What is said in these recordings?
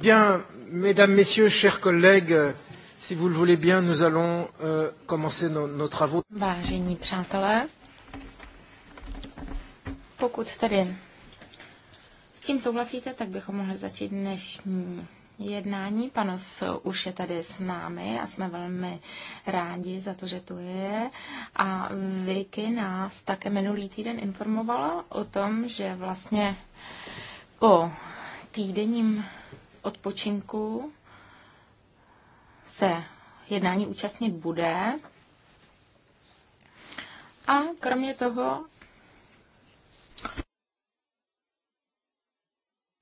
Bien, mesdames, messieurs, chers collègues, si vous le voulez bien, nous allons euh, commencer nos, nos travaux. Vážení přátelé, pokud tedy s tím souhlasíte, tak bychom mohli začít dnešní jednání. Panos už je tady s námi a jsme velmi rádi za to, že tu je. A Vicky nás také minulý týden informovala o tom, že vlastně po týdenním odpočinku se jednání účastnit bude. A kromě toho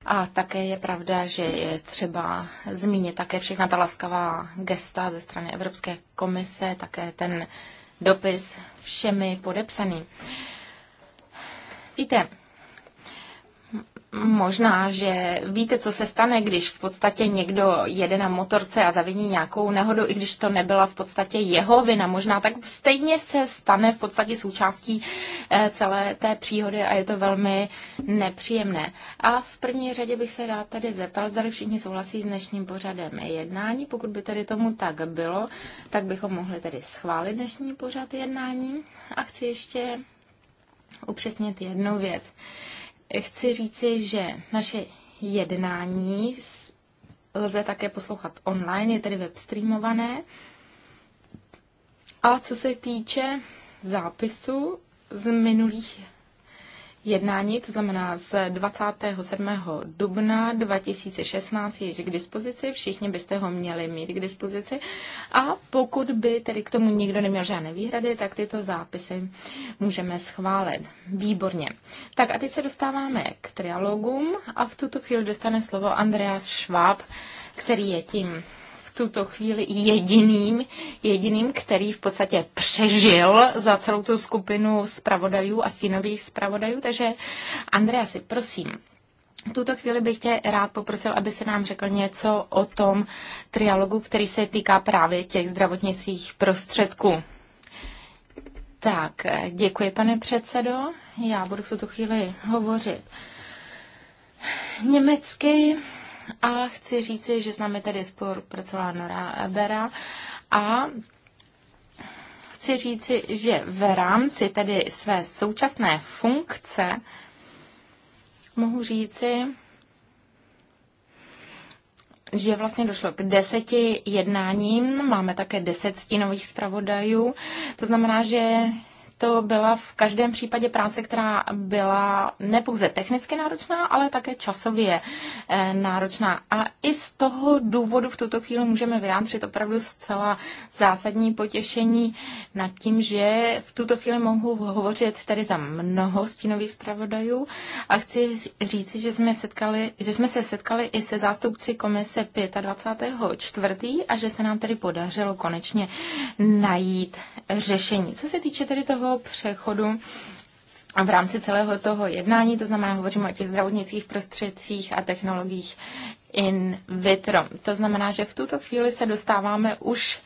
A také je pravda, že je třeba zmínit také všechna ta laskavá gesta ze strany Evropské komise, také ten dopis všemi podepsaný. Víte, Možná, že víte, co se stane, když v podstatě někdo jede na motorce a zaviní nějakou nehodu, i když to nebyla v podstatě jeho vina. Možná tak stejně se stane v podstatě součástí eh, celé té příhody a je to velmi nepříjemné. A v první řadě bych se rád tady zeptal, zda všichni souhlasí s dnešním pořadem jednání. Pokud by tedy tomu tak bylo, tak bychom mohli tedy schválit dnešní pořad jednání. A chci ještě upřesnit jednu věc chci říci, že naše jednání lze také poslouchat online, je tedy webstreamované. A co se týče zápisu z minulých jednání, to znamená z 27. dubna 2016 již k dispozici, všichni byste ho měli mít k dispozici a pokud by tedy k tomu nikdo neměl žádné výhrady, tak tyto zápisy můžeme schválit. Výborně. Tak a teď se dostáváme k trialogům a v tuto chvíli dostane slovo Andreas Schwab, který je tím tuto chvíli jediným, jediným, který v podstatě přežil za celou tu skupinu zpravodajů a stínových zpravodajů. Takže Andreasi, prosím, v tuto chvíli bych tě rád poprosil, aby se nám řekl něco o tom trialogu, který se týká právě těch zdravotnických prostředků. Tak, děkuji, pane předsedo. Já budu v tuto chvíli hovořit německy. A chci říci, že s námi tady pracovala Nora Bera a chci říci, že v rámci tedy své současné funkce mohu říci, že vlastně došlo k deseti jednáním, máme také deset stínových zpravodajů, to znamená, že to byla v každém případě práce, která byla nepouze technicky náročná, ale také časově eh, náročná. A i z toho důvodu v tuto chvíli můžeme vyjádřit opravdu zcela zásadní potěšení nad tím, že v tuto chvíli mohu hovořit tady za mnoho stínových zpravodajů a chci říci, že jsme, setkali, že jsme se setkali i se zástupci komise 25.4. a že se nám tedy podařilo konečně najít řešení. Co se týče tedy toho toho přechodu v rámci celého toho jednání, to znamená, hovoříme o těch zdravotnických prostředcích a technologiích in vitro. To znamená, že v tuto chvíli se dostáváme už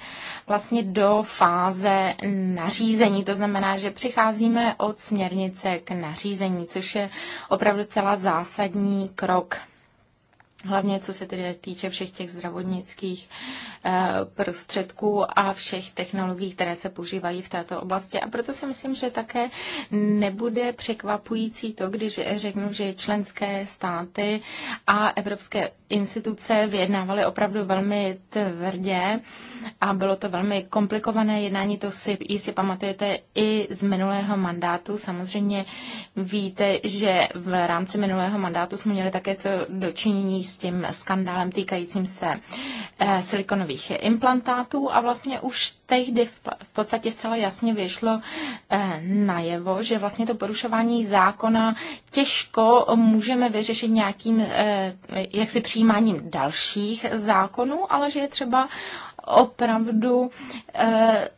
vlastně do fáze nařízení. To znamená, že přicházíme od směrnice k nařízení, což je opravdu celá zásadní krok Hlavně co se tedy týče všech těch zdravotnických eh, prostředků a všech technologií, které se používají v této oblasti. A proto si myslím, že také nebude překvapující to, když řeknu, že členské státy a evropské instituce vyjednávaly opravdu velmi tvrdě a bylo to velmi komplikované jednání, to si jistě pamatujete i z minulého mandátu. Samozřejmě víte, že v rámci minulého mandátu jsme měli také co dočinění s tím skandálem týkajícím se eh, silikonových implantátů a vlastně už tehdy v podstatě zcela jasně vyšlo eh, najevo, že vlastně to porušování zákona těžko můžeme vyřešit nějakým eh, jaksi přijímáním dalších zákonů, ale že je třeba opravdu eh,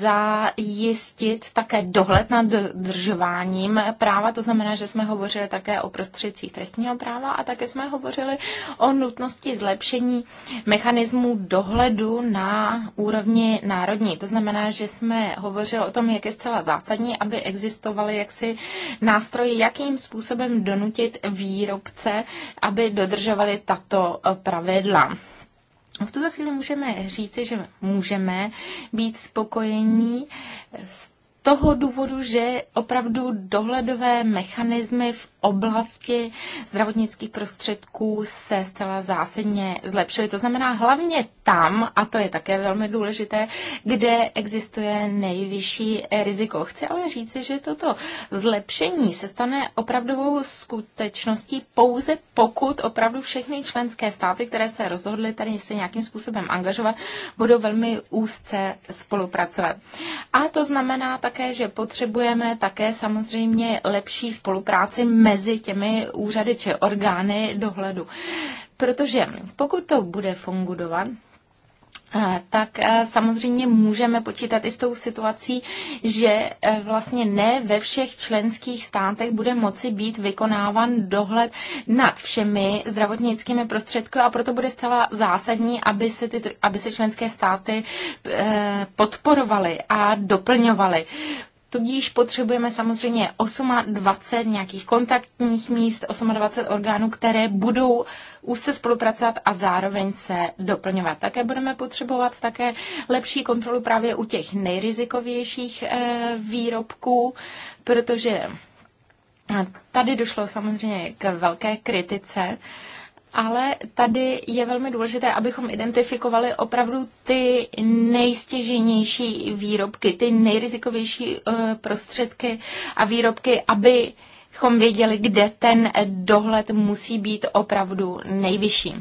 zajistit také dohled nad držováním práva. To znamená, že jsme hovořili také o prostředcích trestního práva a také jsme hovořili o nutnosti zlepšení mechanismů dohledu na úrovni národní. To znamená, že jsme hovořili o tom, jak je zcela zásadní, aby existovaly jaksi nástroje, jakým způsobem donutit výrobce, aby dodržovali tato eh, pravidla. V tuto chvíli můžeme říci, že můžeme být spokojení z toho důvodu, že opravdu dohledové mechanismy v oblasti zdravotnických prostředků se zcela zásadně zlepšily. To znamená hlavně tam, a to je také velmi důležité, kde existuje nejvyšší riziko. Chci ale říci, že toto zlepšení se stane opravdovou skutečností pouze pokud opravdu všechny členské státy, které se rozhodly tady se nějakým způsobem angažovat, budou velmi úzce spolupracovat. A to znamená také, že potřebujeme také samozřejmě lepší spolupráci mezi těmi úřady či orgány dohledu. Protože pokud to bude fungovat, eh, tak eh, samozřejmě můžeme počítat i s tou situací, že eh, vlastně ne ve všech členských státech bude moci být vykonáván dohled nad všemi zdravotnickými prostředky a proto bude zcela zásadní, aby se, ty, aby se členské státy podporovaly a doplňovaly. Tudíž potřebujeme samozřejmě 28 nějakých kontaktních míst, 28 orgánů, které budou už se spolupracovat a zároveň se doplňovat. Také budeme potřebovat také lepší kontrolu právě u těch nejrizikovějších eh, výrobků, protože eh, tady došlo samozřejmě k velké kritice ale tady je velmi důležité, abychom identifikovali opravdu ty nejstěžejnější výrobky, ty nejrizikovější eh, prostředky a výrobky, abychom věděli, kde ten dohled musí být opravdu nejvyšší.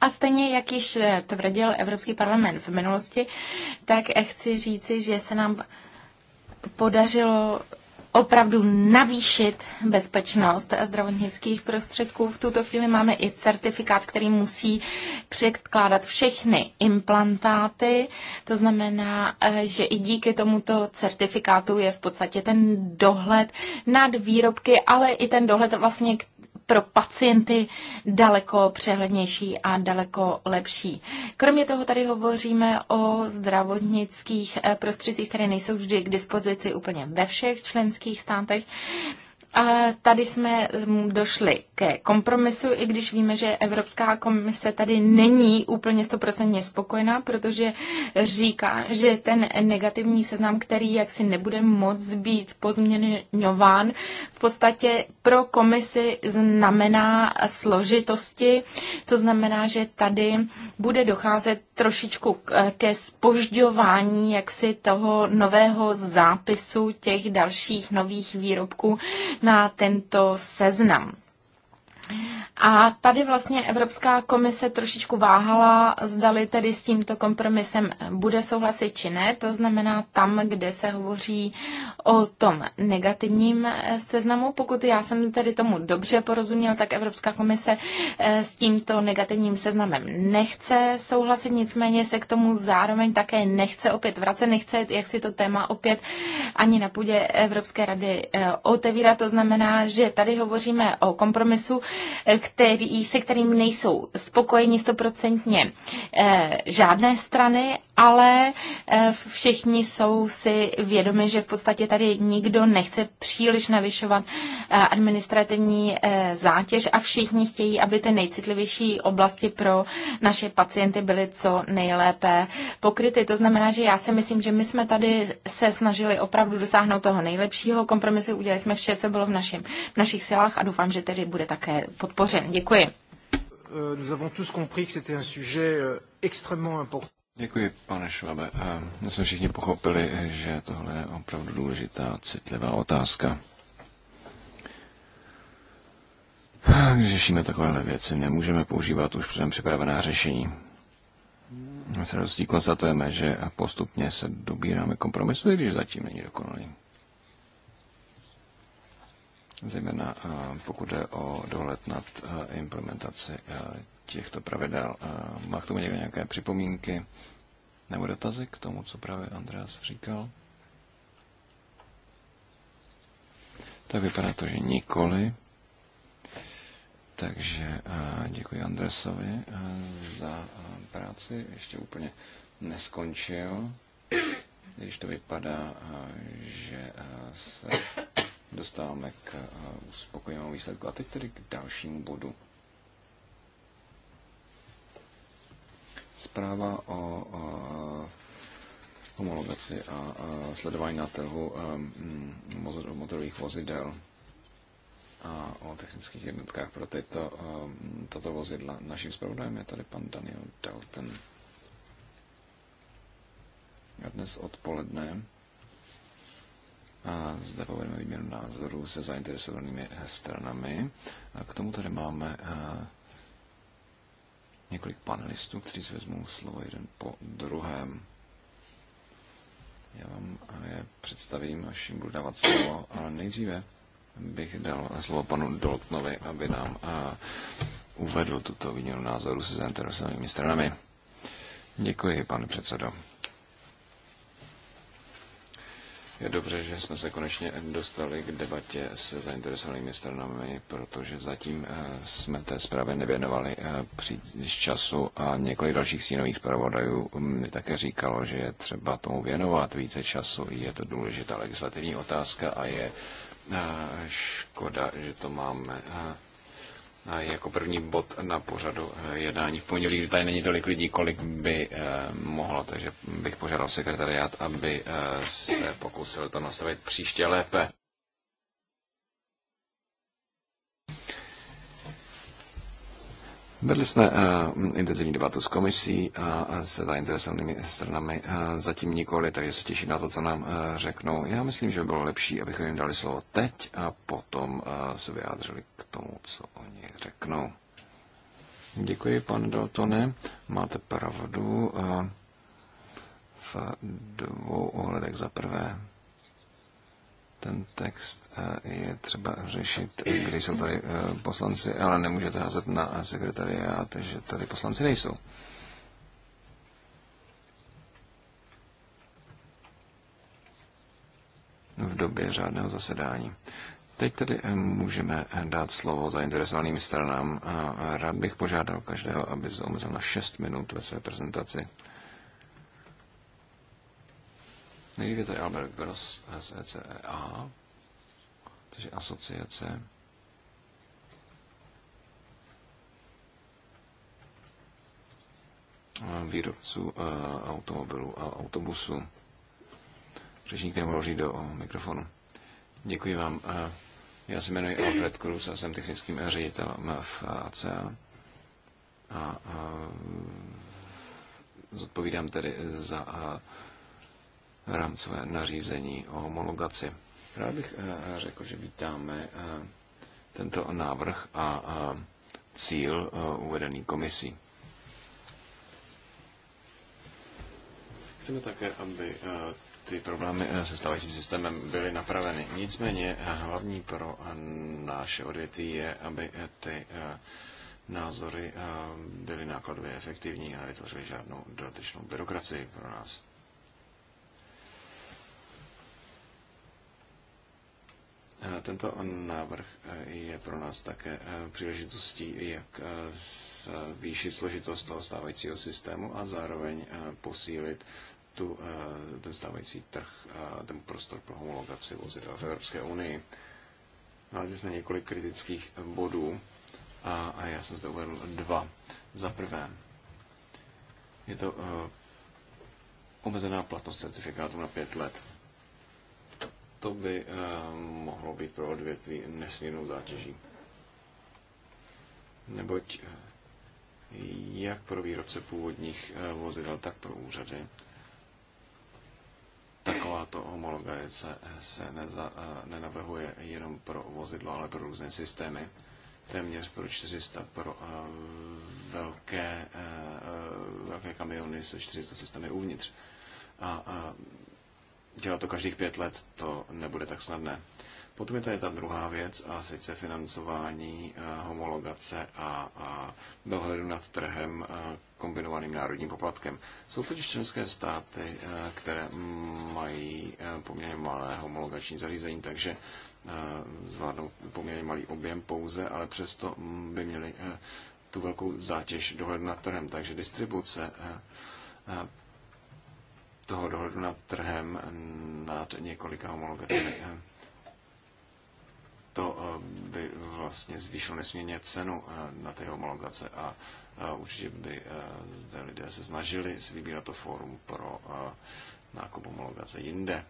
A stejně, jak již eh, tvrdil Evropský parlament v minulosti, tak chci říci, že se nám podařilo opravdu navýšit bezpečnost zdravotnických prostředků. V tuto chvíli máme i certifikát, který musí předkládat všechny implantáty. To znamená, eh, že i díky tomuto certifikátu je v podstatě ten dohled nad výrobky, ale i ten dohled vlastně pro pacienty daleko přehlednější a daleko lepší. Kromě toho tady hovoříme o zdravotnických eh, prostředcích, které nejsou vždy k dispozici úplně ve všech členských státech. A tady jsme mm, došli ke kompromisu, i když víme, že Evropská komise tady není úplně stoprocentně spokojená, protože říká, že ten negativní seznam, který jaksi nebude moc být pozměňován, v podstatě pro komisi znamená složitosti. To znamená, že tady bude docházet trošičku ke spožďování jaksi toho nového zápisu těch dalších nových výrobků, na tento seznam. A tady vlastně Evropská komise trošičku váhala, zdali tedy s tímto kompromisem bude souhlasit či ne, to znamená tam, kde se hovoří o tom negativním eh, seznamu. Pokud já jsem tedy tomu dobře porozuměl, tak Evropská komise eh, s tímto negativním seznamem nechce souhlasit, nicméně se k tomu zároveň také nechce opět vracet, nechce jak si to téma opět ani na půdě Evropské rady eh, otevírat. To znamená, že tady hovoříme o kompromisu, který, se kterým nejsou spokojeni stoprocentně eh, žádné strany ale eh, všichni jsou si vědomi, že v podstatě tady nikdo nechce příliš navyšovat eh, administrativní eh, zátěž a všichni chtějí, aby ty nejcitlivější oblasti pro naše pacienty byly co nejlépe pokryty. To znamená, že já si myslím, že my jsme tady se snažili opravdu dosáhnout toho nejlepšího kompromisu, udělali jsme vše, co bylo v, našim, v našich silách a doufám, že tedy bude také podpořen. Děkuji euh, nous avons tous compris que c'était un sujet euh, extrêmement important. Děkuji, pane Švabe. My jsme všichni pochopili, že tohle je opravdu důležitá, citlivá otázka. Když řešíme takovéhle věci, nemůžeme používat už předem připravená řešení. S radostí konstatujeme, že postupně se dobíráme kompromisu, i když zatím není dokonalý. Zejména pokud jde o dohled nad implementaci těchto pravidel. Má k tomu někdo nějaké připomínky? nebo dotazy k tomu, co právě Andreas říkal? Tak vypadá to, že nikoli. Takže eh, děkuji Andresovi eh, za eh, práci. Ještě úplně neskončil, když to vypadá, že se dostáváme k uspokojivému výsledku. A teď tedy k dalšímu bodu. Zpráva o, o homologaci a sledování na trhu mm, motorových vozidel a o technických jednotkách pro tyto, tato vozidla. Naším zpravodajem je tady pan Daniel Dalton. A dnes odpoledne a zde povedeme výměnu názorů se zainteresovanými stranami. A k tomu tady máme eh, několik panelistů, kteří si vezmou slovo jeden po druhém. Já vám eh, je představím, až jim budu dávat slovo, ale nejdříve bych dal slovo panu Doltnovi, aby nám a, eh, uvedl tuto výměnu názoru se zainteresovanými stranami. Děkuji, pane předsedo. Je dobře, že jsme se konečně dostali k debatě se zainteresovanými stranami, protože zatím eh, jsme té zprávě nevěnovali eh, příliš času a několik dalších sínových zpravodajů mm, mi také říkalo, že je třeba tomu věnovat více času. Je to důležitá legislativní otázka a je eh, škoda, že to máme a jako první bod na pořadu eh, jednání v pondělí, kdy tady není tolik lidí, kolik by eh, mohlo, takže bych požádal sekretariát, aby eh, se pokusil to nastavit příště lépe. Vedli jsme uh, intenzivní debatu s komisí a, a se zainteresovanými stranami uh, zatím nikoli, takže se těším na to, co nám uh, řeknou. Já myslím, že by bylo lepší, abychom jim dali slovo teď a potom uh, se vyjádřili k tomu, co oni řeknou. Děkuji, pane Daltone. Máte pravdu uh, v dvou ohledech. Za prvé, ten text eh, je třeba řešit, když jsou tady eh, poslanci, ale nemůžete házet na sekretariát, že tady poslanci nejsou. V době řádného zasedání. Teď tedy eh, můžeme dát slovo zainteresovaným stranám a rád bych požádal každého, aby zaumezl na 6 minut ve své prezentaci Nejdříve tady Albert Gross z ECEA, což je asociace výrobců eh, automobilů a autobusů. Řečník nemluví do mikrofonu. Děkuji vám. Eh, já se jmenuji Alfred Cruz a jsem technickým ředitelem v ACA. A, a eh, zodpovídám tedy za a, rámcové nařízení o homologaci. Rád bych eh, řekl, že vítáme eh, tento návrh a eh, cíl uvedený komisí. Chceme také, aby ty problémy se stávajícím systémem byly napraveny. Nicméně hlavní pro naše odvětví je, aby ty názory byly nákladově efektivní a nevytvořily žádnou dodatečnou byrokracii pro nás. Tento návrh eh, je pro nás také eh, příležitostí, jak eh, zvýšit složitost toho stávajícího systému a zároveň posílit tu, ten stávající trh, ten prostor pro homologaci vozidel v Evropské unii. Nalezli jsme několik kritických bodů a, a já jsem zde uvedl dva. Za prvé, je to omezená platnost certifikátu na pět let to by eh, mohlo být pro odvětví nesmírnou zátěží. Neboť eh, jak pro výrobce původních eh, vozidel, tak pro úřady takováto homologace se neza, nenavrhuje jenom pro vozidlo, ale pro různé systémy. Téměř pro 400 pro velké, velké kamiony se 400 systémy uvnitř. A, a dělat to každých pět let, to nebude tak snadné. Potom je tady ta druhá věc, a sice financování, eh, homologace a, a dohledu nad trhem eh, kombinovaným národním poplatkem. Jsou totiž členské státy, eh, které mají poměrně malé homologační zařízení, takže zvládnou poměrně malý objem pouze, ale přesto mm, by měli tu velkou zátěž dohledu nad trhem. Takže distribuce toho dohledu nad trhem nad několika homologacemi. To eh, by vlastně zvýšilo nesmírně cenu eh, na té homologace a eh, určitě by zde lidé se snažili si vybírat to fórum pro nákup homologace jinde.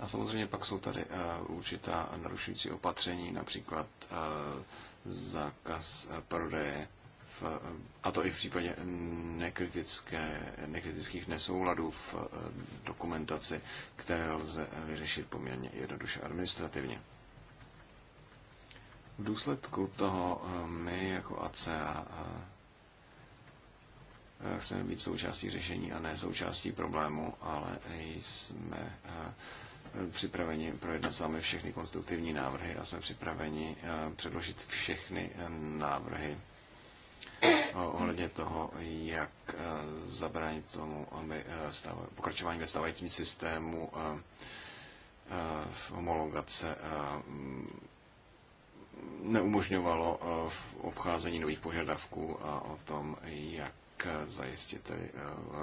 A samozřejmě pak jsou tady určitá narušující opatření, například zákaz prodeje v, a to i v případě nekritické, nekritických nesouladů v eh, dokumentaci, které lze vyřešit poměrně jednoduše administrativně. V důsledku toho eh, my jako ACA eh, chceme být součástí řešení a ne součástí problému, ale jsme připraveni projednat s vámi všechny konstruktivní návrhy a jsme připraveni předložit všechny návrhy ohledně toho, jak eh, zabránit tomu, aby eh, pokračování ve stávajícím systému eh, homologace neumožňovalo v obcházení nových požadavků a o tom, jak zajistit tedy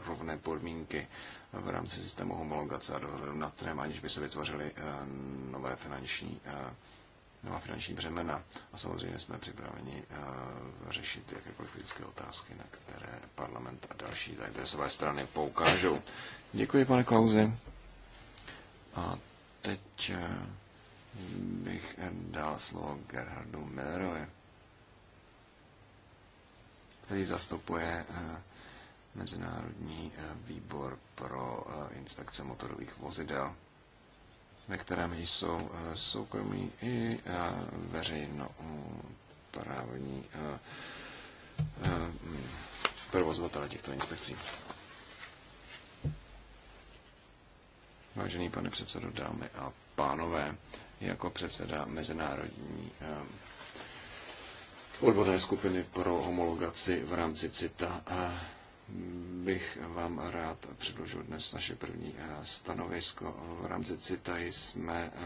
rovné podmínky v rámci systému homologace a dohledu nad trém, aniž by se vytvořily nové finanční a finanční břemena. A samozřejmě jsme připraveni eh, řešit jakékoliv fyzické otázky, na které parlament a další zainteresované strany poukážou. Děkuji, pane Klauzi. A teď eh, bych dal slovo Gerhardu Millerovi, který zastupuje eh, Mezinárodní výbor pro inspekce motorových vozidel ve kterém jsou eh, soukromí i eh, veřejnoprávní eh, provozovatele těchto inspekcí. Vážený pane předsedo, dámy a pánové, jako předseda Mezinárodní odborné skupiny pro homologaci v rámci CITA bych vám rád předložil dnes naše první eh, stanovisko. V rámci CITA jsme eh,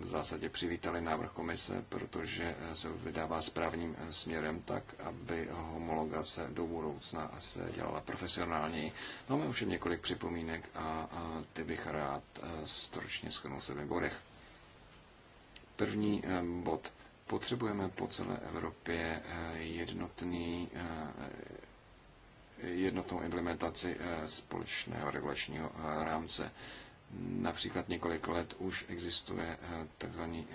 v zásadě přivítali návrh komise, protože eh, se vydává správným směrem tak, aby homologace do budoucna se dělala profesionálně. Máme ovšem několik připomínek a ty bych rád stručně shrnul se v bodech. První bod. Potřebujeme po celé Evropě jednotný jednotnou implementaci eh, společného regulačního eh, rámce. Například několik let už existuje eh, takzvaný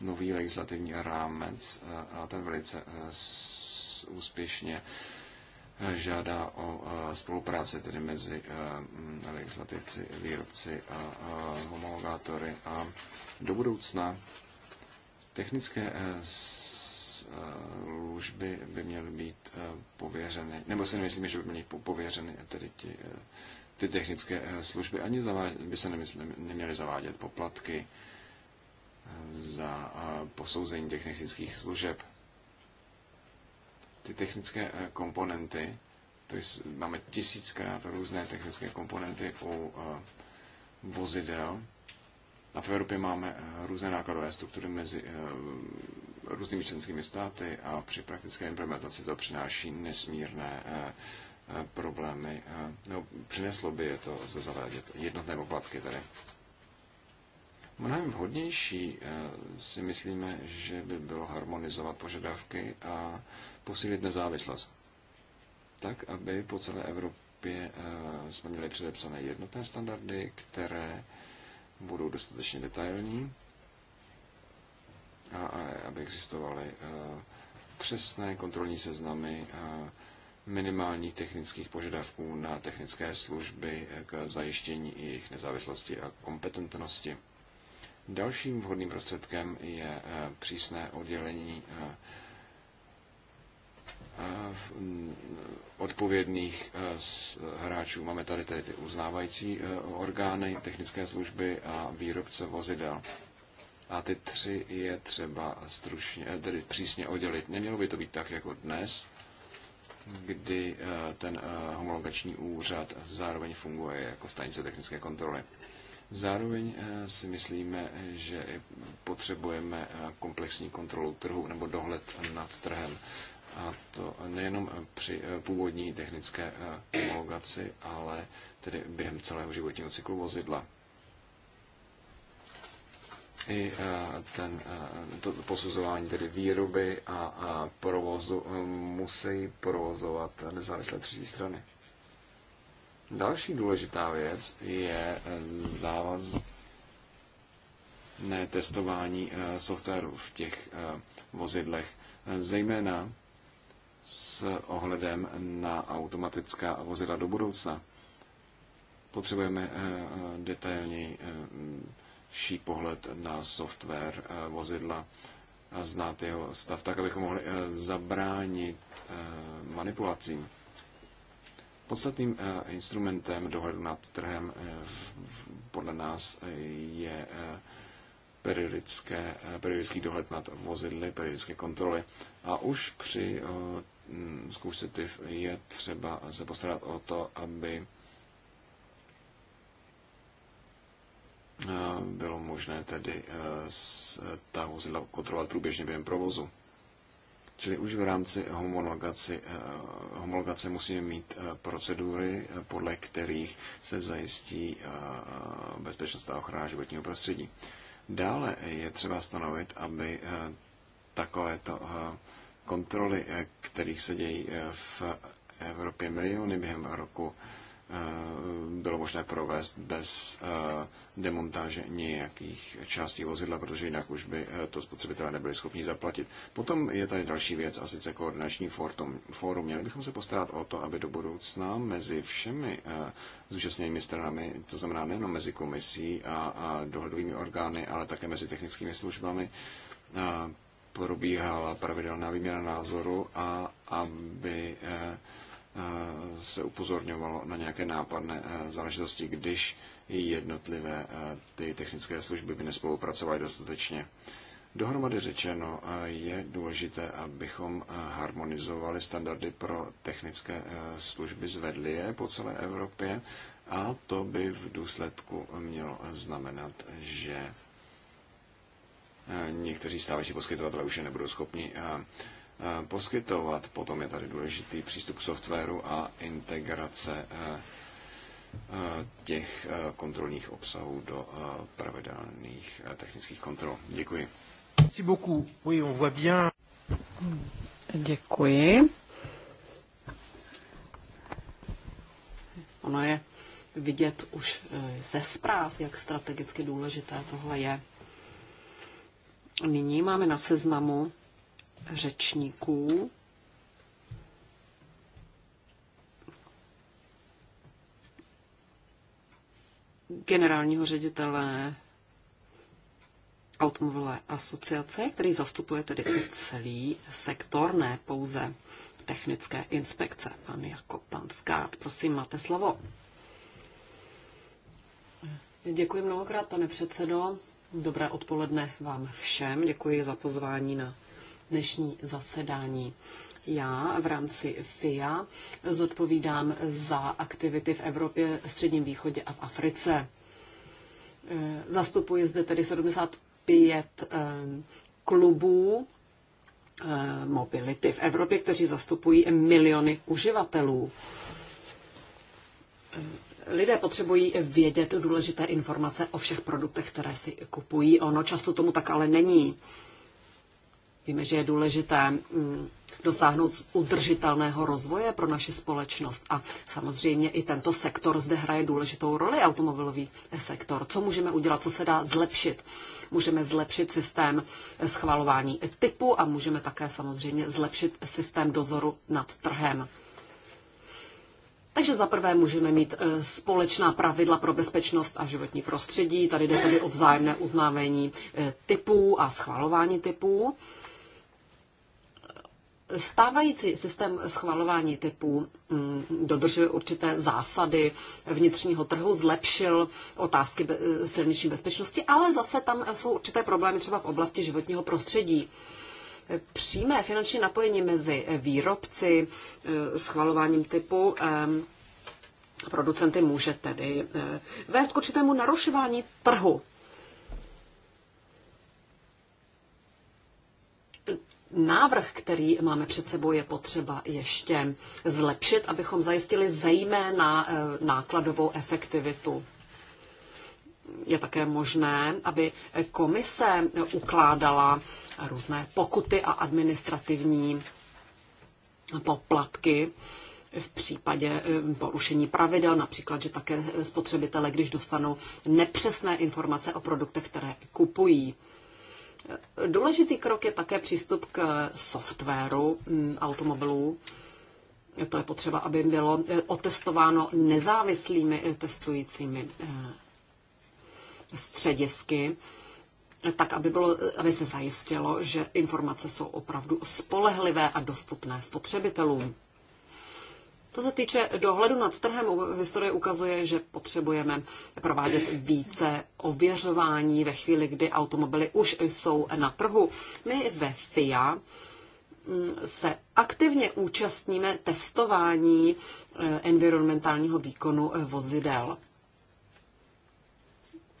nový legislativní rámec a ten velice úspěšně žádá o spolupráci tedy mezi mm, legislativci, výrobci a homologátory a do budoucna technické služby eh, by měly být eh, pověřeny, nebo si nemyslíme, že by měly pověřeny tedy ti, eh, ty technické služby, ani by se nemysl, neměly zavádět poplatky za posouzení těch technických služeb. Ty technické komponenty, to je máme tisíckrát různé technické komponenty u vozidel, a v Evropě máme různé nákladové struktury mezi různými členskými státy a při praktické implementaci to přináší nesmírné eh, eh, problémy. Eh, no, přineslo by je to zavádět jednotné poplatky tady. Mnohem vhodnější si myslíme, že by bylo harmonizovat požadavky a posílit nezávislost. Tak, aby po celé Evropě jsme měli předepsané jednotné standardy, které budou dostatečně detailní aby existovaly eh, přesné kontrolní seznamy eh, minimálních technických požadavků na technické služby eh, k zajištění jejich nezávislosti a kompetentnosti. Dalším vhodným prostředkem je přísné oddělení mm, odpovědných hráčů. Máme tady tady ty uznávající orgány, technické služby a výrobce vozidel. A ty tři je třeba stručně, eh, tedy přísně oddělit. Nemělo by to být tak jako dnes, kdy eh, ten eh, homologační úřad zároveň funguje jako stanice technické kontroly. Zároveň si myslíme, že potřebujeme komplexní kontrolu trhu nebo dohled nad trhem. A to nejenom při původní technické homologaci, ale tedy během celého životního cyklu vozidla i e, ten, e, to posuzování tedy výroby a, a provozu e, musí provozovat nezávislé třetí strany. Další důležitá věc je závaz ne testování softwaru v těch vozidlech, zejména s ohledem na automatická vozidla do budoucna. Potřebujeme detailněji širší pohled na software eh, vozidla a znát jeho stav, tak abychom mohli eh, zabránit eh, manipulacím. Podstatným instrumentem dohledu nad trhem podle nás je periodické, periodický dohled nad vozidly, periodické kontroly. A už při zkoušce TIF je třeba se postarat o to, aby Eh, bylo možné tedy eh, eh, ta vozidla kontrolovat průběžně během provozu. Čili už v rámci homologace, homologace musíme mít procedury, podle kterých se zajistí bezpečnost a ochrana životního prostředí. Dále je třeba stanovit, aby takovéto kontroly, kterých se dějí v Evropě miliony během roku, Eh, bylo možné provést bez eh, demontáže nějakých částí vozidla, protože jinak už by eh, to spotřebitelé nebyli schopni zaplatit. Potom je tady další věc, a sice koordinační fórum. fórum. Měli bychom se postarat o to, aby do budoucna mezi všemi zúčastněnými stranami, to znamená nejen mezi komisí a dohledovými orgány, ale také mezi technickými službami, probíhala pravidelná výměna názoru a aby se upozorňovalo na nějaké nápadné záležitosti, když jednotlivé ty technické služby by nespolupracovaly dostatečně. Dohromady řečeno je důležité, abychom harmonizovali standardy pro technické služby, zvedli je po celé Evropě a to by v důsledku mělo znamenat, že někteří stávající poskytovatelé už je nebudou schopni Eh, poskytovat. Potom je tady důležitý přístup k softwaru a integrace eh, eh, těch kontrolních obsahů do pravidelných technických kontrol. Děkuji. Merci beaucoup. Oui, on voit bien. Děkuji. Ono je vidět už ze zpráv, jak strategicky důležité tohle je. Nyní máme na seznamu řečníků. generálního ředitele automobilové asociace, který zastupuje tedy celý sektor, ne pouze technické inspekce. Pan Jakob, pan Skát, prosím, máte slovo. Děkuji mnohokrát, pane předsedo. Dobré odpoledne vám všem. Děkuji za pozvání na dnešní zasedání. Já v rámci FIA zodpovídám za aktivity v Evropě, Středním východě a v Africe. E, zastupuji zde tedy 75 e, klubů e, mobility v Evropě, kteří zastupují miliony uživatelů. Lidé potřebují vědět důležité informace o všech produktech, které si kupují. Ono často tomu tak ale není. Víme, že je důležité mm, dosáhnout udržitelného rozvoje pro naši společnost. A samozřejmě i tento sektor zde hraje důležitou roli, automobilový sektor. Co můžeme udělat, co se dá zlepšit? Můžeme zlepšit systém schvalování typu a můžeme také samozřejmě zlepšit systém dozoru nad trhem. Takže zaprvé můžeme mít e, společná pravidla pro bezpečnost a životní prostředí. Tady jde tedy o vzájemné uznávání e, typů a schvalování typů. Stávající systém schvalování typů mm, dodržuje určité zásady vnitřního trhu, zlepšil otázky silniční bezpečnosti, ale zase tam jsou určité problémy třeba v oblasti životního prostředí. Přímé finanční napojení mezi výrobci, e, schvalováním typu, producenty může tedy e, vést k určitému narušování trhu návrh, který máme před sebou, je potřeba ještě zlepšit, abychom zajistili zejména eh, nákladovou efektivitu. Je také možné, aby komise ukládala různé pokuty a administrativní poplatky v případě eh, porušení pravidel, například, že také spotřebitele, když dostanou nepřesné informace o produktech, které kupují. Důležitý krok je také přístup k softwaru mm, automobilů. To je potřeba, aby bylo e, otestováno nezávislými e, testujícími e, středisky, tak aby, bylo, aby se zajistilo, že informace jsou opravdu spolehlivé a dostupné spotřebitelům. To se týče dohledu nad trhem, historie ukazuje, že potřebujeme provádět více ověřování ve chvíli, kdy automobily už jsou na trhu. My ve FIA mm, se aktivně účastníme testování eh, environmentálního výkonu eh, vozidel.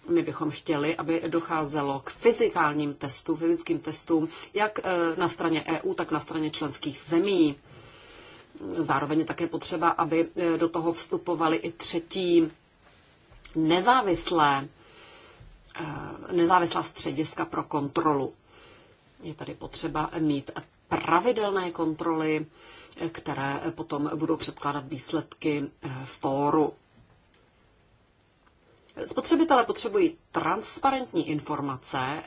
My bychom chtěli, aby docházelo k fyzikálním testům, fyzickým testům, jak eh, na straně EU, tak na straně členských zemí Zároveň je také potřeba, aby e, do toho vstupovaly i třetí nezávislé, e, nezávislá střediska pro kontrolu. Je tady potřeba mít pravidelné kontroly, e, které potom budou předkládat výsledky fóru. Spotřebitelé potřebují transparentní informace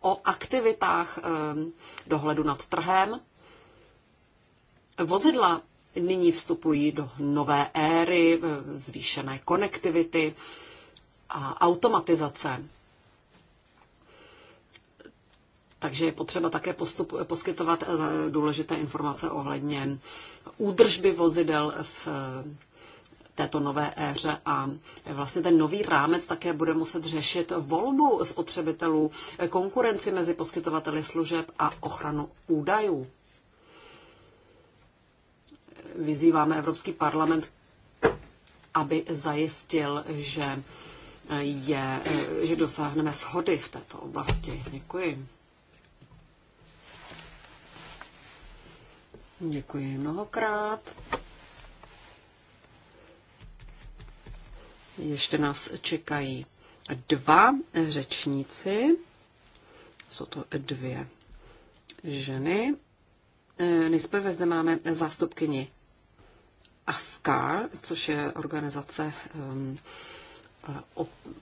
o aktivitách dohledu nad trhem. Vozidla nyní vstupují do nové éry, eh, zvýšené konektivity a automatizace. Takže je potřeba také postup, eh, poskytovat eh, důležité informace ohledně údržby vozidel v této nové éře a vlastně ten nový rámec také bude muset řešit volbu spotřebitelů, konkurenci mezi poskytovateli služeb a ochranu údajů vyzýváme Evropský parlament, aby zajistil, že, je, že dosáhneme shody v této oblasti. Děkuji. Děkuji mnohokrát. Ještě nás čekají dva řečníci. Jsou to dvě ženy. Nejprve zde máme zástupkyni AFCAR, což je organizace um, eh,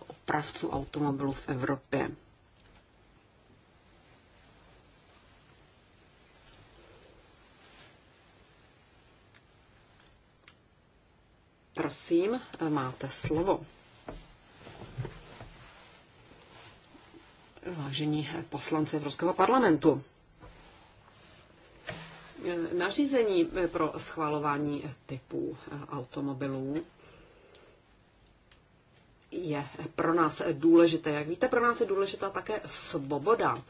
opravců automobilů v Evropě. Prosím, eh, máte slovo. Vážení poslanci Evropského parlamentu, Eh, nařízení eh, pro schvalování typů eh, automobilů je pro nás důležité. Jak víte, pro nás je důležitá také svoboda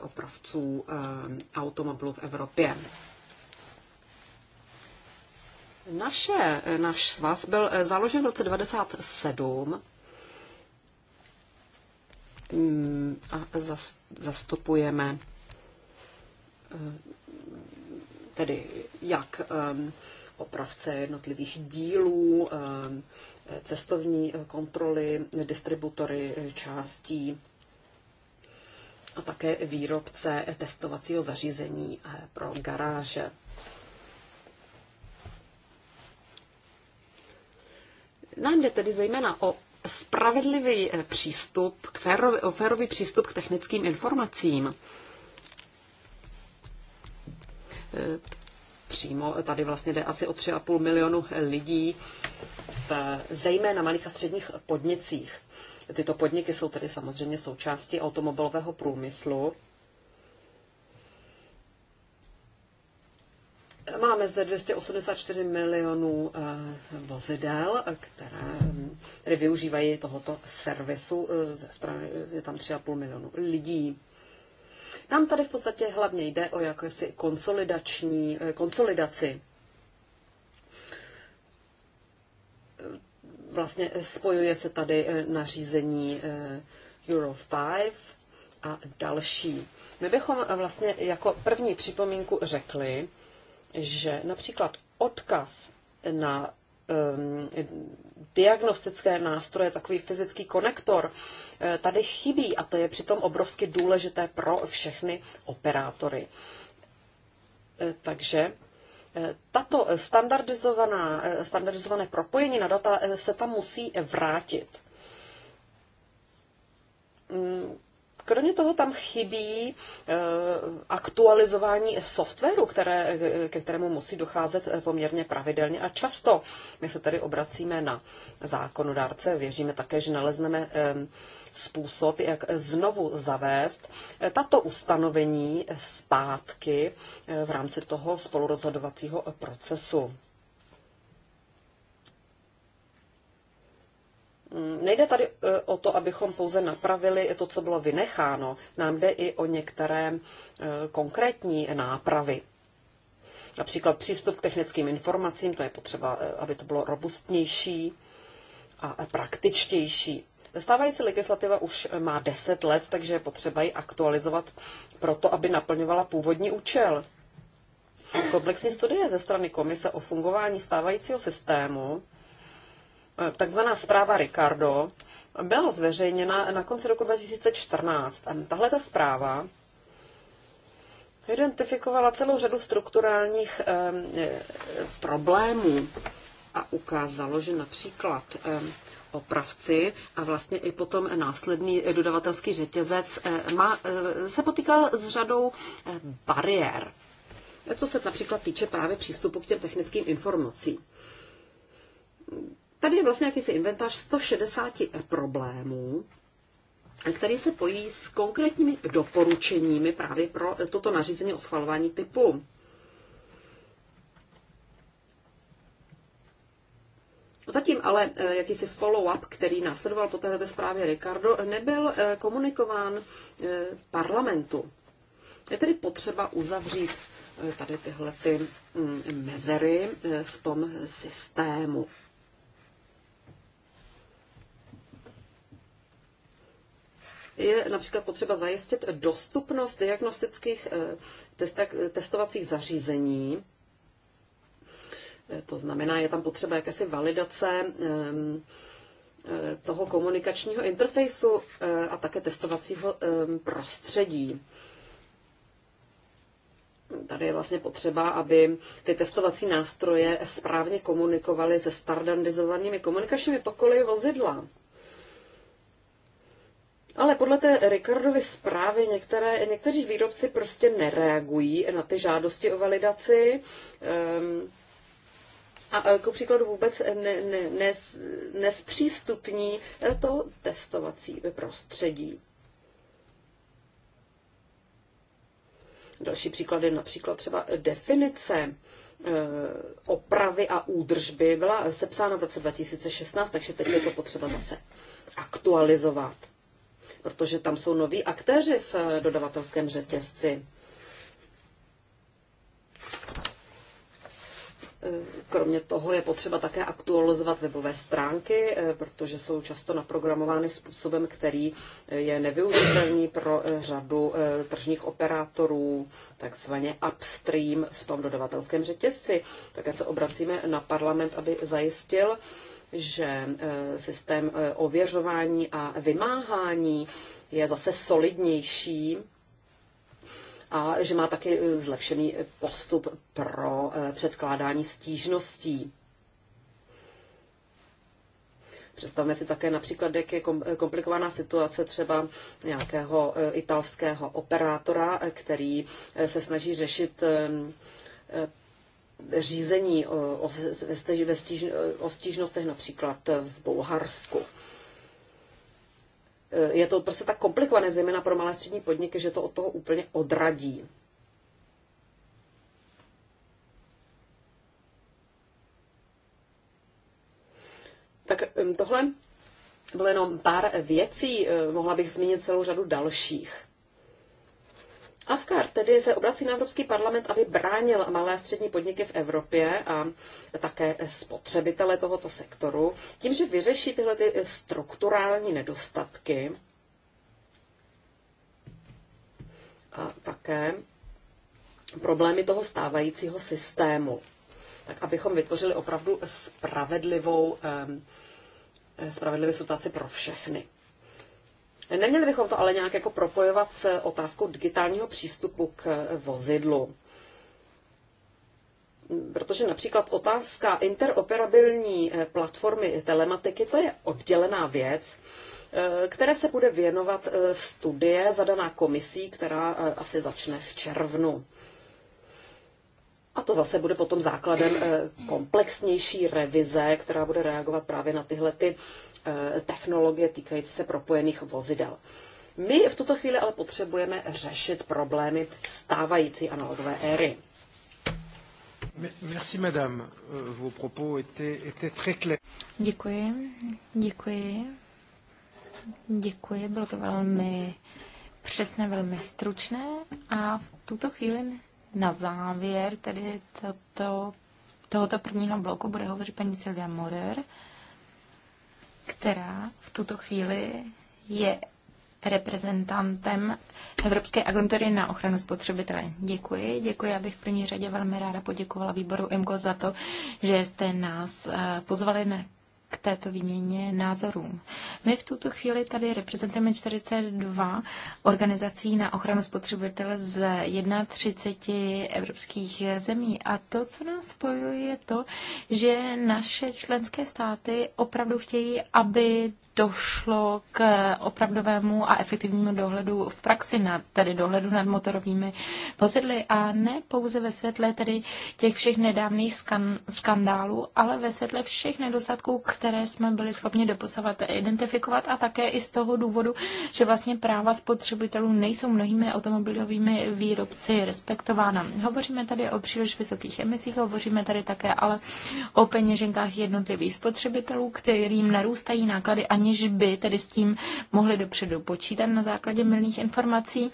opravců automobilů v Evropě. Naše, náš svaz byl založen v roce 1997 mm, a zastupujeme tedy jak ehm, opravce jednotlivých dílů, ehm, cestovní eh, kontroly, distributory eh, částí a také výrobce testovacího zařízení eh, pro garáže. Nám jde tedy zejména o spravedlivý přístup, k o férový přístup k technickým informacím přímo. Tady vlastně jde asi o 3,5 milionu lidí, v, zejména malých a středních podnicích. Tyto podniky jsou tedy samozřejmě součástí automobilového průmyslu. Máme zde 284 milionů eh, vozidel, které eh, tedy využívají tohoto servisu. Eh, je tam 3,5 milionu lidí. Nám tady v podstatě hlavně jde o jakési konsolidační, eh, konsolidaci. Vlastně spojuje se tady eh, nařízení eh, Euro 5 a další. My bychom vlastně jako první připomínku řekli, že například odkaz na Ehm, diagnostické nástroje, takový fyzický konektor, eh, tady chybí a to je přitom obrovsky důležité pro všechny operátory. Eh, takže eh, tato standardizovaná, standardizované propojení na data se tam musí vrátit mm, Kromě toho tam chybí eh, aktualizování softwaru, které, ke kterému musí docházet eh, poměrně pravidelně a často. My se tady obracíme na zákonodárce, věříme také, že nalezneme eh, způsob, jak znovu zavést tato ustanovení zpátky v rámci toho spolurozhodovacího procesu. Nejde tady e, o to, abychom pouze napravili to, co bylo vynecháno. Nám jde i o některé e, konkrétní nápravy. Například přístup k technickým informacím, to je potřeba, e, aby to bylo robustnější a praktičtější. Stávající legislativa už má 10 let, takže je potřeba ji aktualizovat proto, aby naplňovala původní účel. Komplexní studie ze strany Komise o fungování stávajícího systému Eh, takzvaná zpráva Ricardo byla zveřejněna na konci roku 2014. A tahle ta zpráva identifikovala celou řadu strukturálních eh, problémů a ukázalo, že například eh, opravci a vlastně i potom následný dodavatelský řetězec má, se potýkal s řadou bariér, co se například týče právě přístupu k těm technickým informacím. Tady je vlastně jakýsi inventář 160 problémů, který se pojí s konkrétními doporučeními právě pro toto nařízení o schvalování typu. Zatím ale eh, jakýsi follow-up, který následoval po této zprávě Ricardo, nebyl eh, komunikován eh, parlamentu. Je tedy potřeba uzavřít tady tyhle ty mm, mezery v tom systému. je například potřeba zajistit dostupnost diagnostických eh, testovacích zařízení. Eh, to znamená, je tam potřeba jakési validace eh, toho komunikačního interfejsu a také testovacího prostředí. Tady je vlastně potřeba, aby ty testovací nástroje správně komunikovaly se standardizovanými komunikačními pokoly vozidla. Ale podle té Ricardovy zprávy některé, někteří výrobci prostě nereagují na ty žádosti o validaci. Um, a eh, ku příkladu vůbec ne, ne, ne, nespřístupní to testovací prostředí. Další příklady, například třeba definice eh, opravy a údržby byla sepsána v roce 2016, takže teď je to potřeba zase aktualizovat protože tam jsou noví aktéři v eh, dodavatelském řetězci. Eh, kromě toho je potřeba také aktualizovat webové stránky, eh, protože jsou často naprogramovány způsobem, který je nevyužitelný pro řadu tržních operátorů, takzvaně upstream v tom dodavatelském řetězci. Také se obracíme na parlament, aby zajistil, že e, systém e, ověřování a vymáhání je zase solidnější a že má taky e, zlepšený postup pro předkládání stížností. Představme si také například, jak je komplikovaná situace třeba nějakého italského operátora, který se snaží řešit řízení o, stíž, o stížnostech například v Bulharsku. E, je to prostě tak komplikované, zejména pro malé střední podniky, že to od toho úplně odradí. Tak tohle bylo jenom pár věcí, e, mohla bych zmínit celou řadu dalších. AFKAR tedy se obrací na Evropský parlament, aby bránil malé a střední podniky v Evropě a také spotřebitele tohoto sektoru tím, že vyřeší tyhle ty strukturální nedostatky a také problémy toho stávajícího systému. Tak abychom vytvořili opravdu spravedlivou, spravedlivou situaci pro všechny. Neměli bychom to ale nějak jako propojovat s otázkou digitálního přístupu k vozidlu. Protože například otázka interoperabilní eh, platformy telematiky, to je oddělená věc, eh, které se bude věnovat eh, studie zadaná komisí, která asi začne v červnu. A to zase bude potom základem eh, komplexnější revize, která bude reagovat právě na tyhle ty eh, technologie týkající se propojených vozidel. My v tuto chvíli ale potřebujeme řešit problémy stávající analogové éry. Merci, madame. Euh, vos propos étaient, étaient très clairs. Děkuji, děkuji, děkuji. Bylo to velmi přesné, velmi stručné a v tuto chvíli na závěr tedy toto, tohoto prvního bloku bude hovořit paní Silvia Morer, která v tuto chvíli je reprezentantem Evropské agentury na ochranu spotřebitele. Děkuji, děkuji, abych v první řadě velmi ráda poděkovala výboru IMCO za to, že jste nás eh, pozvali k této výměně názorů. My v tuto chvíli tady reprezentujeme 42 organizací na ochranu spotřebitele z 31 evropských zemí a to, co nás spojuje, je to, že naše členské státy opravdu chtějí, aby došlo k opravdovému a efektivnímu dohledu v praxi, nad, tedy dohledu nad motorovými vozidly a ne pouze ve světle tedy těch všech nedávných skan, skandálů, ale ve světle všech nedostatků, které jsme byli schopni a identifikovat a také i z toho důvodu, že vlastně práva spotřebitelů nejsou mnohými automobilovými výrobci respektována. Hovoříme tady o příliš vysokých emisích, hovoříme tady také ale o peněženkách jednotlivých spotřebitelů, kterým narůstají náklady ani aniž by tedy s tím mohli dopředu počítat na základě milných informací.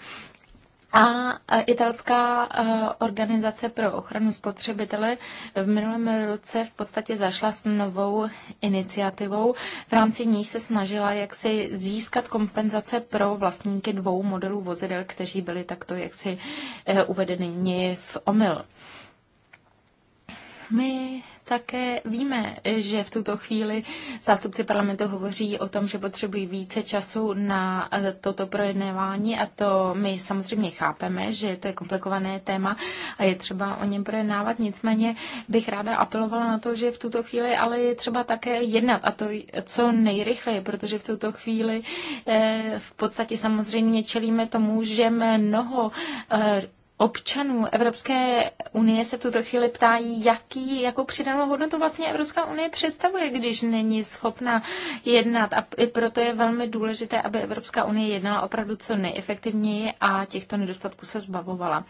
A italská eh, organizace pro ochranu spotřebitele v minulém roce v podstatě zašla s novou iniciativou, v rámci níž se snažila jaksi získat kompenzace pro vlastníky dvou modelů vozidel, kteří byli takto jaksi eh, uvedeni v omyl. My také víme, že v tuto chvíli zástupci parlamentu hovoří o tom, že potřebují více času na eh, toto projednávání a to my samozřejmě chápeme, že to je komplikované téma a je třeba o něm projednávat. Nicméně bych ráda apelovala na to, že v tuto chvíli ale je třeba také jednat a to co nejrychleji, protože v tuto chvíli eh, v podstatě samozřejmě čelíme tomu, že mnoho eh, občanů Evropské unie se tuto chvíli ptají, jaký, jako přidanou hodnotu vlastně Evropská unie představuje, když není schopna jednat. A i proto je velmi důležité, aby Evropská unie jednala opravdu co nejefektivněji a těchto nedostatků se zbavovala.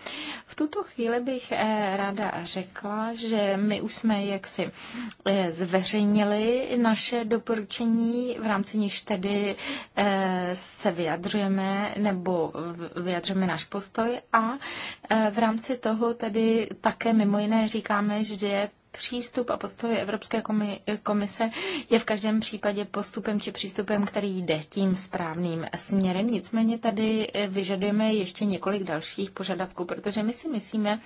V tuto chvíli bych eh, ráda řekla, že my už jsme jaksi eh, zveřejnili naše doporučení, v rámci níž tedy eh, se vyjadřujeme nebo vyjadřujeme náš postoj a Eh, v rámci toho tedy také mimo jiné říkáme, že přístup a postoj Evropské komise je v každém případě postupem či přístupem, který jde tím správným směrem. Nicméně tady eh, vyžadujeme ještě několik dalších požadavků, protože my si myslíme,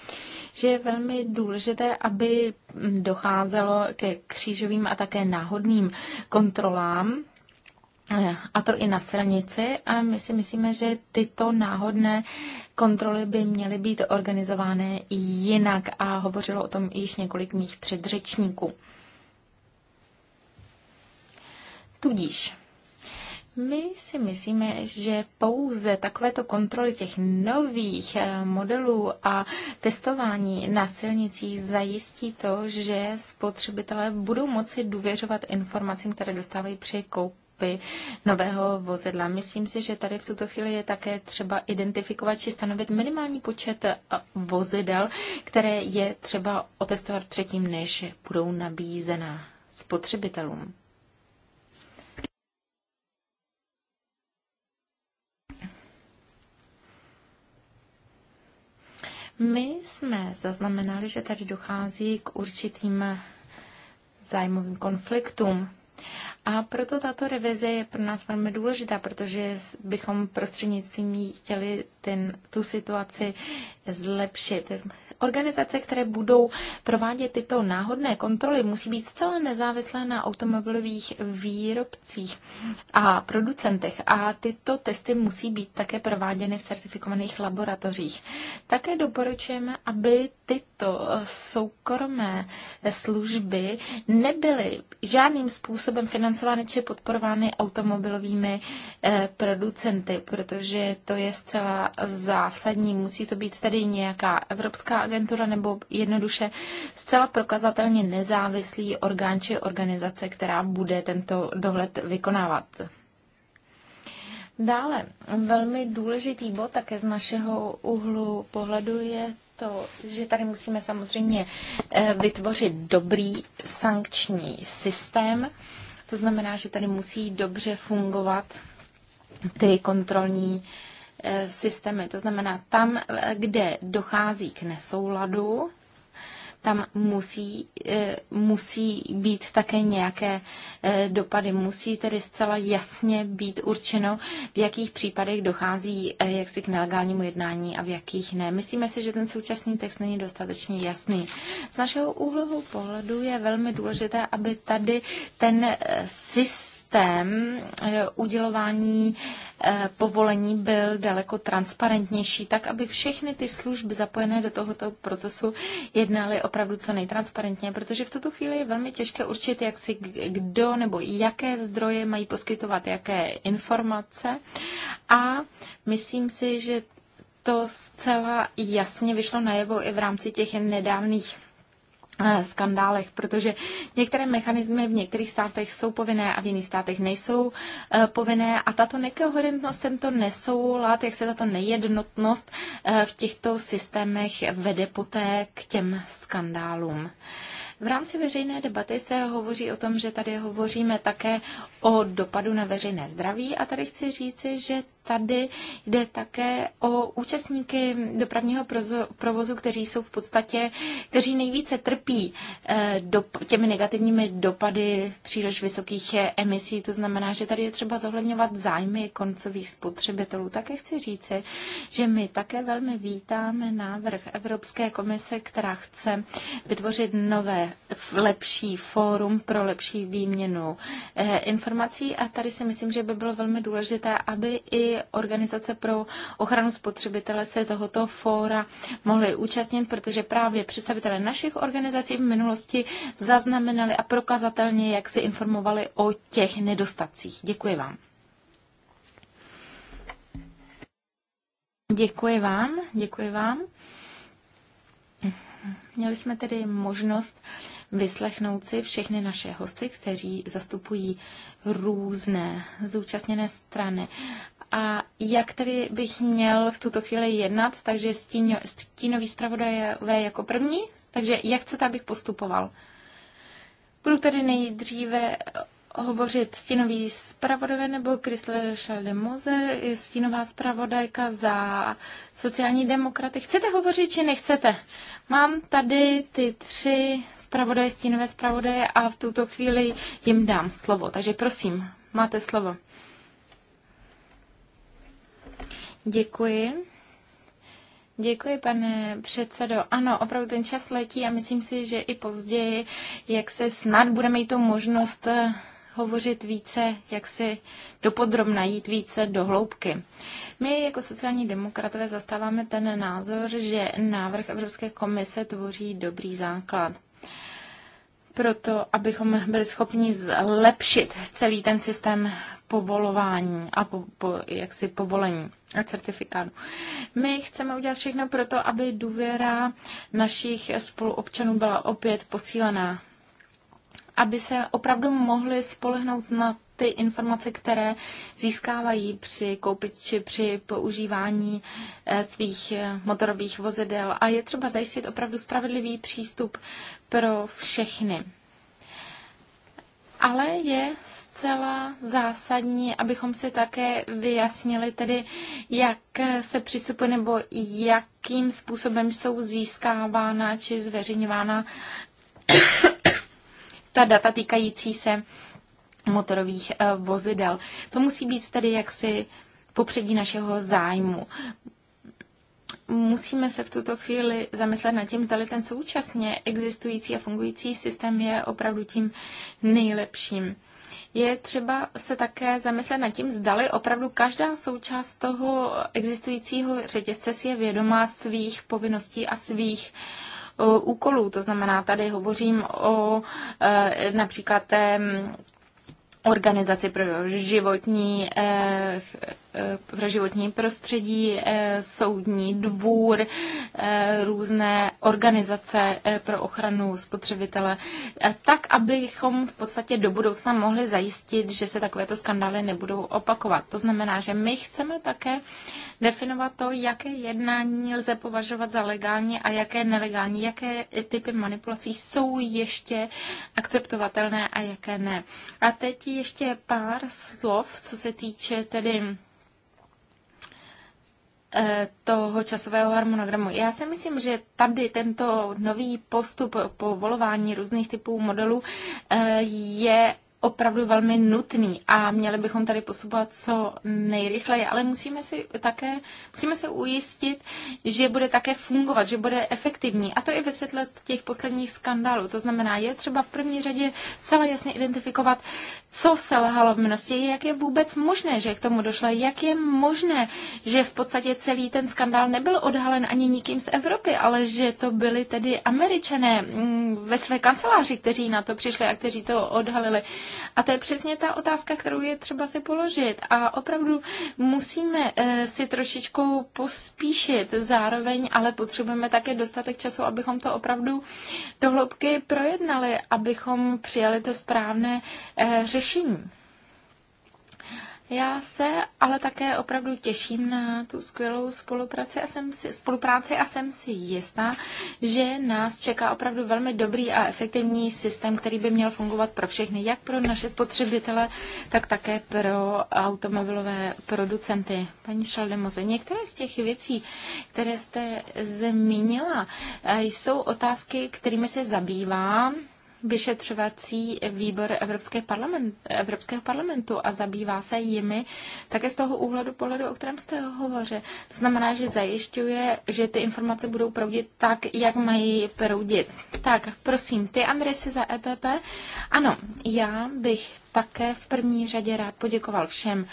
že je velmi důležité, aby docházelo ke křížovým a také náhodným kontrolám a to i na silnici. A my si myslíme, že tyto náhodné kontroly by měly být organizovány jinak a hovořilo o tom již několik mých předřečníků. Tudíž my si myslíme, že pouze takovéto kontroly těch nových eh, modelů a testování na silnicích zajistí to, že spotřebitelé budou moci důvěřovat informacím, které dostávají při koup nákupy nového vozidla. Myslím si, že tady v tuto chvíli je také třeba identifikovat či stanovit minimální počet eh, vozidel, které je třeba otestovat předtím, než budou nabízena spotřebitelům. My jsme zaznamenali, že tady dochází k určitým zájmovým konfliktům. A proto tato revize je pro nás velmi důležitá, protože bychom prostřednictvím chtěli ten, tu situaci zlepšit organizace, které budou provádět tyto náhodné kontroly, musí být zcela nezávislé na automobilových výrobcích a producentech a tyto testy musí být také prováděny v certifikovaných laboratořích. Také doporučujeme, aby tyto soukromé služby nebyly žádným způsobem financovány či podporovány automobilovými eh, producenty, protože to je zcela zásadní. Musí to být tedy nějaká evropská agentura nebo jednoduše zcela prokazatelně nezávislý orgán či organizace, která bude tento dohled vykonávat. Dále, velmi důležitý bod také z našeho úhlu pohledu je to, že tady musíme samozřejmě eh, vytvořit dobrý sankční systém. To znamená, že tady musí dobře fungovat ty kontrolní Eh, systémy. To znamená, tam, eh, kde dochází k nesouladu, tam musí, eh, musí být také nějaké dopady. Musí tedy zcela jasně být určeno, v jakých případech dochází jaksi k nelegálnímu jednání a v jakých ne. Myslíme si, že ten současný text není dostatečně jasný. Z našeho úhlu pohledu je velmi důležité, aby tady ten systém systém eh, udělování eh, povolení byl daleko transparentnější, tak aby všechny ty služby zapojené do tohoto procesu jednaly opravdu co nejtransparentně, protože v tuto chvíli je velmi těžké určit, jak si kdo nebo jaké zdroje mají poskytovat jaké informace. A myslím si, že to zcela jasně vyšlo najevo i v rámci těch nedávných Eh, skandálech, protože některé mechanismy v některých státech jsou povinné a v jiných státech nejsou eh, povinné a tato nekoherentnost, tento nesoulad, jak se tato nejednotnost eh, v těchto systémech vede poté k těm skandálům. V rámci veřejné debaty se hovoří o tom, že tady hovoříme také o dopadu na veřejné zdraví a tady chci říci, že tady jde také o účastníky dopravního provozu, kteří jsou v podstatě, kteří nejvíce trpí eh, těmi negativními dopady příliš vysokých eh, emisí. To znamená, že tady je třeba zohledňovat zájmy koncových spotřebitelů. Také chci říci, že my také velmi vítáme návrh Evropské komise, která chce vytvořit nové, lepší fórum pro lepší výměnu eh, informací a tady si myslím, že by bylo velmi důležité, aby i Organizace pro ochranu spotřebitele se tohoto fóra mohly účastnit, protože právě představitelé našich organizací v minulosti zaznamenali a prokazatelně, jak si informovali o těch nedostacích. Děkuji vám. Děkuji vám, děkuji vám. Měli jsme tedy možnost vyslechnout si všechny naše hosty, kteří zastupují různé zúčastněné strany a jak tedy bych měl v tuto chvíli jednat, takže stíno, stínový zpravodajové jako první, takže jak chcete, abych postupoval. Budu tedy nejdříve hovořit stínový zpravodaj nebo Chrysler Schaldemose, stínová zpravodajka za sociální demokraty. Chcete hovořit, či nechcete? Mám tady ty tři zpravodaje, stínové zpravodaje a v tuto chvíli jim dám slovo. Takže prosím, máte slovo. Děkuji. Děkuji, pane předsedo. Ano, opravdu ten čas letí a myslím si, že i později, jak se snad budeme mít tu možnost eh, hovořit více, jak si dopodrobna jít více do hloubky. My jako sociální demokratové zastáváme ten názor, že návrh Evropské komise tvoří dobrý základ proto, abychom byli schopni zlepšit celý ten systém povolování a po, po, jaksi povolení a certifikátu. My chceme udělat všechno pro to, aby důvěra našich spoluobčanů byla opět posílená, aby se opravdu mohli spolehnout na ty informace, které získávají při koupi či při používání eh, svých eh, motorových vozidel. A je třeba zajistit opravdu spravedlivý přístup pro všechny. Ale je zcela zásadní, abychom si také vyjasnili tedy, jak se přistupuje nebo jakým způsobem jsou získávána či zveřejňována ta data týkající se motorových eh, vozidel. To musí být tedy jaksi popředí našeho zájmu. Musíme se v tuto chvíli zamyslet nad tím, li ten současně existující a fungující systém je opravdu tím nejlepším je třeba se také zamyslet nad tím, zdali opravdu každá součást toho existujícího řetězce si je vědomá svých povinností a svých e, úkolů. To znamená, tady hovořím o e, například té mm, organizaci pro životní e, pro eh, životní prostředí, eh, soudní dvůr, eh, různé organizace pro ochranu spotřebitele, tak, abychom v podstatě do budoucna mohli zajistit, že se takovéto skandály nebudou opakovat. To znamená, že my chceme také definovat to, jaké jednání lze považovat za legální a jaké nelegální, jaké typy manipulací jsou ještě akceptovatelné a jaké ne. A teď ještě pár slov, co se týče tedy Eh, toho časového harmonogramu. Já si myslím, že tady tento nový postup povolování různých typů modelů eh, je opravdu velmi nutný a měli bychom tady postupovat co nejrychleji, ale musíme si také, musíme se ujistit, že bude také fungovat, že bude efektivní a to i vysvětlit těch posledních skandálů. To znamená, je třeba v první řadě celé jasně identifikovat, co se selhalo v minulosti, jak je vůbec možné, že k tomu došlo, jak je možné, že v podstatě celý ten skandál nebyl odhalen ani nikým z Evropy, ale že to byli tedy američané mm, ve své kanceláři, kteří na to přišli a kteří to odhalili. A to je přesně ta otázka, kterou je třeba si položit. A opravdu musíme eh, si trošičku pospíšit zároveň, ale potřebujeme také dostatek času, abychom to opravdu do hloubky projednali, abychom přijali to správné eh, řešení. Já se ale také opravdu těším na tu skvělou spolupráci a jsem si, spolupráci a jsem si jistá, že nás čeká opravdu velmi dobrý a efektivní systém, který by měl fungovat pro všechny, jak pro naše spotřebitele, tak také pro automobilové producenty. Paní Šaldemoze, některé z těch věcí, které jste zmínila, eh, jsou otázky, kterými se zabývám vyšetřovací výbor Evropské parlament, Evropského parlamentu a zabývá se jimi také z toho úhledu pohledu, o kterém jste hovořil. To znamená, že zajišťuje, že ty informace budou proudit tak, jak mají proudit. Tak, prosím, ty, Andrej, za EPP. Ano, já bych také v první řadě rád poděkoval všem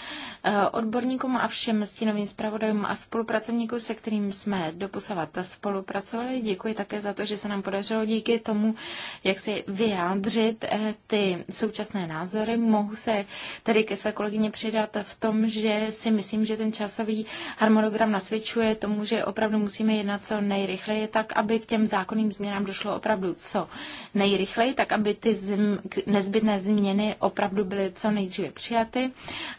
eh, odborníkům a všem stínovým zpravodajům a spolupracovníkům, se kterým jsme doposavat spolupracovali. Děkuji také za to, že se nám podařilo díky tomu, jak si vyjádřit eh, ty současné názory. Mohu se tedy ke své kolegyně přidat v tom, že si myslím, že ten časový harmonogram nasvědčuje tomu, že opravdu musíme jednat co nejrychleji, tak aby k těm zákonným změnám došlo opravdu co nejrychleji, tak aby ty nezbytné změny opravdu opravdu byly co nejdříve přijaty.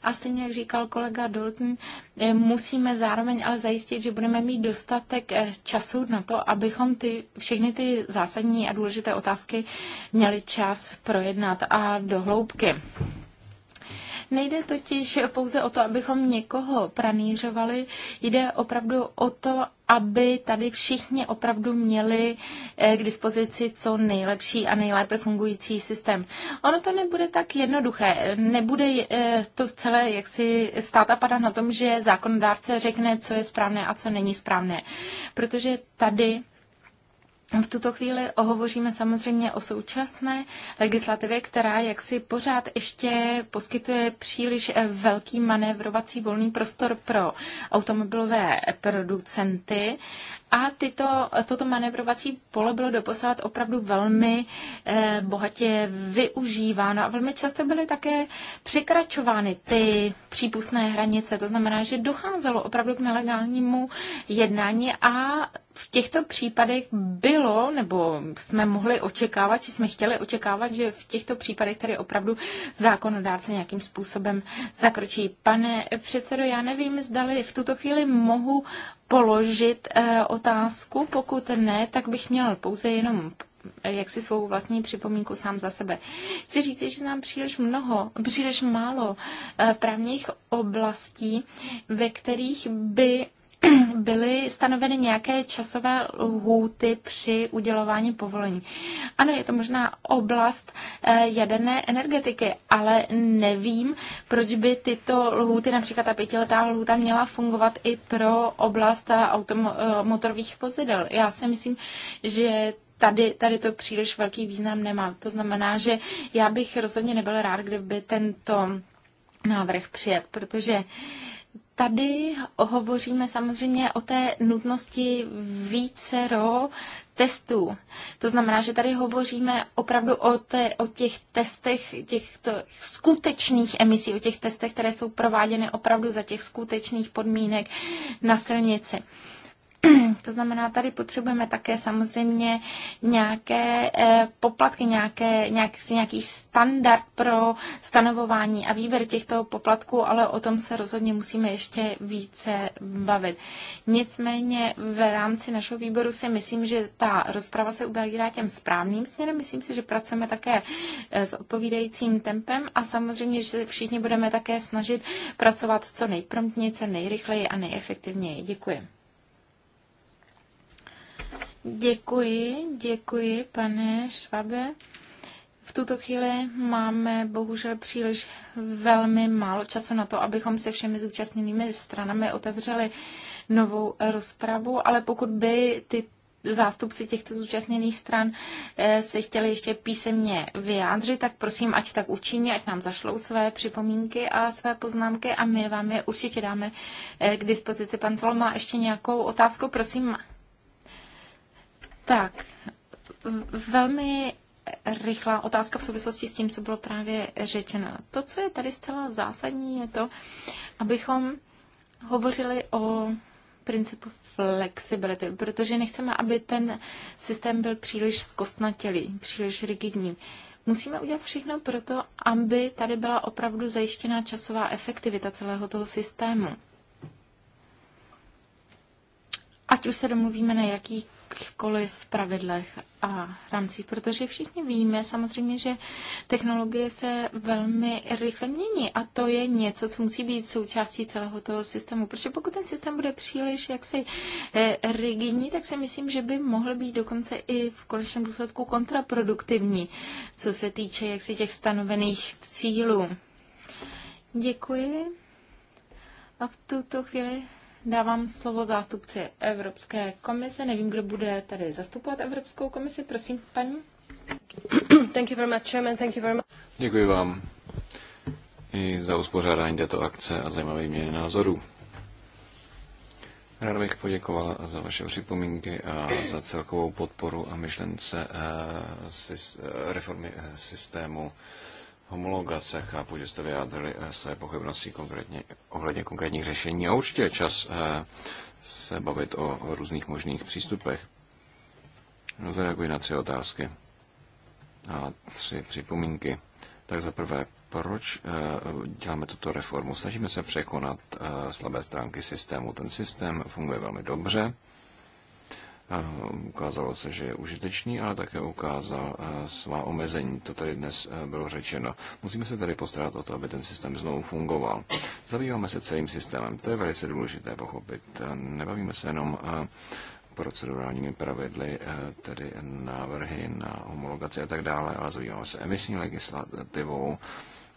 A stejně jak říkal kolega Dalton, eh, musíme zároveň ale zajistit, že budeme mít dostatek eh, času na to, abychom ty, všechny ty zásadní a důležité otázky měli čas projednat a dohloubky. Nejde totiž pouze o to, abychom někoho pranířovali, jde opravdu o to, aby tady všichni opravdu měli eh, k dispozici co nejlepší a nejlépe fungující systém. Ono to nebude tak jednoduché. Nebude eh, to celé jak si stát a padat na tom, že zákonodárce řekne, co je správné a co není správné. Protože tady v tuto chvíli ohovoříme samozřejmě o současné legislativě, která jaksi pořád ještě poskytuje příliš velký manévrovací volný prostor pro automobilové producenty a tyto, toto manevrovací pole bylo doposavat opravdu velmi eh, bohatě využíváno a velmi často byly také překračovány ty přípustné hranice. To znamená, že docházelo opravdu k nelegálnímu jednání a v těchto případech bylo, nebo jsme mohli očekávat, či jsme chtěli očekávat, že v těchto případech tady opravdu zákonodárce nějakým způsobem zakročí. Pane předsedo, já nevím, zdali v tuto chvíli mohu položit eh, otázku? Pokud ne, tak bych měl pouze jenom eh, jak si svou vlastní připomínku sám za sebe. Chci říct, že nám příliš mnoho, příliš málo eh, právních oblastí, ve kterých by byly stanoveny nějaké časové lhůty při udělování povolení. Ano, je to možná oblast eh, jaderné energetiky, ale nevím, proč by tyto lhůty, například ta pětiletá lhůta, měla fungovat i pro oblast eh, automotorových eh, vozidel. Já si myslím, že tady, tady to příliš velký význam nemá. To znamená, že já bych rozhodně nebyl rád, kdyby tento návrh přijet, protože uh, Tady hovoříme samozřejmě o té nutnosti vícero testů. To znamená, že tady hovoříme opravdu o, té, o těch testech, těchto skutečných emisí, o těch testech, které jsou prováděny opravdu za těch skutečných podmínek na silnici. To znamená, tady potřebujeme také samozřejmě nějaké eh, poplatky, nějaké, nějak, nějaký standard pro stanovování a výběr těchto poplatků, ale o tom se rozhodně musíme ještě více bavit. Nicméně v rámci našeho výboru si myslím, že ta rozprava se ubírá těm správným směrem. Myslím si, že pracujeme také eh, s odpovídajícím tempem a samozřejmě, že všichni budeme také snažit pracovat co nejpromptněji, co nejrychleji a nejefektivněji. Děkuji. Děkuji, děkuji, pane Švabe. V tuto chvíli máme bohužel příliš velmi málo času na to, abychom se všemi zúčastněnými stranami otevřeli novou rozpravu, ale pokud by ty zástupci těchto zúčastněných stran eh, se chtěli ještě písemně vyjádřit, tak prosím, ať tak učiní, ať nám zašlou své připomínky a své poznámky a my vám je určitě dáme eh, k dispozici. Pan Sol má ještě nějakou otázku, prosím. Tak, velmi rychlá otázka v souvislosti s tím, co bylo právě řečeno. To, co je tady zcela zásadní, je to, abychom hovořili o principu flexibility, protože nechceme, aby ten systém byl příliš zkostnatělý, příliš rigidní. Musíme udělat všechno pro to, aby tady byla opravdu zajištěná časová efektivita celého toho systému. Ať už se domluvíme na jakých jakýchkoliv pravidlech a rámcích, protože všichni víme samozřejmě, že technologie se velmi rychle mění a to je něco, co musí být součástí celého toho systému, protože pokud ten systém bude příliš jaksi eh, rigidní, tak si myslím, že by mohl být dokonce i v konečném důsledku kontraproduktivní, co se týče jaksi těch stanovených cílů. Děkuji. A v tuto chvíli dávám slovo zástupci Evropské komise. Nevím, kdo bude tady zastupovat Evropskou komisi. Prosím, paní. Thank you very much, Chairman. Thank you very much. Děkuji vám i za uspořádání této akce a zajímavé měny názorů. Rád bych poděkoval za vaše připomínky a za celkovou podporu a myšlence eh, eh, reformy eh, systému homologace. Chápu, že jste vyjádřili eh, své pochybnosti konkrétně, ohledně konkrétních řešení a určitě je čas eh, se bavit o různých možných přístupech. No, zareaguji na tři otázky a tři připomínky. Tak za prvé, proč eh, děláme tuto reformu? Snažíme se překonat slabé stránky systému. Ten systém funguje velmi dobře Ukázalo se, že je užitečný, ale také ukázal eh, svá omezení. To tady dnes eh, bylo řečeno. Musíme se tady postarat o to, aby ten systém znovu fungoval. Zabýváme se celým systémem. To je velice důležité pochopit. Nebavíme se jenom eh, procedurálními pravidly, tedy návrhy na homologaci a tak dále, ale zabýváme se emisní legislativou,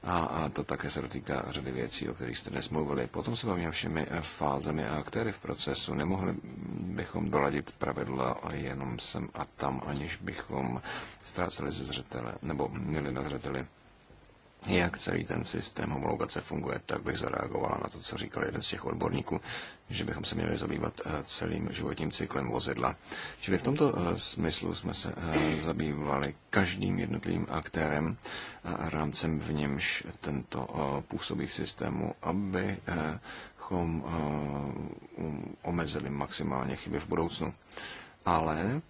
a, a to také se dotýká řady věcí, o kterých jste dnes mluvili. Potom se bavíme všemi fázemi a aktéry v procesu. Nemohli bychom doladit pravidla jenom sem a tam, aniž bychom ztráceli ze zřetele, nebo měli na zřeteli jak celý ten systém homologace funguje, tak bych zareagovala na to, co říkal jeden z těch odborníků, že bychom se měli zabývat eh, celým životním cyklem vozidla. Čili v tomto eh, smyslu jsme se eh, zabývali každým jednotlivým aktérem a rámcem, v němž tento působí v systému, abychom omezili maximálně chyby v budoucnu. Ale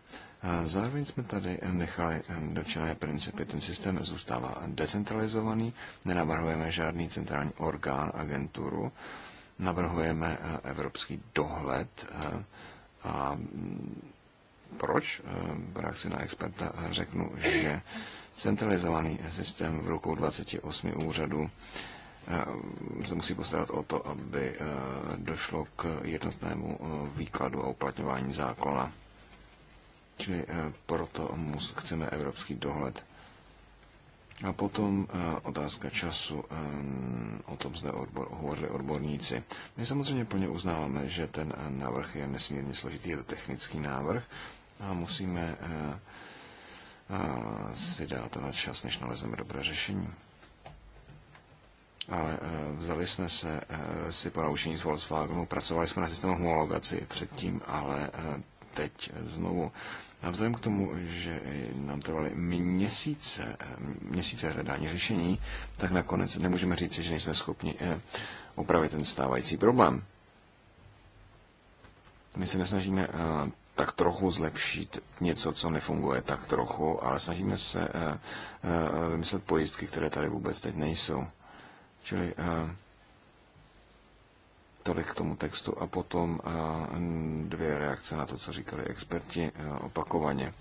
Zároveň jsme tady nechali dočené principy. Ten systém zůstává decentralizovaný, nenavrhujeme žádný centrální orgán, agenturu, navrhujeme eh, evropský dohled eh, a mm, proč? Praxi eh, na experta řeknu, že centralizovaný systém v rukou 28 úřadů se musí postarat o to, aby došlo k jednotnému výkladu a uplatňování zákona. Čili eh, proto chceme evropský dohled. A potom eh, otázka času, eh, o tom zde odbor, hovořili odborníci. My samozřejmě plně uznáváme, že ten návrh je nesmírně složitý, je to technický návrh a musíme si dát na čas, než nalezeme dobré řešení. Ale vzali jsme se si po naučení z Volkswagenu, pracovali jsme na systému homologaci předtím, ale teď znovu a vzhledem k tomu, že nám trvaly měsíce, měsíce hledání řešení, tak nakonec nemůžeme říct, že nejsme schopni eh, opravit ten stávající problém. My se nesnažíme eh, tak trochu zlepšit něco, co nefunguje tak trochu, ale snažíme se eh, vymyslet pojistky, které tady vůbec teď nejsou. Čili Tolik k tomu textu a potom eh, dvě reakce na to, co říkali experti eh, opakovaně.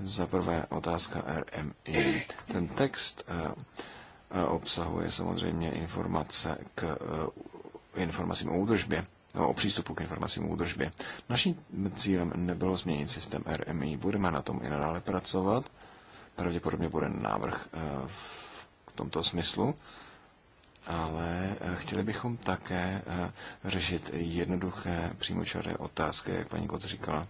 Za prvé otázka RMI. Ten text eh, obsahuje samozřejmě informace k informacím o údržbě, no, o přístupu k informacím o údržbě. Naším cílem nebylo změnit systém RMI, budeme na tom i nadále pracovat. Pravděpodobně bude návrh v tomto smyslu ale eh, chtěli bychom také eh, řešit jednoduché přímočaré otázky, jak paní Kot říkala.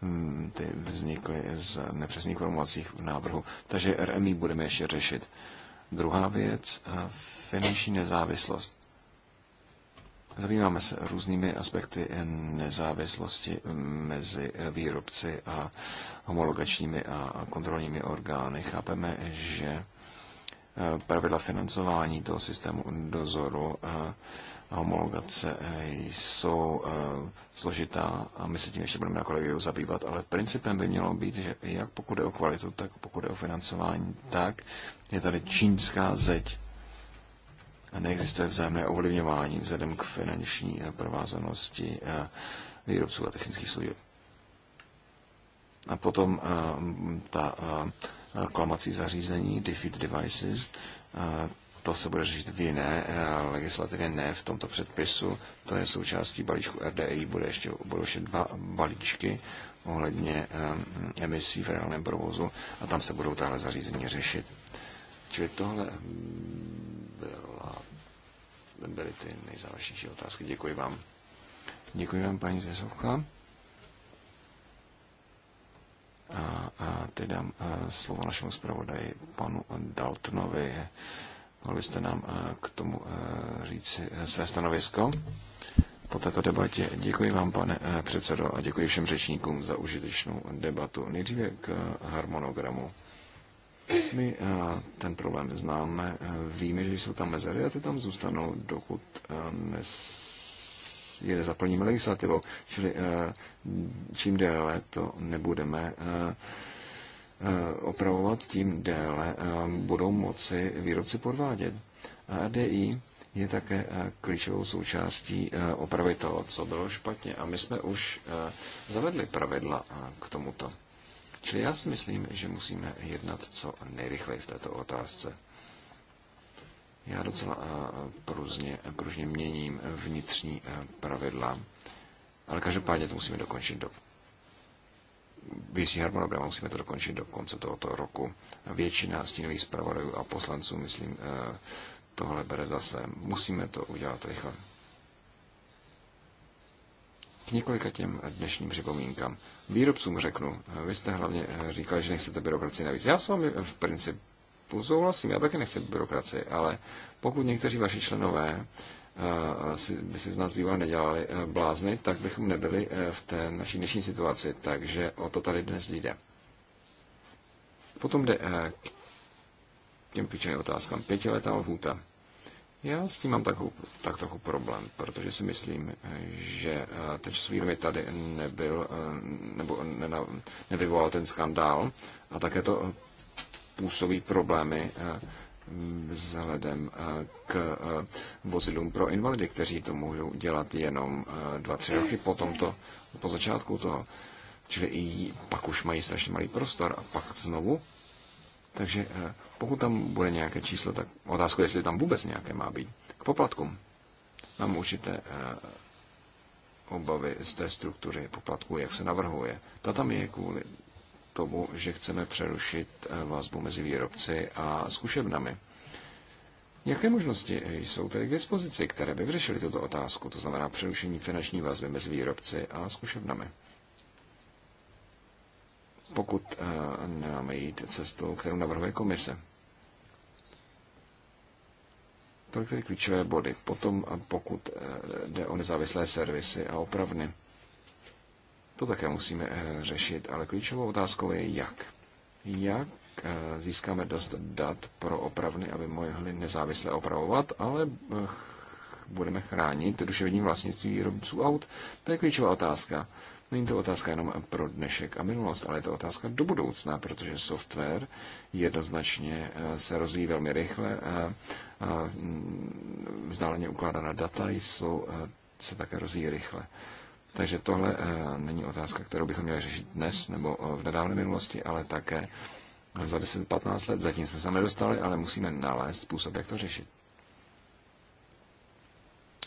Mm, ty vznikly z nepřesných formulací v návrhu. Takže RMI budeme ještě řešit. Druhá věc, eh, finanční nezávislost. Zabýváme se různými aspekty nezávislosti mm, mezi výrobci a homologačními a kontrolními orgány. Chápeme, že pravidla financování toho systému dozoru a homologace eh, jsou eh, složitá a my se tím ještě budeme na kolegiu zabývat, ale principem by mělo být, že jak pokud je o kvalitu, tak pokud je o financování, tak je tady čínská zeď a neexistuje vzájemné ovlivňování vzhledem k finanční eh, provázanosti výrobců a technických služeb. A potom ta klamací zařízení, defeat devices. To se bude řešit v jiné eh, legislativě, ne v tomto předpisu. To je součástí balíčku RDI, bude ještě, budou ještě dva balíčky ohledně eh, emisí v reálném provozu a tam se budou tahle zařízení řešit. Čili tohle byla, byly ty nejzávažnější otázky. Děkuji vám. Děkuji vám, paní Zesovka. A, a teď dám eh, slovo našemu zpravodaji, panu Daltonovi. Mohli jste nám eh, k tomu eh, říci své stanovisko? po této debatě. Děkuji vám, pane předsedo, a děkuji všem řečníkům za užitečnou debatu. Nejdříve k harmonogramu. My ten problém známe, víme, že jsou tam mezery a ty tam zůstanou, dokud nes je zaplníme legislativou. Čili eh, čím déle to nebudeme eh, eh, opravovat, tím déle budou moci výrobci podvádět. A DI je také klíčovou součástí opravy toho, co bylo špatně. A my jsme už zavedli pravidla k tomuto. Čili já si myslím, že musíme jednat co nejrychleji v této otázce. Já docela eh, pružně, pružně měním eh, vnitřní eh, pravidla, ale každopádně to musíme dokončit do větší harmonogram, musíme to dokončit do konce tohoto roku. Většina stínových zpravodajů a poslanců, myslím, tohle bere za své. Musíme to udělat rychle. K několika těm dnešním připomínkám. Výrobcům řeknu, vy jste hlavně říkali, že nechcete byrokracii navíc. Já s vámi v principu souhlasím, já taky nechci byrokracii, ale pokud někteří vaši členové eh, by si z nás bývali nedělali eh, blázny, tak bychom nebyli eh, v té naší dnešní situaci, takže o to tady dnes jde. Potom jde k těm klíčovým otázkám. Pětiletá lhůta. Já s tím mám takovou, tak trochu problém, protože si myslím, že ten časový limit tady nebyl, nebo nevyvolal ten skandál a také to způsobí problémy eh, vzhledem eh, k eh, vozidlům pro invalidy, kteří to můžou dělat jenom dva, tři roky po tomto, po začátku toho. Čili i pak už mají strašně malý prostor a pak znovu. Takže pokud tam bude nějaké číslo, tak otázku, jestli tam vůbec nějaké má být. K poplatkům. Mám určité obavy z té struktury poplatků, jak se navrhuje. Ta tam je kvůli tomu, že chceme přerušit eh, vazbu mezi výrobci a zkušebnami. Jaké možnosti jsou tedy k dispozici, které by vyřešily tuto otázku, to znamená přerušení finanční vazby mezi výrobci a zkušebnami? Pokud eh, nemáme jít cestou, kterou navrhuje komise. Tolik tedy klíčové body. Potom, eh, pokud jde o nezávislé servisy a opravny. To také musíme eh, řešit, ale klíčovou otázkou je jak. Jak eh, získáme dost dat pro opravny, aby mohli nezávisle opravovat, ale eh, budeme chránit duševní vlastnictví výrobců aut? To je klíčová otázka. Není to otázka jenom pro dnešek a minulost, ale je to otázka do budoucna, protože software jednoznačně se rozvíjí velmi rychle. Mm, vzdáleně ukládaná data jsou, se také rozvíjí rychle. Takže tohle eh, není otázka, kterou bychom měli řešit dnes nebo eh, v nedávné minulosti, ale také za 10-15 let. Zatím jsme se nedostali, ale musíme nalézt způsob, jak to řešit.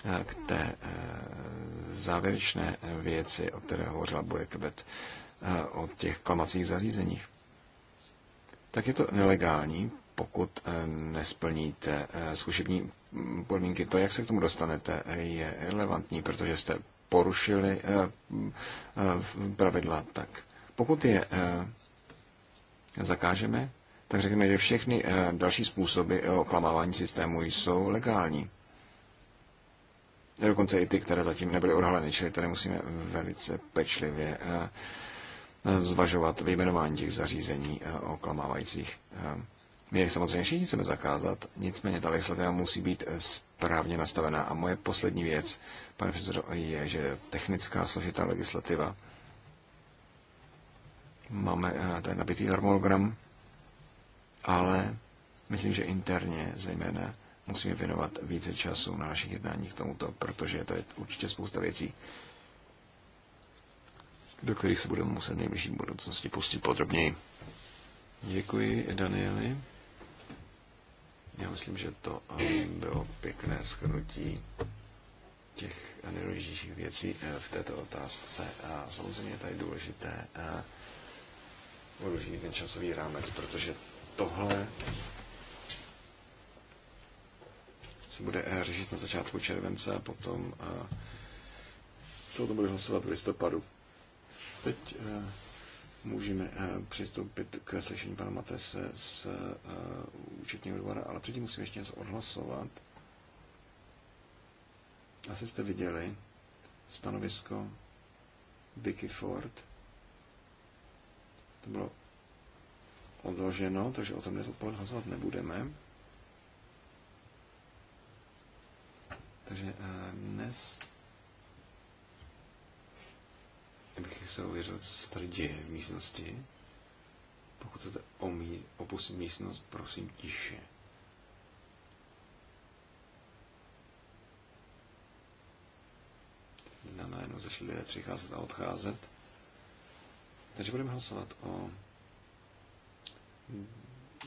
Eh, k té závěrečné věci, o které hovořila Boje Kebet, o těch klamacích zařízeních, tak je to nelegální, pokud nesplníte zkušební mm, podmínky. To, jak se k tomu dostanete, je relevantní, protože jste porušili eh, eh, pravidla, tak pokud je eh, zakážeme, tak řekneme, že všechny další způsoby oklamávání systému jsou legální. Dokonce i ty, které zatím nebyly odhaleny, čili tady musíme velice pečlivě zvažovat vyjmenování těch zařízení oklamávajících. My je samozřejmě všichni chceme zakázat, nicméně ta legislativa musí být správně nastavená. A moje poslední věc, pane předsedo, je, že technická složitá legislativa. Máme eh, ten nabitý harmonogram, ale myslím, že interně zejména musíme věnovat více času na našich jednáních tomuto, protože to je určitě spousta věcí, do kterých se budeme muset v nejbližší budoucnosti pustit podrobněji. Děkuji, Danieli. Já myslím, že to eh, bylo pěkné shrnutí těch nejdůležitějších věcí eh, v této otázce. A samozřejmě je tady důležité eh, odložit ten časový rámec, protože tohle se bude řešit na začátku července a potom se o tom bude hlasovat v listopadu. Teď můžeme eh, přistoupit k slyšení pana Matese z eh, účetního dvora, ale předtím musíme ještě něco odhlasovat. Asi jste viděli stanovisko Vicky Ford. To bylo odloženo, takže o tom dnes hlasovat nebudeme. Takže eh, dnes abych bych se uvěřil, co se tady děje v místnosti. Pokud chcete omí, opustit místnost, prosím tiše. Na najednou začali lidé přicházet a odcházet. Takže budeme hlasovat o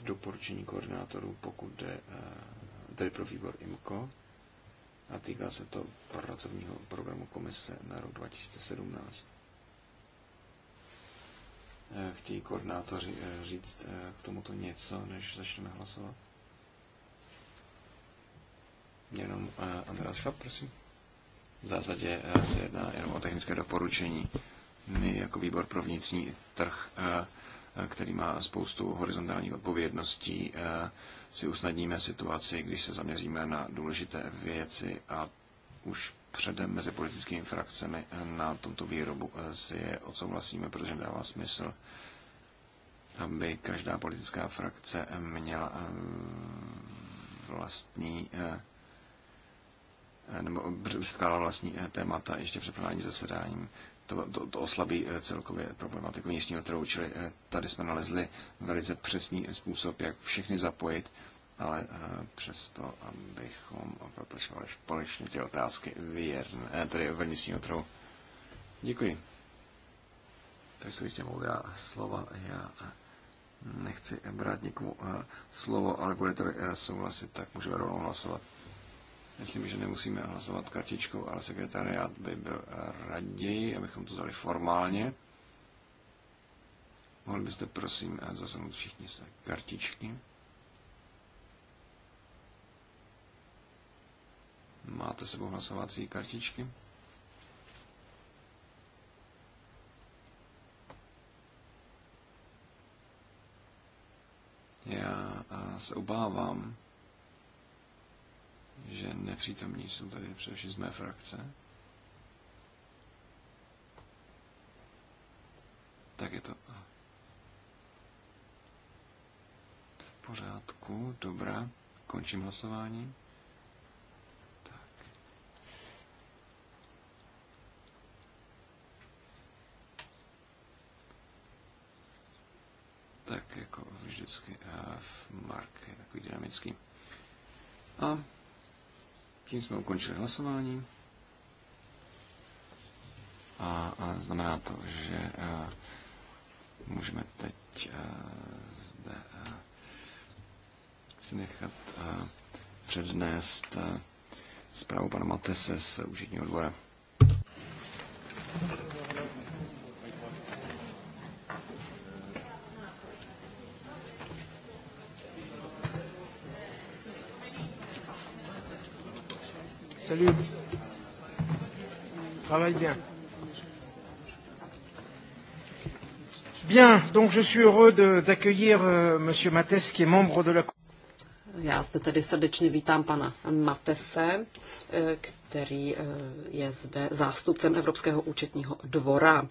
doporučení koordinátorů, pokud jde eh, tedy pro výbor IMCO a týká se to pracovního programu komise na rok 2017. Eh, chtějí koordinátoři eh, říct eh, k tomuto něco, než začneme hlasovat? Jenom Andreas Schwab, prosím. V zásadě se jedná jenom o technické doporučení. My jako výbor pro vnitřní trh, který má spoustu horizontálních odpovědností, si usnadníme situaci, když se zaměříme na důležité věci a už předem mezi politickými frakcemi na tomto výrobu eh, si je odsouhlasíme, protože dává smysl, aby každá politická frakce eh, měla eh, vlastní nebo předkládala vlastní témata ještě před pláním zasedáním. To, to, to oslabí celkově problematiku vnitřního trhu, čili tady jsme nalezli velice přesný způsob, jak všechny zapojit ale eh, přesto, abychom protlačovali společně ty otázky věrné, eh, tedy vnitřního trhu. Děkuji. To jsou jistě moudrá slova. Já eh, nechci brát nikomu slovo, ale budete souhlasit, tak můžeme rovnou hlasovat. Myslím, že nemusíme hlasovat kartičkou, ale sekretariát by byl raději, abychom to dali formálně. Mohli byste prosím zasunout všichni se kartičky. Máte sebou hlasovací kartičky? Já se obávám, že nepřítomní jsou tady především z mé frakce. Tak je to v pořádku, dobrá, končím hlasování. vždycky eh, Mark je takový dynamický. A tím jsme ukončili hlasování. A, a znamená to, že a, eh, můžeme teď a, eh, zde a, si nechat a, přednést a, zprávu pana Matese z účetního dvora. travail bien. Bien, donc je suis heureux d'accueillir euh, Monsieur Mattes, qui est membre de la. Já zde tedy srdečně vítám pana Matese, eh, který eh, je zde zástupcem Evropského účetního dvora.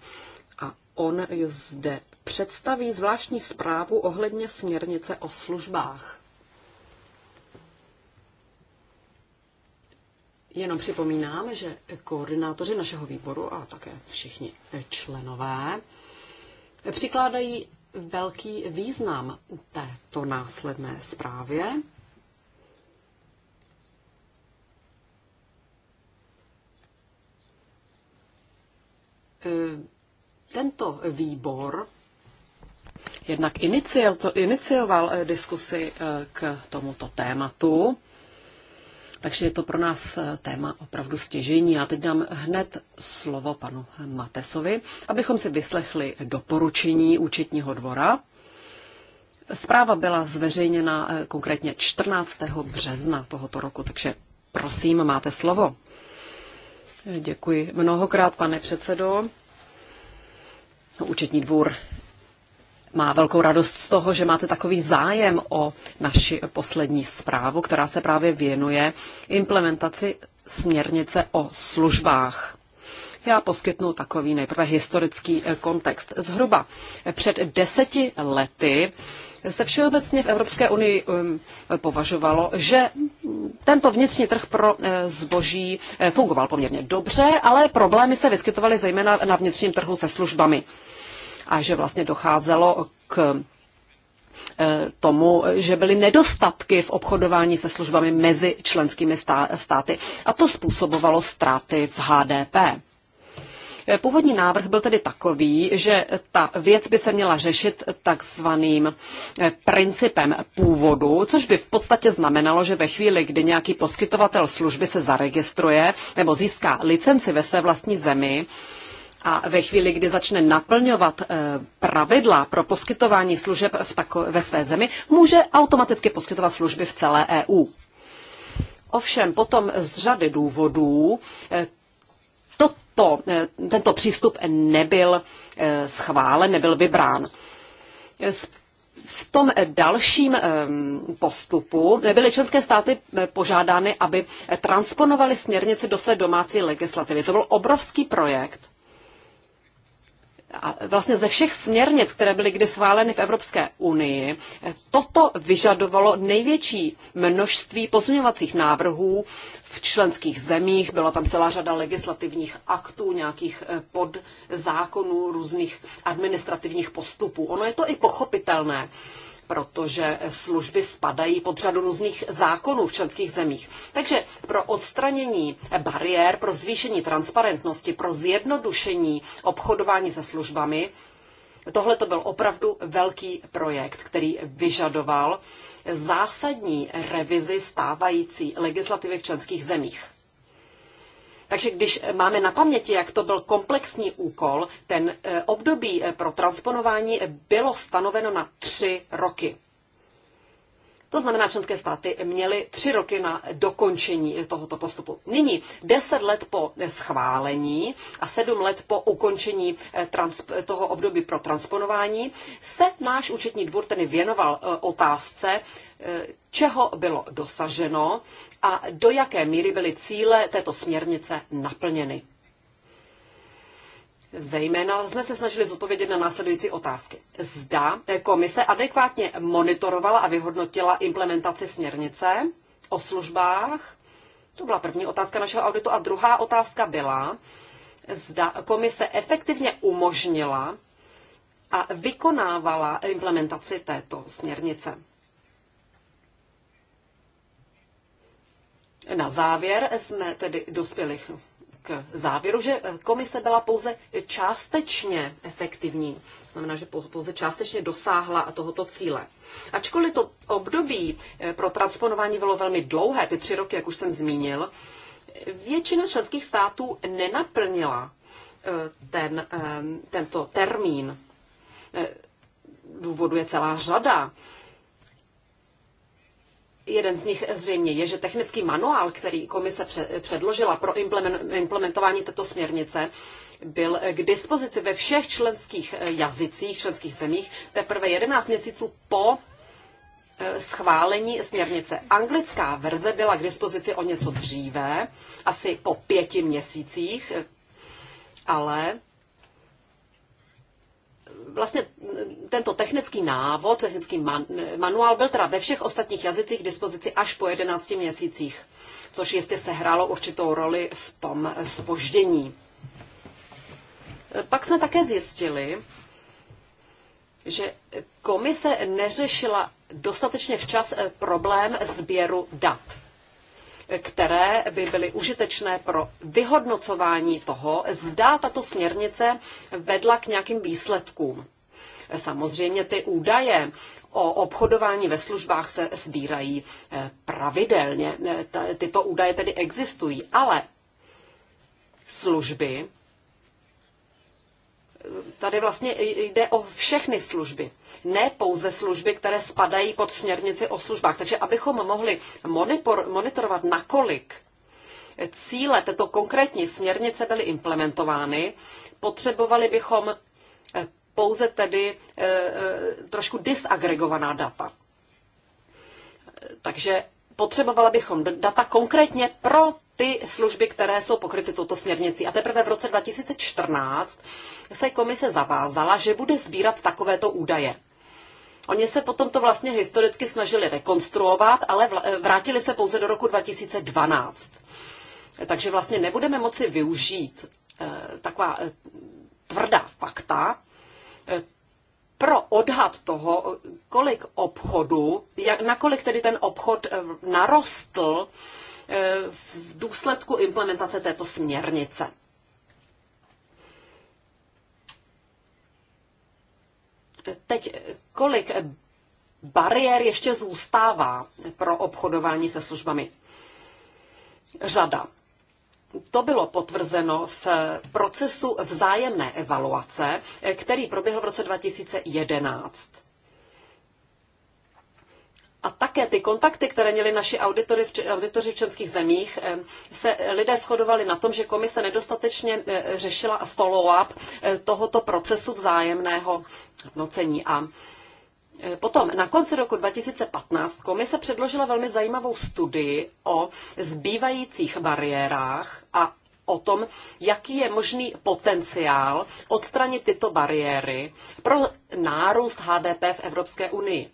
A on zde představí zvláštní zprávu ohledně směrnice o službách. Jenom připomínám, že koordinátoři našeho výboru a také všichni členové přikládají velký význam této následné zprávě. Tento výbor jednak inicioval eh, diskusi eh, k tomuto tématu takže je to pro nás eh, téma opravdu stěžení. a teď dám hned slovo panu Matesovi, abychom si vyslechli doporučení účetního dvora. Zpráva byla zveřejněna eh, konkrétně 14. března tohoto roku, takže prosím, máte slovo. Děkuji mnohokrát, pane předsedo. Účetní dvůr má velkou radost z toho, že máte takový zájem o naši poslední zprávu, která se právě věnuje implementaci směrnice o službách. Já poskytnu takový nejprve historický eh, kontext. Zhruba eh, před deseti lety se všeobecně v Evropské unii um, považovalo, že tento vnitřní trh pro eh, zboží fungoval poměrně dobře, ale problémy se vyskytovaly zejména na vnitřním trhu se službami a že vlastně docházelo k e, tomu, že byly nedostatky v obchodování se službami mezi členskými státy a to způsobovalo ztráty v HDP. E, původní návrh byl tedy takový, že ta věc by se měla řešit takzvaným e, principem původu, což by v podstatě znamenalo, že ve chvíli, kdy nějaký poskytovatel služby se zaregistruje nebo získá licenci ve své vlastní zemi, a ve chvíli, kdy začne naplňovat eh, pravidla pro poskytování služeb v tako- ve své zemi, může automaticky poskytovat služby v celé EU. Ovšem potom z řady důvodů eh, toto, eh, tento přístup nebyl schválen, nebyl vybrán. V tom dalším ehm, postupu byly členské státy požádány, aby transponovali směrnici do své domácí legislativy. To byl obrovský projekt a vlastně ze všech směrnic, které byly kdy schváleny v Evropské unii, toto vyžadovalo největší množství pozměňovacích návrhů v členských zemích. Byla tam celá řada legislativních aktů, nějakých eh, podzákonů, různých administrativních postupů. Ono je to i pochopitelné protože služby spadají pod řadu různých zákonů v členských zemích. Takže pro odstranění bariér, pro zvýšení transparentnosti, pro zjednodušení obchodování se službami, tohle to byl opravdu velký projekt, který vyžadoval zásadní revizi stávající legislativy v členských zemích. Takže když eh, máme na paměti, jak to byl komplexní úkol, ten eh, období eh, pro transponování bylo stanoveno na tři roky. To znamená, členské státy měly tři roky na dokončení tohoto postupu. Nyní deset let po schválení a sedm let po ukončení eh, toho období pro transponování se náš účetní dvůr tedy věnoval eh, otázce, eh, čeho bylo dosaženo a do jaké míry byly cíle této směrnice naplněny. Zejména jsme se snažili zodpovědět na následující otázky. Zda komise adekvátně monitorovala a vyhodnotila implementaci směrnice o službách. To byla první otázka našeho auditu. A druhá otázka byla, zda komise efektivně umožnila a vykonávala implementaci této směrnice. Na závěr jsme tedy dospěli k závěru, že komise byla pouze částečně efektivní. To znamená, že pouze částečně dosáhla tohoto cíle. Ačkoliv to období eh, pro transponování bylo velmi dlouhé, ty tři roky, jak už jsem zmínil, většina členských států nenaplnila eh, ten, eh, tento termín. Důvodu je celá řada. Jeden z nich zřejmě je, že technický manuál, který komise předložila pro implementování této směrnice, byl k dispozici ve všech členských eh, jazycích, členských zemích teprve 11 měsíců po eh, schválení směrnice. Anglická verze byla k dispozici o něco dříve, asi po pěti měsících, eh, ale vlastně tento technický návod, technický man, manuál byl teda ve všech ostatních jazycích k dispozici až po 11 měsících, což jistě sehrálo určitou roli v tom spoždění. Pak jsme také zjistili, že komise neřešila dostatečně včas eh, problém sběru dat které by byly užitečné pro vyhodnocování toho, zda tato směrnice vedla k nějakým výsledkům. Samozřejmě ty údaje o obchodování ve službách se sbírají eh, pravidelně. Eh, tyto údaje tedy existují, ale služby tady vlastně jde o všechny služby, ne pouze služby, které spadají pod směrnici o službách. Takže abychom mohli monitor, monitorovat, nakolik cíle této konkrétní směrnice byly implementovány, potřebovali bychom eh, pouze tedy eh, eh, trošku disagregovaná data. Takže potřebovala bychom data konkrétně pro ty služby, které jsou pokryty touto směrnicí. A teprve v roce 2014 se komise zavázala, že bude sbírat takovéto údaje. Oni se potom to vlastně historicky snažili rekonstruovat, ale vrátili se pouze do roku 2012. Takže vlastně nebudeme moci využít eh, taková eh, tvrdá fakta eh, pro odhad toho, kolik obchodu, jak, nakolik tedy ten obchod narostl Eh, v důsledku implementace této směrnice. Teď kolik bariér ještě zůstává pro obchodování se službami? Řada. To bylo potvrzeno v procesu vzájemné evaluace, eh, který proběhl v roce 2011. A také ty kontakty, které měli naši auditory v, auditoři v českých zemích, eh, se lidé shodovali na tom, že komise nedostatečně eh, řešila follow-up eh, tohoto procesu vzájemného hodnocení. A Potom na konci roku 2015 komise předložila velmi zajímavou studii o zbývajících bariérách a o tom, jaký je možný potenciál odstranit tyto bariéry pro nárůst HDP v Evropské unii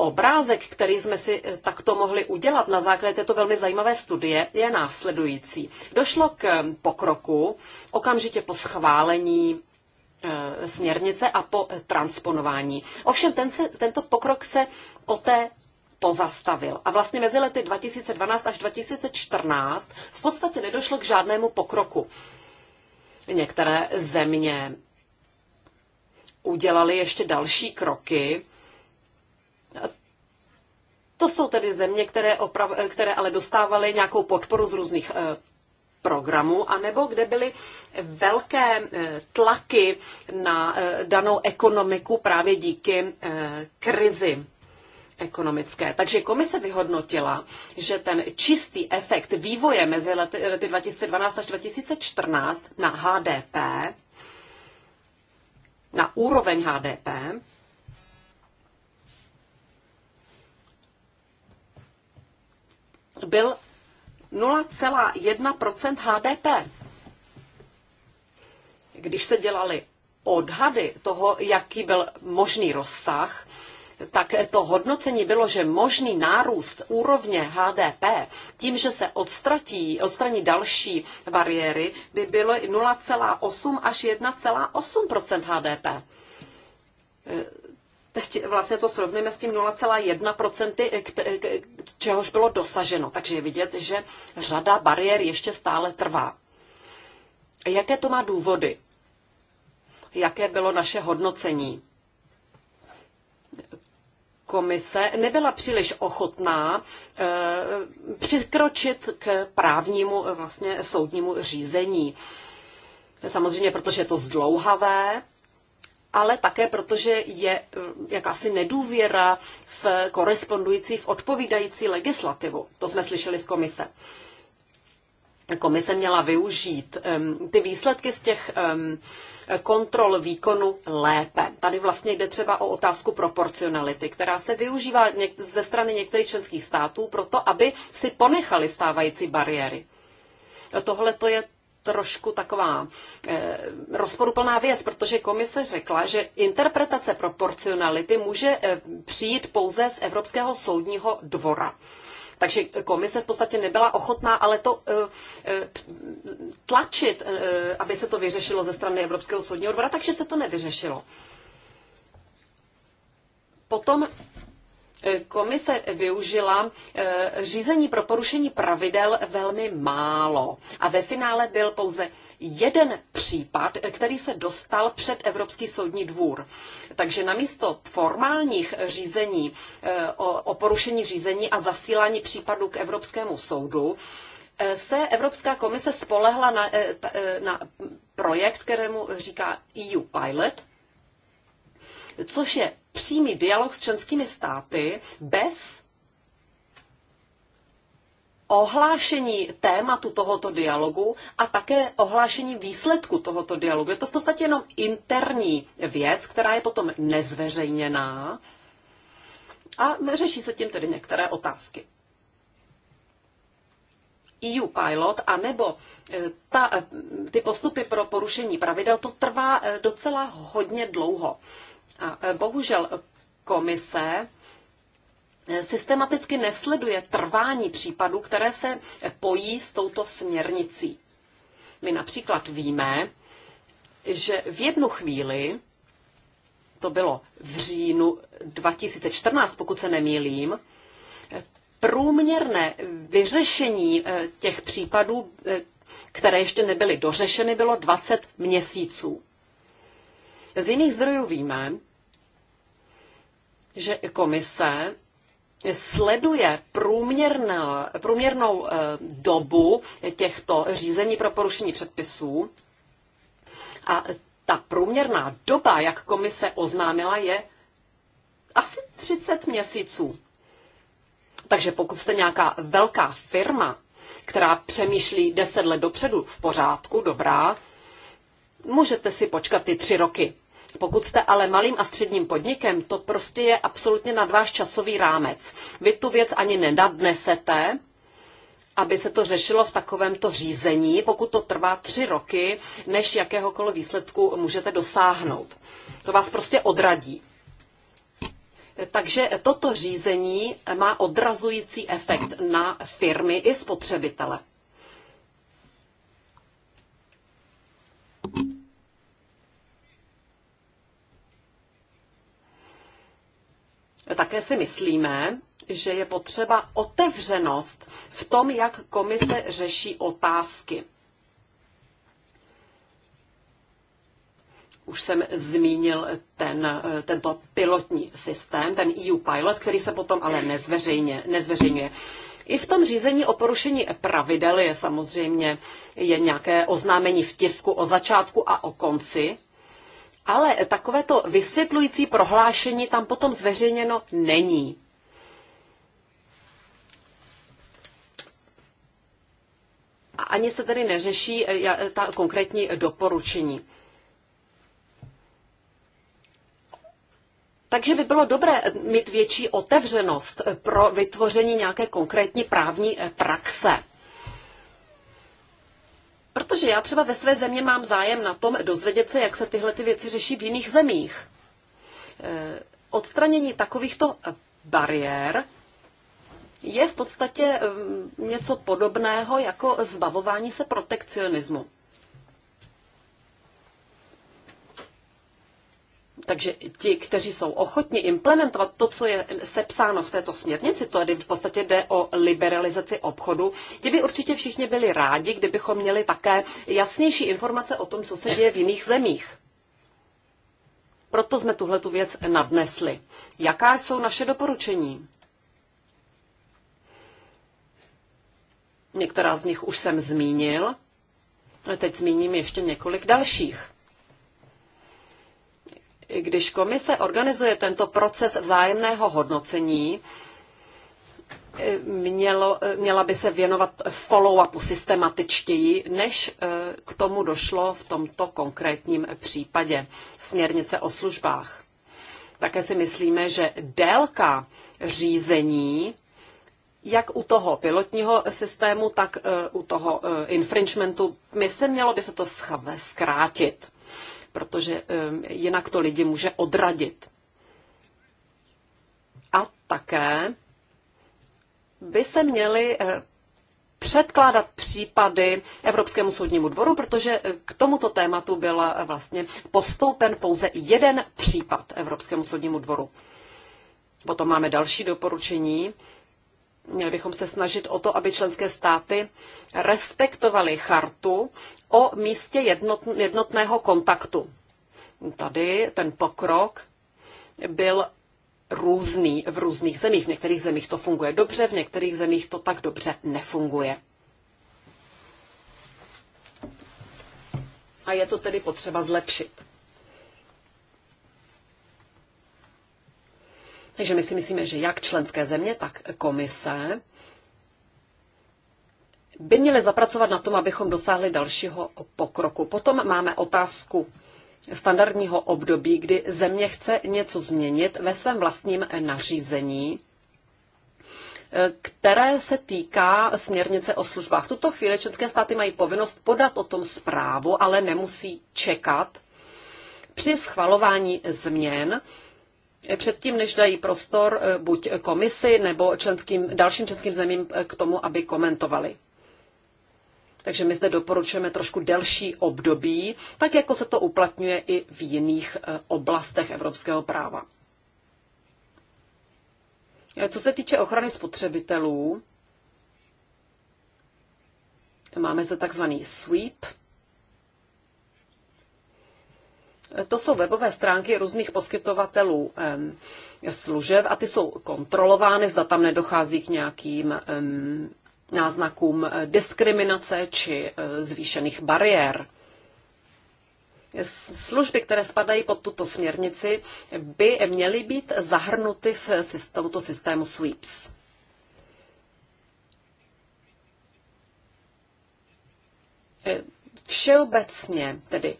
obrázek, který jsme si eh, takto mohli udělat na základě této velmi zajímavé studie, je následující. Došlo k eh, pokroku okamžitě po schválení eh, směrnice a po transponování. Ovšem ten se, tento pokrok se o té pozastavil. A vlastně mezi lety 2012 až 2014 v podstatě nedošlo k žádnému pokroku. Některé země udělali ještě další kroky to jsou tedy země, které, oprav, eh, které ale dostávaly nějakou podporu z různých eh, programů, anebo kde byly velké eh, tlaky na danou ekonomiku právě díky krizi ekonomické. Takže komise vyhodnotila, že ten čistý efekt vývoje mezi lety 2012 až 2014 na HDP, na úroveň HDP, byl 0,1 HDP. Když se dělali odhady toho, jaký byl možný rozsah, tak to hodnocení bylo, že možný nárůst úrovně HDP tím, že se odstratí, odstraní další bariéry, by bylo 0,8 až 1,8 HDP teď vlastně to srovníme s tím 0,1%, čehož bylo dosaženo. Takže je vidět, že řada bariér ještě stále trvá. Jaké to má důvody? Jaké bylo naše hodnocení? Komise nebyla příliš ochotná e, přikročit k právnímu eh, vlastně soudnímu řízení. Samozřejmě, protože je to zdlouhavé, ale také protože je eh, jakási nedůvěra v korespondující, v odpovídající legislativu. To jsme slyšeli z komise. Komise měla využít um, ty výsledky z těch um, kontrol výkonu lépe. Tady vlastně jde třeba o otázku proporcionality, která se využívá ze strany některých členských států proto, aby si ponechali stávající bariéry. Tohle to je trošku taková eh, rozporuplná věc, protože komise řekla, že interpretace proporcionality může eh, přijít pouze z Evropského soudního dvora. Takže komise v podstatě nebyla ochotná ale to eh, eh tlačit, eh, aby se to vyřešilo ze strany Evropského soudního dvora, takže se to nevyřešilo. Potom komise využila eh, řízení pro porušení pravidel velmi málo. A ve finále byl pouze jeden případ, který se dostal před Evropský soudní dvůr. Takže namísto formálních řízení eh, o porušení řízení a zasílání případů k Evropskému soudu, eh, se Evropská komise spolehla na, na projekt, kterému říká EU Pilot, což je přímý dialog s členskými státy bez ohlášení tématu tohoto dialogu a také ohlášení výsledku tohoto dialogu. Je to v podstatě jenom interní věc, která je potom nezveřejněná a řeší se tím tedy některé otázky. EU pilot, anebo e, ta, e, ty postupy pro porušení pravidel, to trvá e, docela hodně dlouho. A e, bohužel komise e, systematicky nesleduje trvání případů, které se e, pojí s touto směrnicí. My například víme, že v jednu chvíli, to bylo v říjnu 2014, pokud se nemýlím, průměrné vyřešení těch případů, které ještě nebyly dořešeny, bylo 20 měsíců. Z jiných zdrojů víme, že komise sleduje průměrnou, průměrnou eh, dobu těchto řízení pro porušení předpisů a ta průměrná doba, jak komise oznámila, je asi 30 měsíců. Takže pokud jste nějaká velká firma, která přemýšlí 10 let dopředu v pořádku, dobrá, můžete si počkat ty tři roky. Pokud jste ale malým a středním podnikem, to prostě je absolutně nad váš časový rámec. Vy tu věc ani nenadnesete, aby se to řešilo v takovémto řízení, pokud to trvá tři roky, než jakéhokoliv výsledku můžete dosáhnout. To vás prostě odradí. Takže toto řízení má odrazující efekt na firmy i spotřebitele. Také si myslíme, že je potřeba otevřenost v tom, jak komise řeší otázky. Už jsem zmínil ten, eh, tento pilotní systém, ten EU pilot, který se potom ale nezveřejně, nezveřejňuje. I v tom řízení o porušení pravidel je samozřejmě je nějaké oznámení v tisku o začátku a o konci, ale takovéto vysvětlující prohlášení tam potom zveřejněno není. A ani se tedy neřeší eh, eh, ta konkrétní doporučení. Takže by bylo dobré mít větší otevřenost pro vytvoření nějaké konkrétní právní eh, praxe. Protože já třeba ve své země mám zájem na tom dozvědět se, jak se tyhle ty věci řeší v jiných zemích. Eh, odstranění takovýchto eh, bariér je v podstatě eh, něco podobného jako zbavování se protekcionismu. Takže ti, kteří jsou ochotni implementovat to, co je sepsáno v této směrnici, to v podstatě jde o liberalizaci obchodu, ti by určitě všichni byli rádi, kdybychom měli také jasnější informace o tom, co se děje v jiných zemích. Proto jsme tuhle tu věc nadnesli. Jaká jsou naše doporučení? Některá z nich už jsem zmínil, ale teď zmíním ještě několik dalších když komise organizuje tento proces vzájemného hodnocení, mělo, měla by se věnovat follow-upu systematičtěji, než eh, k tomu došlo v tomto konkrétním případě směrnice o službách. Také si myslíme, že délka řízení jak u toho pilotního systému, tak eh, u toho eh, infringementu, myslím, mělo by se to zkrátit protože jinak to lidi může odradit. A také by se měly eh, předkládat případy Evropskému soudnímu dvoru, protože eh, k tomuto tématu byl eh, vlastně postoupen pouze jeden případ Evropskému soudnímu dvoru. Potom máme další doporučení, Měli bychom se snažit o to, aby členské státy respektovaly chartu o místě jednotného kontaktu. Tady ten pokrok byl různý v různých zemích. V některých zemích to funguje dobře, v některých zemích to tak dobře nefunguje. A je to tedy potřeba zlepšit. Takže my si myslíme, že jak členské země, tak komise by měly zapracovat na tom, abychom dosáhli dalšího pokroku. Potom máme otázku standardního období, kdy země chce něco změnit ve svém vlastním nařízení, které se týká směrnice o službách. tuto chvíli české státy mají povinnost podat o tom zprávu, ale nemusí čekat při schvalování změn, předtím, než dají prostor eh, buď komisi nebo členským, dalším členským zemím eh, k tomu, aby komentovali. Takže my zde doporučujeme trošku delší období, tak jako se to uplatňuje i v jiných eh, oblastech evropského práva. Co se týče ochrany spotřebitelů, máme zde takzvaný sweep, To jsou webové stránky různých poskytovatelů služeb a ty jsou kontrolovány, zda tam nedochází k nějakým náznakům eh, diskriminace či eh, zvýšených bariér. Služby, které spadají pod tuto směrnici, by měly být zahrnuty v tomto systému SWEEPS. Eh, všeobecně tedy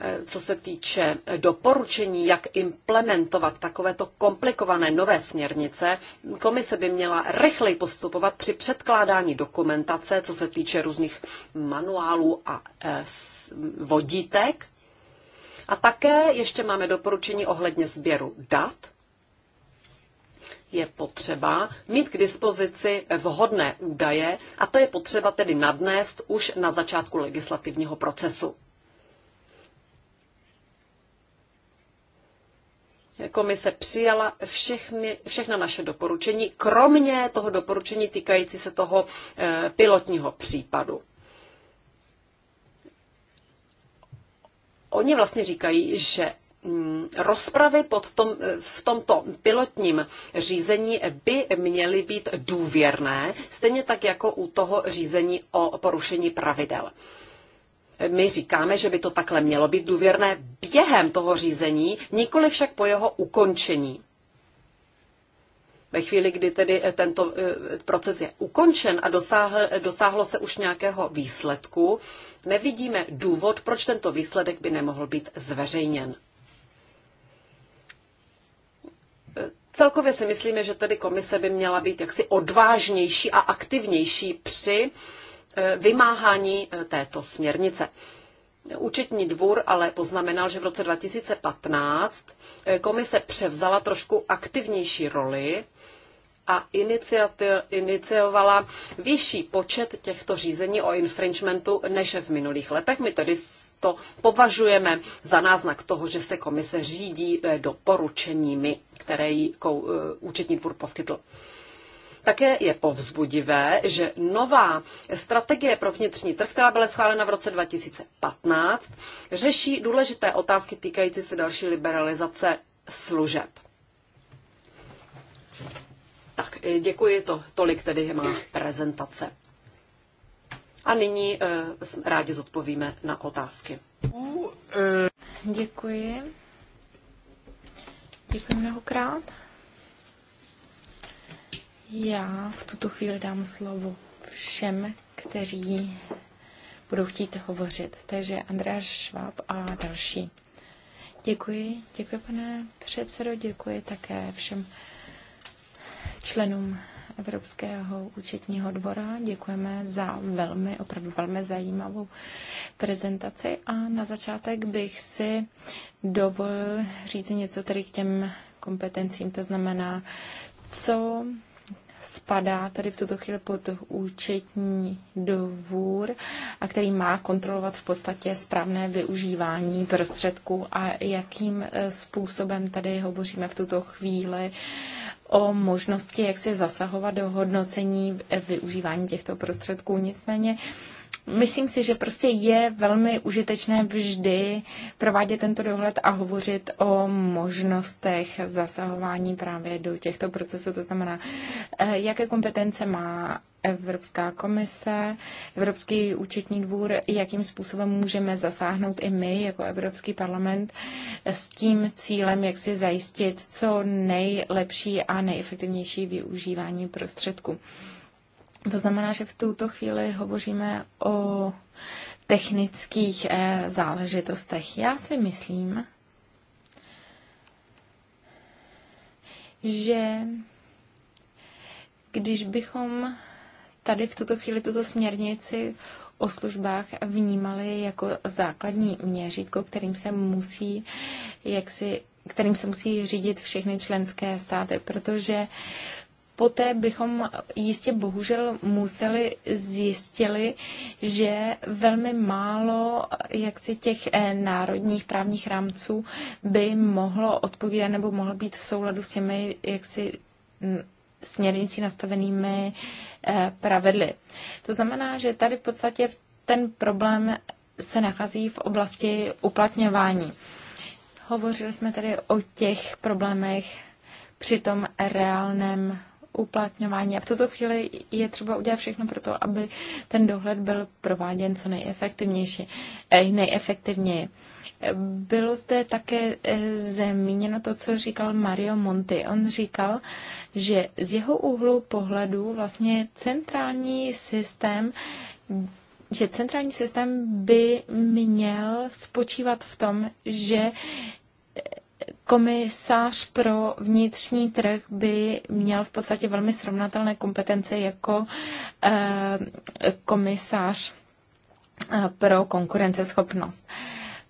Eh, co se týče eh, doporučení, jak implementovat takovéto komplikované nové směrnice, komise by měla rychleji postupovat při předkládání dokumentace, co se týče různých manuálů a eh, vodítek. A také ještě máme doporučení ohledně sběru dat. Je potřeba mít k dispozici vhodné údaje a to je potřeba tedy nadnést už na začátku legislativního procesu. Komise přijala všechny, všechna naše doporučení, kromě toho doporučení týkající se toho eh, pilotního případu. Oni vlastně říkají, že mm, rozpravy pod tom, eh, v tomto pilotním řízení by měly být důvěrné, stejně tak jako u toho řízení o porušení pravidel. My říkáme, že by to takhle mělo být důvěrné během toho řízení, nikoli však po jeho ukončení. Ve chvíli, kdy tedy eh, tento eh, proces je ukončen a dosáhl, eh, dosáhlo se už nějakého výsledku, nevidíme důvod, proč tento výsledek by nemohl být zveřejněn. Celkově si myslíme, že tedy komise by měla být jaksi odvážnější a aktivnější při uh, Eh, vymáhání eh, této směrnice. Účetní dvůr ale poznamenal, že v roce 2015 eh, komise převzala trošku aktivnější roli a iniciovala vyšší počet těchto řízení o infringementu než v minulých letech. My tedy to považujeme za náznak toho, že se komise řídí doporučeními, které jí účetní dvůr poskytl. Také je povzbudivé, že nová strategie pro vnitřní trh, která byla schválena v roce 2015, řeší důležité otázky týkající se další liberalizace služeb. Tak, eh, děkuji, to tolik tedy má prezentace. A nyní e, rádi zodpovíme na otázky. Eh, děkuji. Děkuji mnohokrát. Já v tuto chvíli dám slovo všem, kteří budou chtít hovořit. Takže Andreas Schwab a další. Děkuji, děkuji pane předsedo, děkuji také všem členům Evropského účetního dvora. Děkujeme za velmi, opravdu velmi zajímavou prezentaci a na začátek bych si dovolil říct něco tedy k těm kompetencím, to znamená, co spadá tady v tuto chvíli pod účetní dvůr a který má kontrolovat v podstatě správné využívání prostředků a jakým eh, způsobem tady hovoříme v tuto chvíli o možnosti, jak se zasahovat do hodnocení eh, využívání těchto prostředků. Nicméně Myslím si, že prostě je velmi užitečné vždy provádět tento dohled a hovořit o možnostech zasahování právě do těchto procesů. To znamená, eh, jaké kompetence má Evropská komise, Evropský účetní dvůr, jakým způsobem můžeme zasáhnout i my jako Evropský parlament s tím cílem, jak si zajistit co nejlepší a nejefektivnější využívání prostředků. To znamená, že v tuto chvíli hovoříme o technických eh, záležitostech. Já si myslím, že když bychom tady v tuto chvíli tuto směrnici o službách vnímali jako základní měřítko, kterým se musí jak si, kterým se musí řídit všechny členské státy, protože poté bychom jistě bohužel museli zjistili, že velmi málo jaksi těch eh, národních právních rámců by mohlo odpovídat nebo mohlo být v souladu s těmi jaksi mm, směrnicí nastavenými eh, pravidly. To znamená, že tady v podstatě ten problém se nachází v oblasti uplatňování. Hovořili jsme tady o těch problémech při tom reálném uplatňování. A v tuto chvíli je třeba udělat všechno pro to, aby ten dohled byl prováděn co nejefektivnější, eh, nejefektivněji. Bylo zde také eh, zmíněno to, co říkal Mario Monti. On říkal, že z jeho úhlu pohledu vlastně centrální systém že centrální systém by měl spočívat v tom, že komisář pro vnitřní trh by měl v podstatě velmi srovnatelné kompetence jako eh, komisář eh, pro konkurenceschopnost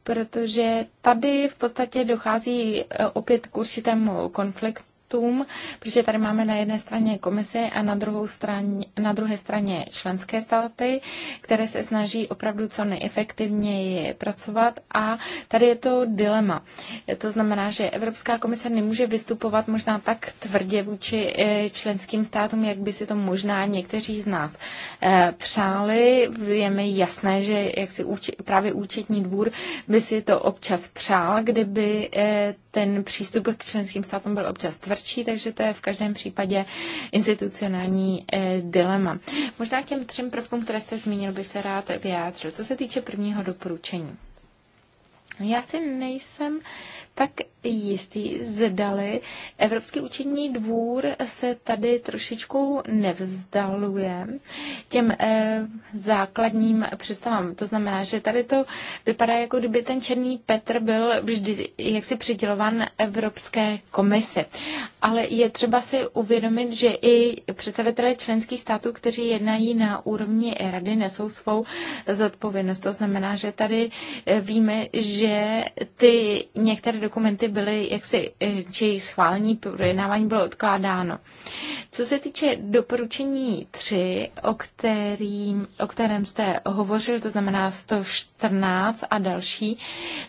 protože tady v podstatě dochází eh, opět k určitému konflikt, státům, protože tady máme na jedné straně komisi a na, druhou straně, na druhé straně členské státy, které se snaží opravdu co nejefektivněji pracovat a tady je to dilema. To znamená, že Evropská komise nemůže vystupovat možná tak tvrdě vůči e, členským státům, jak by si to možná někteří z nás e, přáli. Je mi jasné, že jak si právě účetní dvůr by si to občas přál, kdyby e, ten přístup k členským státům byl občas tvrdý tvrdší, takže to je v každém případě institucionální eh, dilema. Možná k těm třem prvkům, které jste zmínil, by se rád vyjádřil. Co se týče prvního doporučení. Já si nejsem tak jistý, zdali Evropský účetní dvůr se tady trošičku nevzdaluje těm eh, základním představám. To znamená, že tady to vypadá, jako kdyby ten Černý Petr byl vždy jaksi přidělovan Evropské komisi. Ale je třeba si uvědomit, že i představitelé členských států, kteří jednají na úrovni rady, nesou svou zodpovědnost. To znamená, že tady eh, víme, že ty některé dokumenty byly jak si eh, či schválení projednávání bylo odkládáno. Co se týče doporučení 3, o, kterým, o kterém jste hovořil, to znamená 114 a další,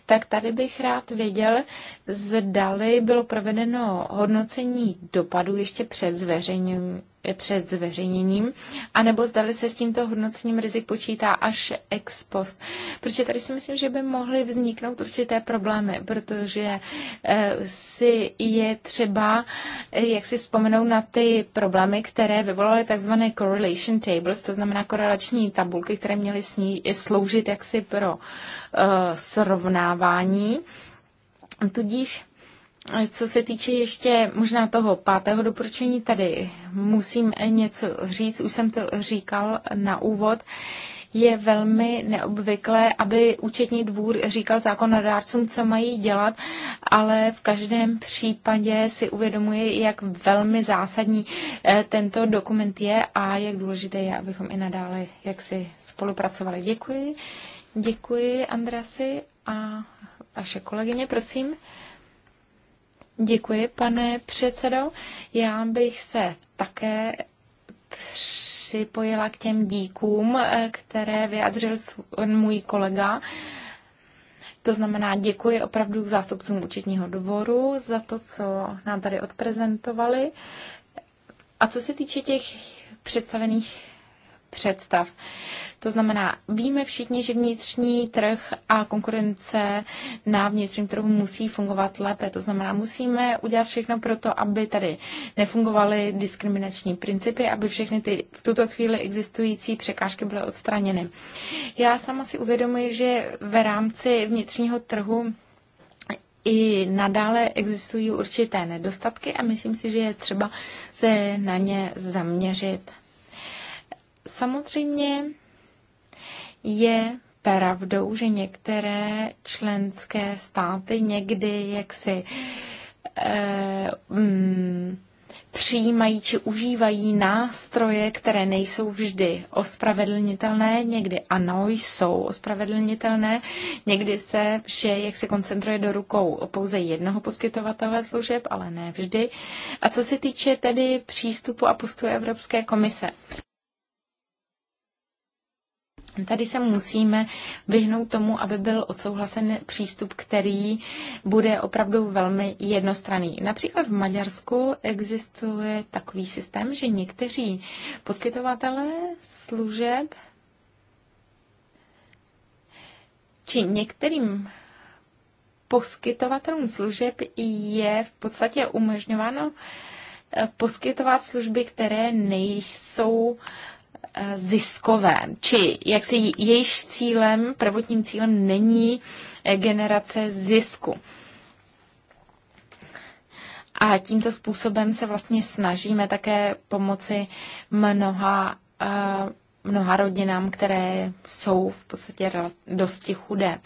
tak tady bych rád věděl, zdali bylo provedeno hodnocení dopadu ještě před zveřejněním před zveřejněním, anebo zdali se s tímto hodnocením rizik počítá až ex post. Protože tady si myslím, že by mohly vzniknout určité problémy, protože eh, si je třeba, eh, jak si vzpomenout na ty problémy, které vyvolaly tzv. correlation tables, to znamená korelační tabulky, které měly ní sloužit jaksi pro uh, srovnávání. Tudíž co se týče ještě možná toho pátého doporučení, tady musím něco říct, už jsem to říkal na úvod je velmi neobvyklé, aby účetní dvůr říkal zákonodárcům, co mají dělat, ale v každém případě si uvědomuje, jak velmi zásadní eh, tento dokument je a jak důležité je, abychom i nadále jak si spolupracovali. Děkuji. Děkuji, Andrasi a vaše kolegyně, prosím. Děkuji, pane předsedo. Já bych se také připojila k těm díkům, eh, které vyjadřil můj kolega. To znamená, děkuji opravdu zástupcům účetního dvoru za to, co nám tady odprezentovali. A co se týče těch představených představ. To znamená, víme všichni, že vnitřní trh a konkurence na vnitřním trhu musí fungovat lépe. To znamená, musíme udělat všechno pro to, aby tady nefungovaly diskriminační principy, aby všechny ty v tuto chvíli existující překážky byly odstraněny. Já sama si uvědomuji, že ve rámci vnitřního trhu i nadále existují určité nedostatky a myslím si, že je třeba se na ně zaměřit. Samozřejmě je pravdou, že některé členské státy někdy jaksi eh, mm, přijímají či užívají nástroje, které nejsou vždy ospravedlnitelné, někdy ano, jsou ospravedlnitelné, někdy se vše, jak se koncentruje do rukou pouze jednoho poskytovatele služeb, ale ne vždy. A co se týče tedy přístupu a postoje Evropské komise, Tady se musíme vyhnout tomu, aby byl odsouhlasen přístup, který bude opravdu velmi jednostranný. Například v Maďarsku existuje takový systém, že někteří poskytovatelé služeb či některým poskytovatelům služeb je v podstatě umožňováno eh, poskytovat služby, které nejsou uh, ziskové, či jak se jejíž cílem, prvotním cílem není eh, generace zisku. A tímto způsobem se vlastně snažíme také pomoci mnoha, eh, mnoha rodinám, které jsou v podstatě dosti chudé.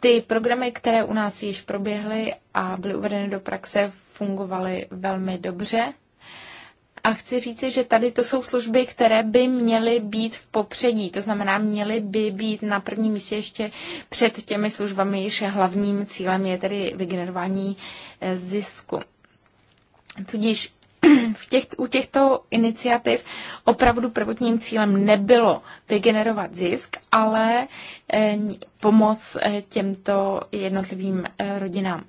Ty programy, které u nás již proběhly a byly uvedeny do praxe, fungovaly velmi dobře. A chci říci, že tady to jsou služby, které by měly být v popředí, to znamená, měly by být na prvním místě ještě před těmi službami, již hlavním cílem je tedy vygenerování eh, zisku. Tudíž v těch, u těchto iniciativ opravdu prvotním cílem nebylo vygenerovat zisk, ale eh, pomoc eh, těmto jednotlivým rodinám.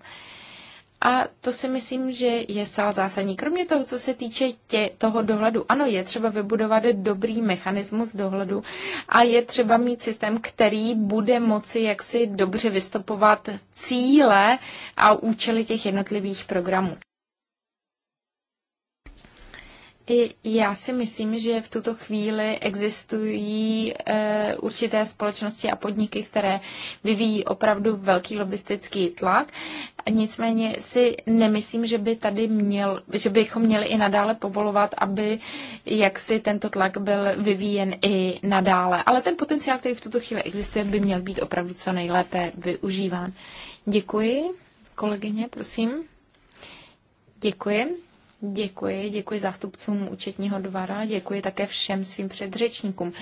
A to si myslím, že je zcela zásadní. Kromě toho, co se týče tě, toho dohledu, ano, je třeba vybudovat dobrý mechanismus dohledu a je třeba mít systém, který bude moci jaksi dobře vystupovat cíle a účely těch jednotlivých programů. Já si myslím, že v tuto chvíli existují eh, určité společnosti a podniky, které vyvíjí opravdu velký lobistický tlak. Nicméně si nemyslím, že by tady měl, že bychom měli i nadále povolovat, aby jaksi tento tlak byl vyvíjen i nadále. Ale ten potenciál, který v tuto chvíli existuje, by měl být opravdu co nejlépe využíván. Děkuji. Kolegyně, prosím. Děkuji. Děkuji, děkuji zástupcům účetního dvara, děkuji také všem svým předřečníkům.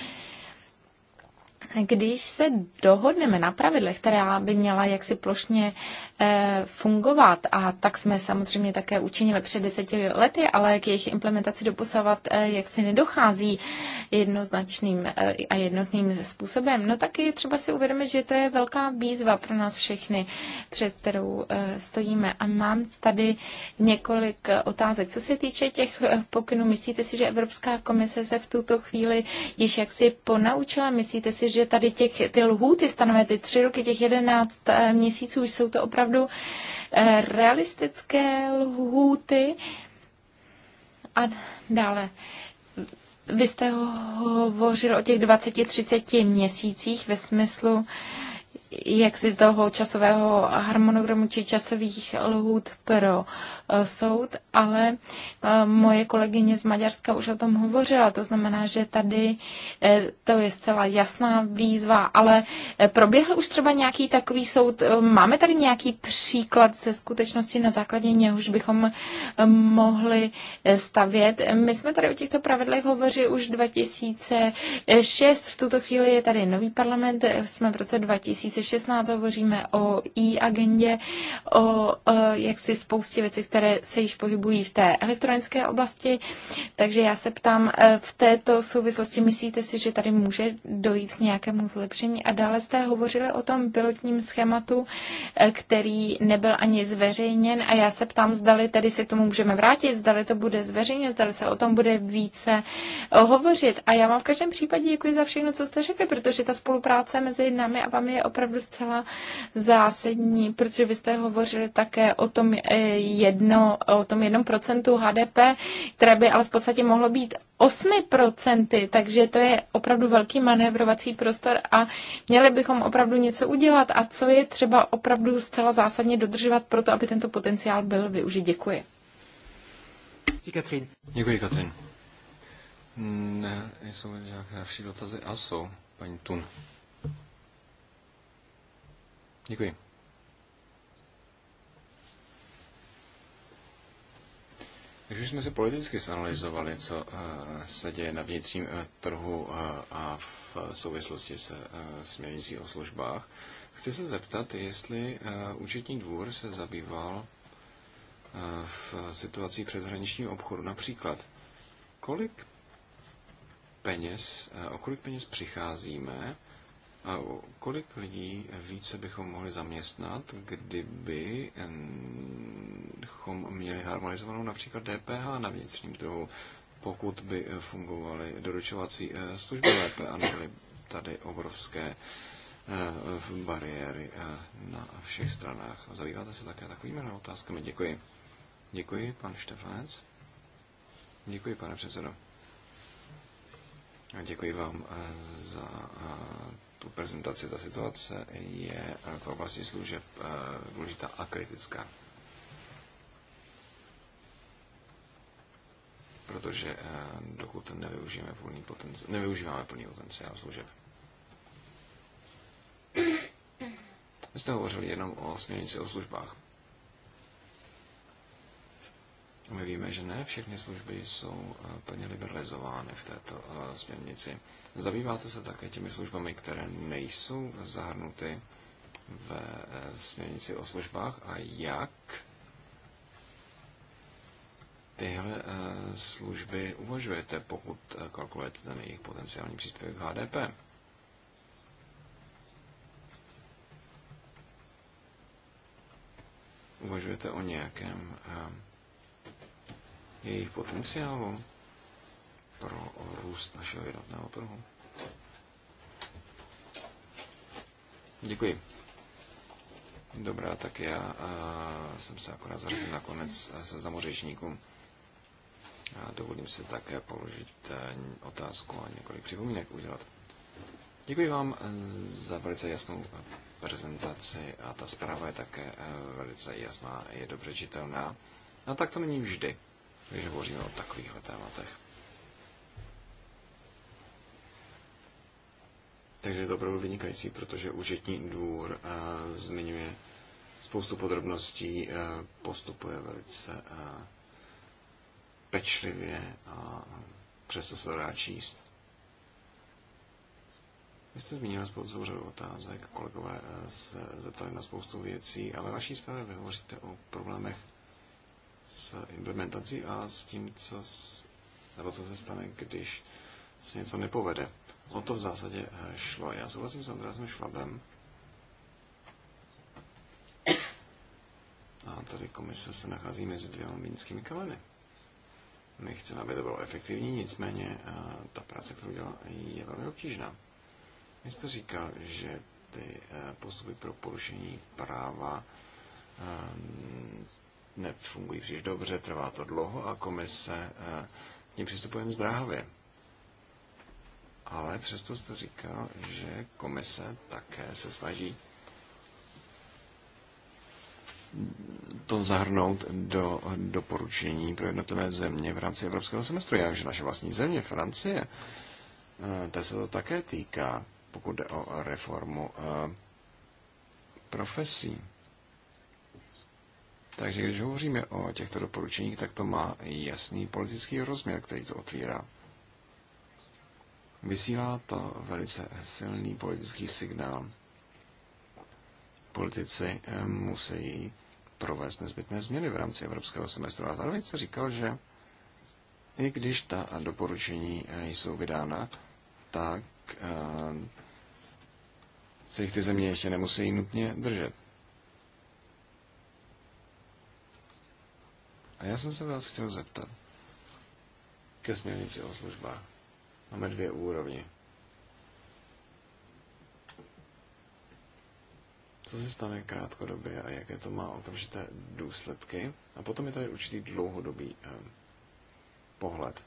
Když se dohodneme na pravidlech, která by měla jaksi plošně eh, fungovat, a tak jsme samozřejmě také učinili před deseti lety, ale k jejich implementaci jak eh, jaksi nedochází jednoznačným eh, a jednotným způsobem, no tak je třeba si uvědomit, že to je velká výzva pro nás všechny, před kterou stojíme. A mám tady několik otázek. Co se týče těch pokynů, myslíte si, že Evropská komise se v tuto chvíli již jaksi ponaučila? Myslíte si, že že tady těch, ty lhůty stanovené, ty tři roky, těch jedenáct eh, měsíců, už jsou to opravdu eh, realistické lhůty. A dále. Vy jste hovořil o těch 20-30 měsících ve smyslu jak si toho časového harmonogramu či časových lhůt pro eh, soud, ale eh, moje kolegyně z Maďarska už o tom hovořila. To znamená, že tady eh, to je zcela jasná výzva, ale proběhl už třeba nějaký takový soud. Máme tady nějaký příklad ze skutečnosti, na základě něhož bychom mohli stavět. My jsme tady o těchto pravidlech hovořili už 2006. V tuto chvíli je tady nový parlament. Jsme v roce 2006 2016 hovoříme o e-agendě, o jaksi spoustě věcí, které se již pohybují v té elektronické oblasti. Takže já se ptám, e, v této souvislosti myslíte si, že tady může dojít k nějakému zlepšení? A dále jste hovořili o tom pilotním schématu, e, který nebyl ani zveřejněn a já se ptám, zdali tedy se k tomu můžeme vrátit, zdali to bude zveřejněn, zdali se o tom bude více e, hovořit. A já vám v každém případě děkuji za všechno, co jste řekli, protože ta spolupráce mezi námi a vámi je opravdu opravdu zcela zásadní, protože vy jste hovořili také o tom, eh, jedno, o tom jednom procentu HDP, které by ale v podstatě mohlo být 8%, takže to je opravdu velký manévrovací prostor a měli bychom opravdu něco udělat a co je třeba opravdu zcela zásadně dodržovat pro to, aby tento potenciál byl využit. Děkuji. Katrin. Děkuji, Katrin. Ne, jsou nějaké další dotazy? A jsou, paní Tun. Děkuji. Když jsme si politicky zanalizovali, co eh, se děje na vnitřním eh, trhu eh, a v souvislosti se směrnicí o službách, chci se zeptat, jestli účetní dvůr se zabýval v situací přeshraničního obchodu. Například, kolik peněz, o kolik peněz přicházíme a kolik lidí více bychom mohli zaměstnat, kdybychom měli harmonizovanou například DPH na vnitřním trhu, pokud by eh, fungovaly doručovací eh, služby lépe a nebyly tady obrovské eh, bariéry na všech stranách. Zabýváte se také takovými otázkami? Děkuji. Děkuji, pan Štefanec. Děkuji, pane předsedo. A děkuji vám za tu prezentaci, ta situace je eh, v oblasti služeb eh, důležitá a kritická. Protože eh, dokud nevyužijeme plný potenciál, nevyužíváme plný potenciál služeb. Vy jste hovořili jenom o směrnici o službách. My víme, že ne všechny služby jsou eh, plně liberalizovány v této eh, směrnici. Zabýváte se také těmi službami, které nejsou zahrnuty v eh, směrnici o službách a jak tyhle služby uvažujete, pokud kalkulujete ten jejich potenciální příspěvek HDP. Uvažujete o nějakém jejich potenciálu pro růst našeho jednotného trhu. Děkuji. Dobrá, tak já a, jsem se akorát zařadil na konec se zamořečníkům. A dovolím se také položit e, otázku a několik připomínek udělat. Děkuji vám e, za velice jasnou prezentaci a ta zpráva je také e, velice jasná, je dobře čitelná. A tak to není vždy když hovoříme o takovýchhle tématech. Takže je to opravdu vynikající, protože účetní dvůr a, eh, zmiňuje spoustu podrobností, a, eh, postupuje velice a, eh, pečlivě a přesto se dá číst. Vy jste zmínila spoustu řadu otázek, kolegové se zeptali na spoustu věcí, ale vaší zprávě vy hovoříte o problémech s implementací a s tím, co, s, nebo co se stane, když se něco nepovede. O to v zásadě eh, šlo. Já souhlasím s Andrásem Švabem. A tady komise se nachází mezi dvěma mínskými kameny. My chceme, aby to bylo efektivní, nicméně eh, ta práce, kterou dělá, je velmi obtížná. Vy jste říkal, že ty eh, postupy pro porušení práva nefungují příliš dobře, trvá to dlouho a komise eh, k ním přistupuje zdráhavě. Ale přesto jste říkal, že komise také se snaží to zahrnout do doporučení pro jednotlivé země v rámci evropského semestru. Já vím, že naše vlastní země, Francie, eh, ta se to také týká, pokud jde o reformu eh, profesí. Takže když hovoříme o těchto doporučeních, tak to má jasný politický rozměr, který to otvírá. Vysílá to velice silný politický signál. Politici eh, musí provést nezbytné změny v rámci evropského semestru. A zároveň se říkal, že i když ta doporučení eh, jsou vydána, tak eh, se jich ty země ještě nemusí nutně držet. A já jsem se vás chtěl zeptat ke směrnici o službách. Máme dvě úrovně. Co se stane krátkodobě a jaké to má okamžité důsledky. A potom je tady určitý dlouhodobý eh, pohled.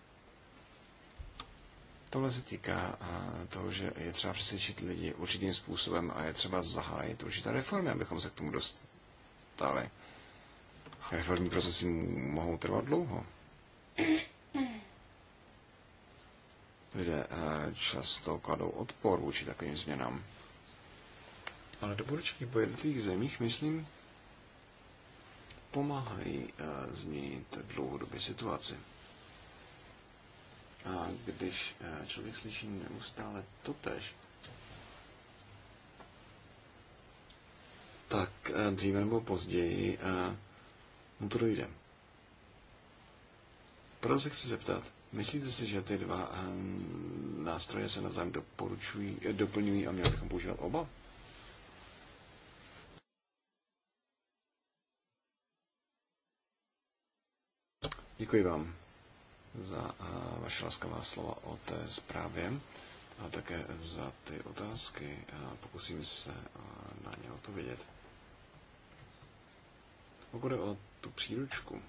Tohle se týká eh, toho, že je třeba přesvědčit lidi určitým způsobem a je třeba zahájit určité reformy, abychom se k tomu dostali. Reformní procesy mohou trvat dlouho. Lidé eh, často kladou odpor vůči takovým změnám. Ale doporučení po jednotlivých zemích, myslím, pomáhají eh, změnit dlouhodobě situaci. A když eh, člověk slyší neustále totež, tak dříve nebo později No to dojde. Proto se chci zeptat, myslíte si, že ty dva eh, nástroje se navzájem doporučují, eh, doplňují a měli bychom používat oba? Děkuji vám za eh, vaše laskavá slova o té zprávě a také za ty otázky. Pokusím se na ně odpovědět. Pokud je o tu příručku,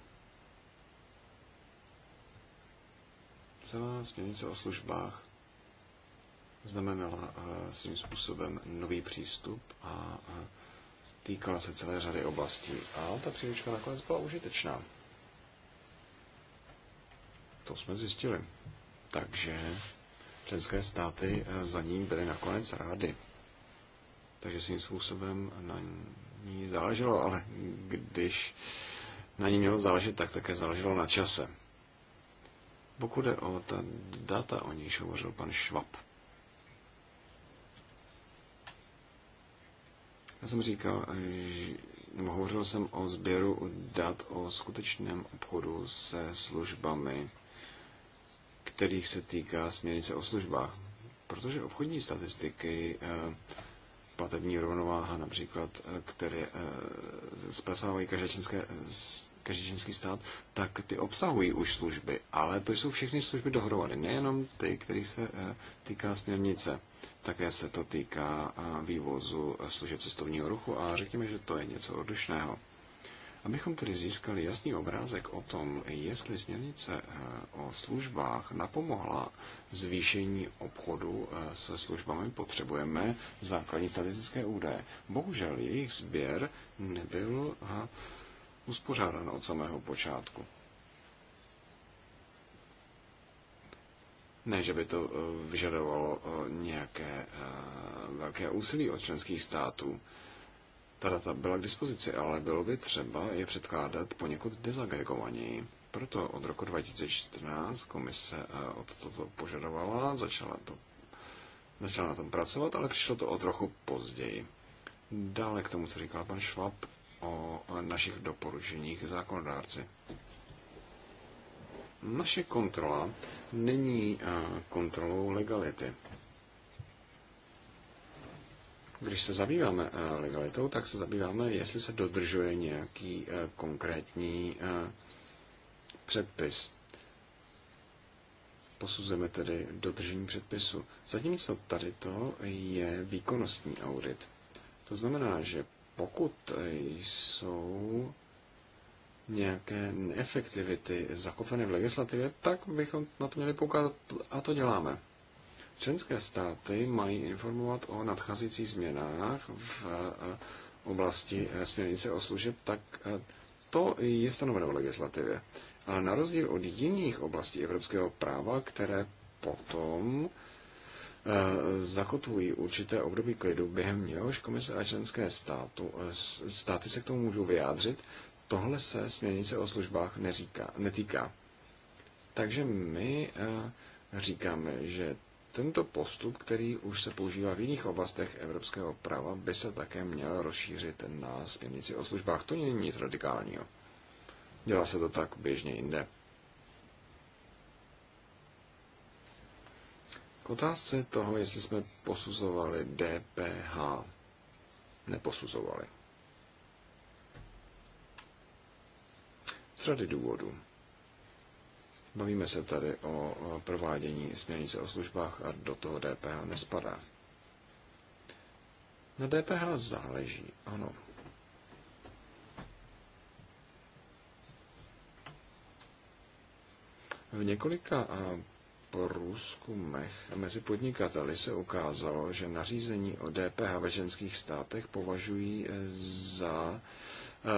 celá směrnice o službách znamenala eh, svým způsobem nový přístup a eh, týkala se celé řady oblastí. A ta příručka nakonec byla užitečná. To jsme zjistili. Takže členské státy eh, za ní byly nakonec rády. Takže svým způsobem na ní záleželo, ale když na ní mělo záležet, tak také záleželo na čase. Pokud jde o ta data, o níž hovořil pan Švab. Já jsem říkal, že, hovořil jsem o sběru dat o skutečném obchodu se službami, kterých se týká směrnice o službách. Protože obchodní statistiky eh, platební rovnováha například, eh, které eh, zpracovávají eh, každý stát, tak ty obsahují už služby, ale to jsou všechny služby dohromady, nejenom ty, které se týká směrnice. Také se to týká vývozu služeb cestovního ruchu a řekněme, že to je něco odlišného. Abychom tedy získali jasný obrázek o tom, jestli směrnice eh, o službách napomohla zvýšení obchodu eh, se službami, potřebujeme základní statistické údaje. Bohužel jejich sběr nebyl eh, uspořádán od samého počátku. Ne, že by to vyžadovalo nějaké velké úsilí od členských států. Ta data byla k dispozici, ale bylo by třeba je předkládat poněkud dezagregovaněji. Proto od roku 2014 komise eh, od toto požadovala, začala, to, začala na tom pracovat, ale přišlo to o trochu později. Dále k tomu, co říkal pan Švab o eh, našich doporučeních zákonodárci. Naše kontrola není eh, kontrolou legality. Když se zabýváme eh, legalitou, tak se zabýváme, jestli se dodržuje nějaký eh, konkrétní eh, předpis. Posuzujeme tedy dodržení předpisu. Zatímco tady to je výkonnostní audit. To znamená, že pokud jsou nějaké neefektivity zakotvené v legislativě, tak bychom na to měli poukázat a to děláme. Členské státy mají informovat o nadcházejících změnách v eh, oblasti eh, směrnice o služeb, tak eh, to je stanoveno v legislativě. Ale na rozdíl od jiných oblastí evropského práva, které potom zakotvují určité období klidu, během něhož komise a členské státu, státy se k tomu můžou vyjádřit, tohle se směrnice o službách neříká, netýká. Takže my říkáme, že tento postup, který už se používá v jiných oblastech evropského práva, by se také měl rozšířit na směrnici o službách. To není nic radikálního. Dělá se to tak běžně jinde. K otázce toho, jestli jsme posuzovali DPH, neposuzovali. Z rady důvodu. Bavíme se tady o provádění směrnice o službách a do toho DPH nespadá. Na DPH záleží, ano. V několika průzkumech mezi podnikateli se ukázalo, že nařízení o DPH ve ženských státech považují e, za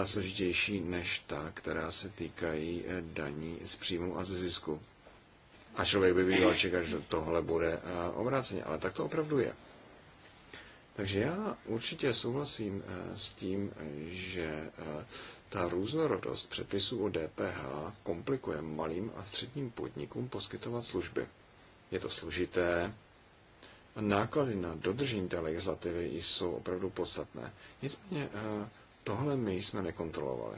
složitější než ta, která se týkají eh, daní z příjmu a ze zisku. A člověk by býval čekat, že tohle bude eh, obráceně, ale tak to opravdu je. Takže já určitě souhlasím eh, s tím, že ta různorodost předpisů o DPH komplikuje malým a středním podnikům poskytovat služby. Je to složité, náklady na dodržení té legislativy jsou opravdu podstatné. Nicméně Tohle my jsme nekontrolovali.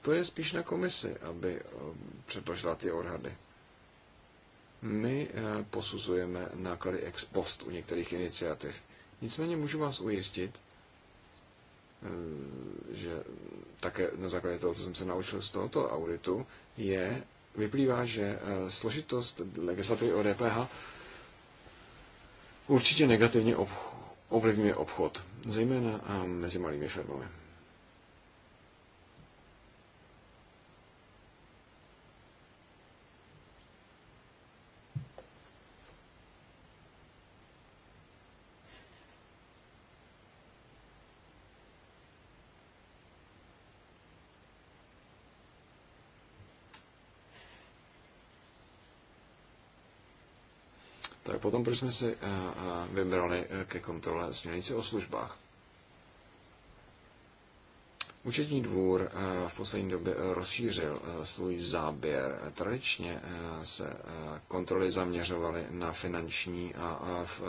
To je spíš na komisi, aby eh, předložila ty odhady. My eh, posuzujeme náklady ex post u některých iniciativ. Nicméně můžu vás ujistit, eh, že také na základě toho, co jsem se naučil z tohoto auditu, je, vyplývá, že složitost legislativy o DPH určitě negativně ovlivňuje obchod zejména mezi malými firmami. potom proč jsme si eh, eh, vybrali eh, ke kontrole směrnici o službách? Účetní dvůr v poslední době rozšířil svůj záběr. Tradičně se kontroly zaměřovaly na finanční a v,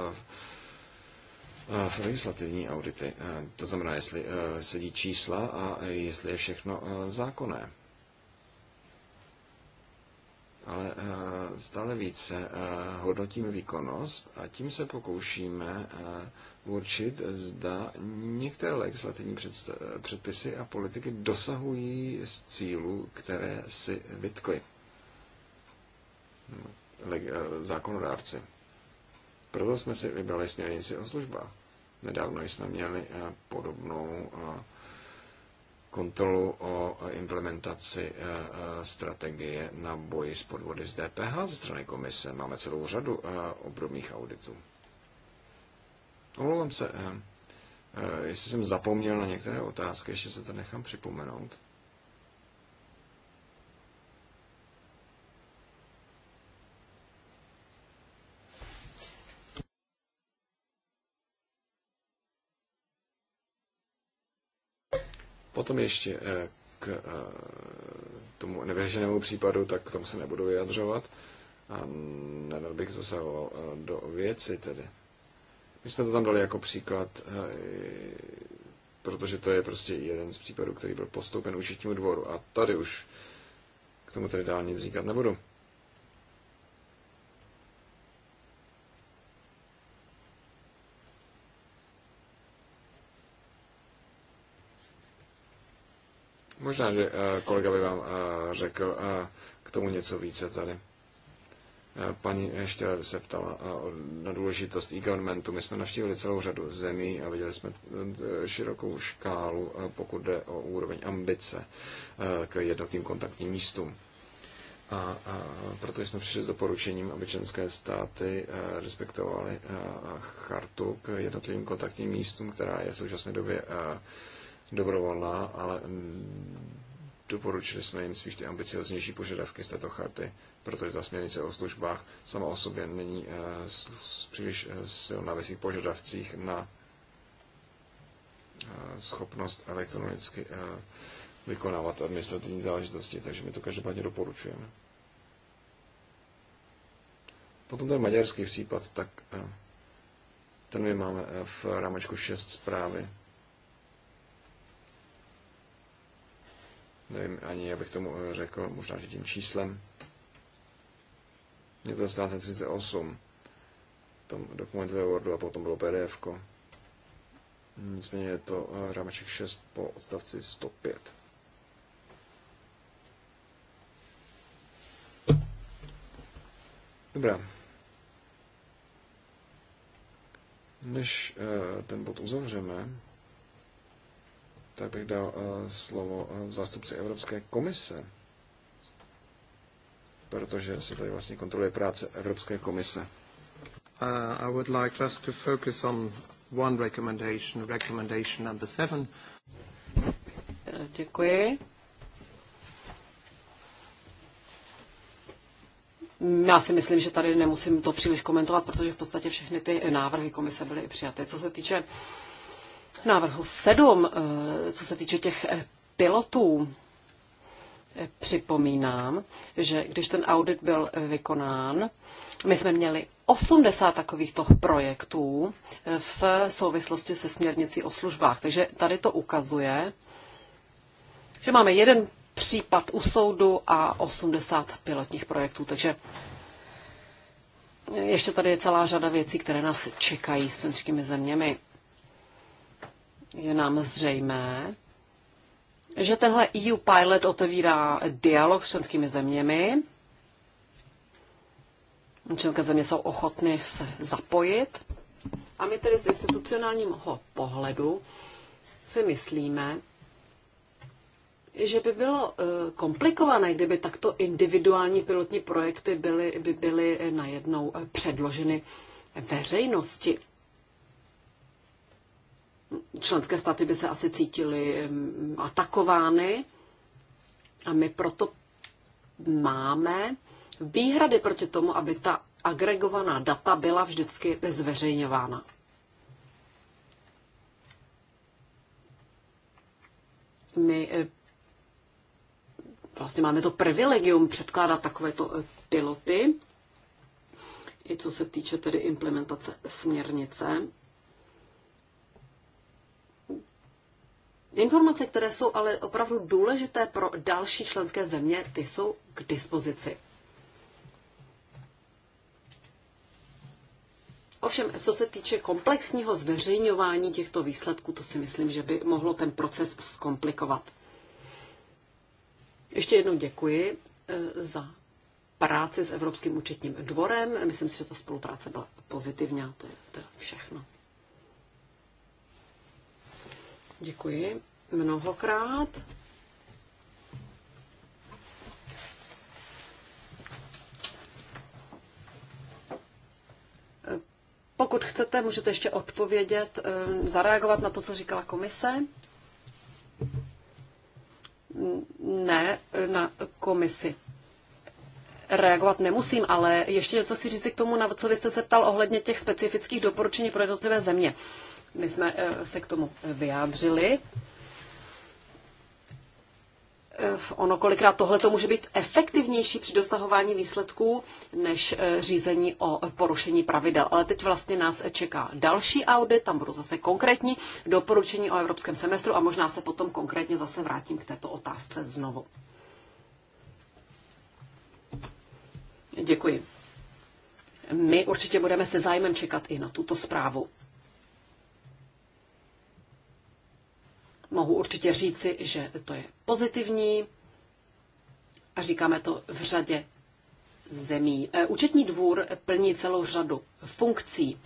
v legislativní audity. To znamená, jestli sedí čísla a jestli je všechno zákonné ale eh, stále více eh, hodnotíme výkonnost a tím se pokoušíme eh, určit, zda některé legislativní předpisy a politiky dosahují z cílů, které si vytkli hm, zákonodárci. Proto jsme si vybrali směrnici o službách. Nedávno jsme měli podobnou kontrolu o implementaci eh, eh, strategie na boji s podvody z DPH ze strany komise. Máme celou řadu eh, obdobných auditů. Omlouvám se, jestli jsem zapomněl na některé otázky, ještě se to nechám připomenout. Potom ještě eh, k eh, tomu nevyřešenému případu, tak k tomu se nebudu vyjadřovat a nerad bych zasahoval eh, do věci tedy. My jsme to tam dali jako příklad, protože to je prostě jeden z případů, který byl postoupen účetnímu dvoru. A tady už k tomu tedy dál nic říkat nebudu. Možná, že eh, kolega by vám eh, řekl eh, k tomu něco více tady. Paní ještě se ptala na důležitost e-governmentu. My jsme navštívili celou řadu zemí a viděli jsme širokou škálu, pokud jde o úroveň ambice k jednotným kontaktním místům. A, proto jsme přišli s doporučením, aby členské státy respektovaly chartu k jednotlivým kontaktním místům, která je v současné době dobrovolná, ale doporučili jsme jim spíš ty ambicioznější požadavky z této charty, protože ta směrnice o službách sama o sobě není eh, příliš eh, silná ve svých požadavcích na eh, schopnost elektronicky vykonávat administrativní záležitosti, takže my to každopádně doporučujeme. Potom ten maďarský případ, tak ten my máme v rámečku 6 zprávy. Nevím ani, jak bych tomu eh, řekl, možná, že tím číslem. Je to 38 tom dokumentu ve Wordu a potom bylo pdf -ko. Nicméně je to eh, rámeček 6 po odstavci 105. Dobrá. Než eh, ten bod uzavřeme, tak bych dal eh, slovo eh, zástupci Evropské komise, protože se tady vlastně kontroluje práce Evropské komise. Uh, I would like just to focus on one recommendation, recommendation number seven. Děkuji. Já si myslím, že tady nemusím to příliš komentovat, protože v podstatě všechny ty návrhy komise byly přijaté. Co se týče uh, návrhu 7, eh, co se týče těch eh, pilotů, eh, připomínám, že když ten audit byl vykonán, my jsme měli 80 takovýchto projektů v souvislosti se směrnicí o službách. Takže tady to ukazuje, že máme jeden případ u soudu a 80 pilotních projektů. Takže ještě tady je celá řada věcí, které nás čekají s členskými zeměmi je nám zřejmé, že tenhle EU pilot otevírá dialog s členskými zeměmi. Členské země jsou ochotny se zapojit. A my tedy z institucionálního pohledu si myslíme, že by bylo eh, komplikované, kdyby takto individuální pilotní projekty byly, by byly najednou eh, předloženy veřejnosti. Členské státy by se asi cítily atakovány a my proto máme výhrady proti tomu, aby ta agregovaná data byla vždycky zveřejňována. My e, vlastně máme to privilegium předkládat takovéto e, piloty, i co se týče tedy implementace směrnice. Informace, které jsou ale opravdu důležité pro další členské země, ty jsou k dispozici. Ovšem, co se týče komplexního zveřejňování těchto výsledků, to si myslím, že by mohlo ten proces zkomplikovat. Ještě jednou děkuji eh, za práci s Evropským účetním dvorem. Myslím si, že ta spolupráce byla pozitivní a to je teda všechno. Děkuji mnohokrát. Pokud chcete, můžete ještě odpovědět, eh, zareagovat na to, co říkala komise. Ne, eh, na komisi. Reagovat nemusím, ale ještě něco si říci k tomu, na co vy jste se ptal ohledně těch specifických doporučení pro jednotlivé země. My jsme eh, se k tomu vyjádřili. Eh, ono kolikrát tohle to může být efektivnější při dosahování výsledků než eh, řízení o porušení pravidel. Ale teď vlastně nás čeká další audit, tam budou zase konkrétní doporučení o evropském semestru a možná se potom konkrétně zase vrátím k této otázce znovu. Děkuji. My určitě budeme se zájmem čekat i na tuto zprávu. mohu určitě říci, že to je pozitivní a říkáme to v řadě zemí. E, účetní dvůr plní celou řadu funkcí.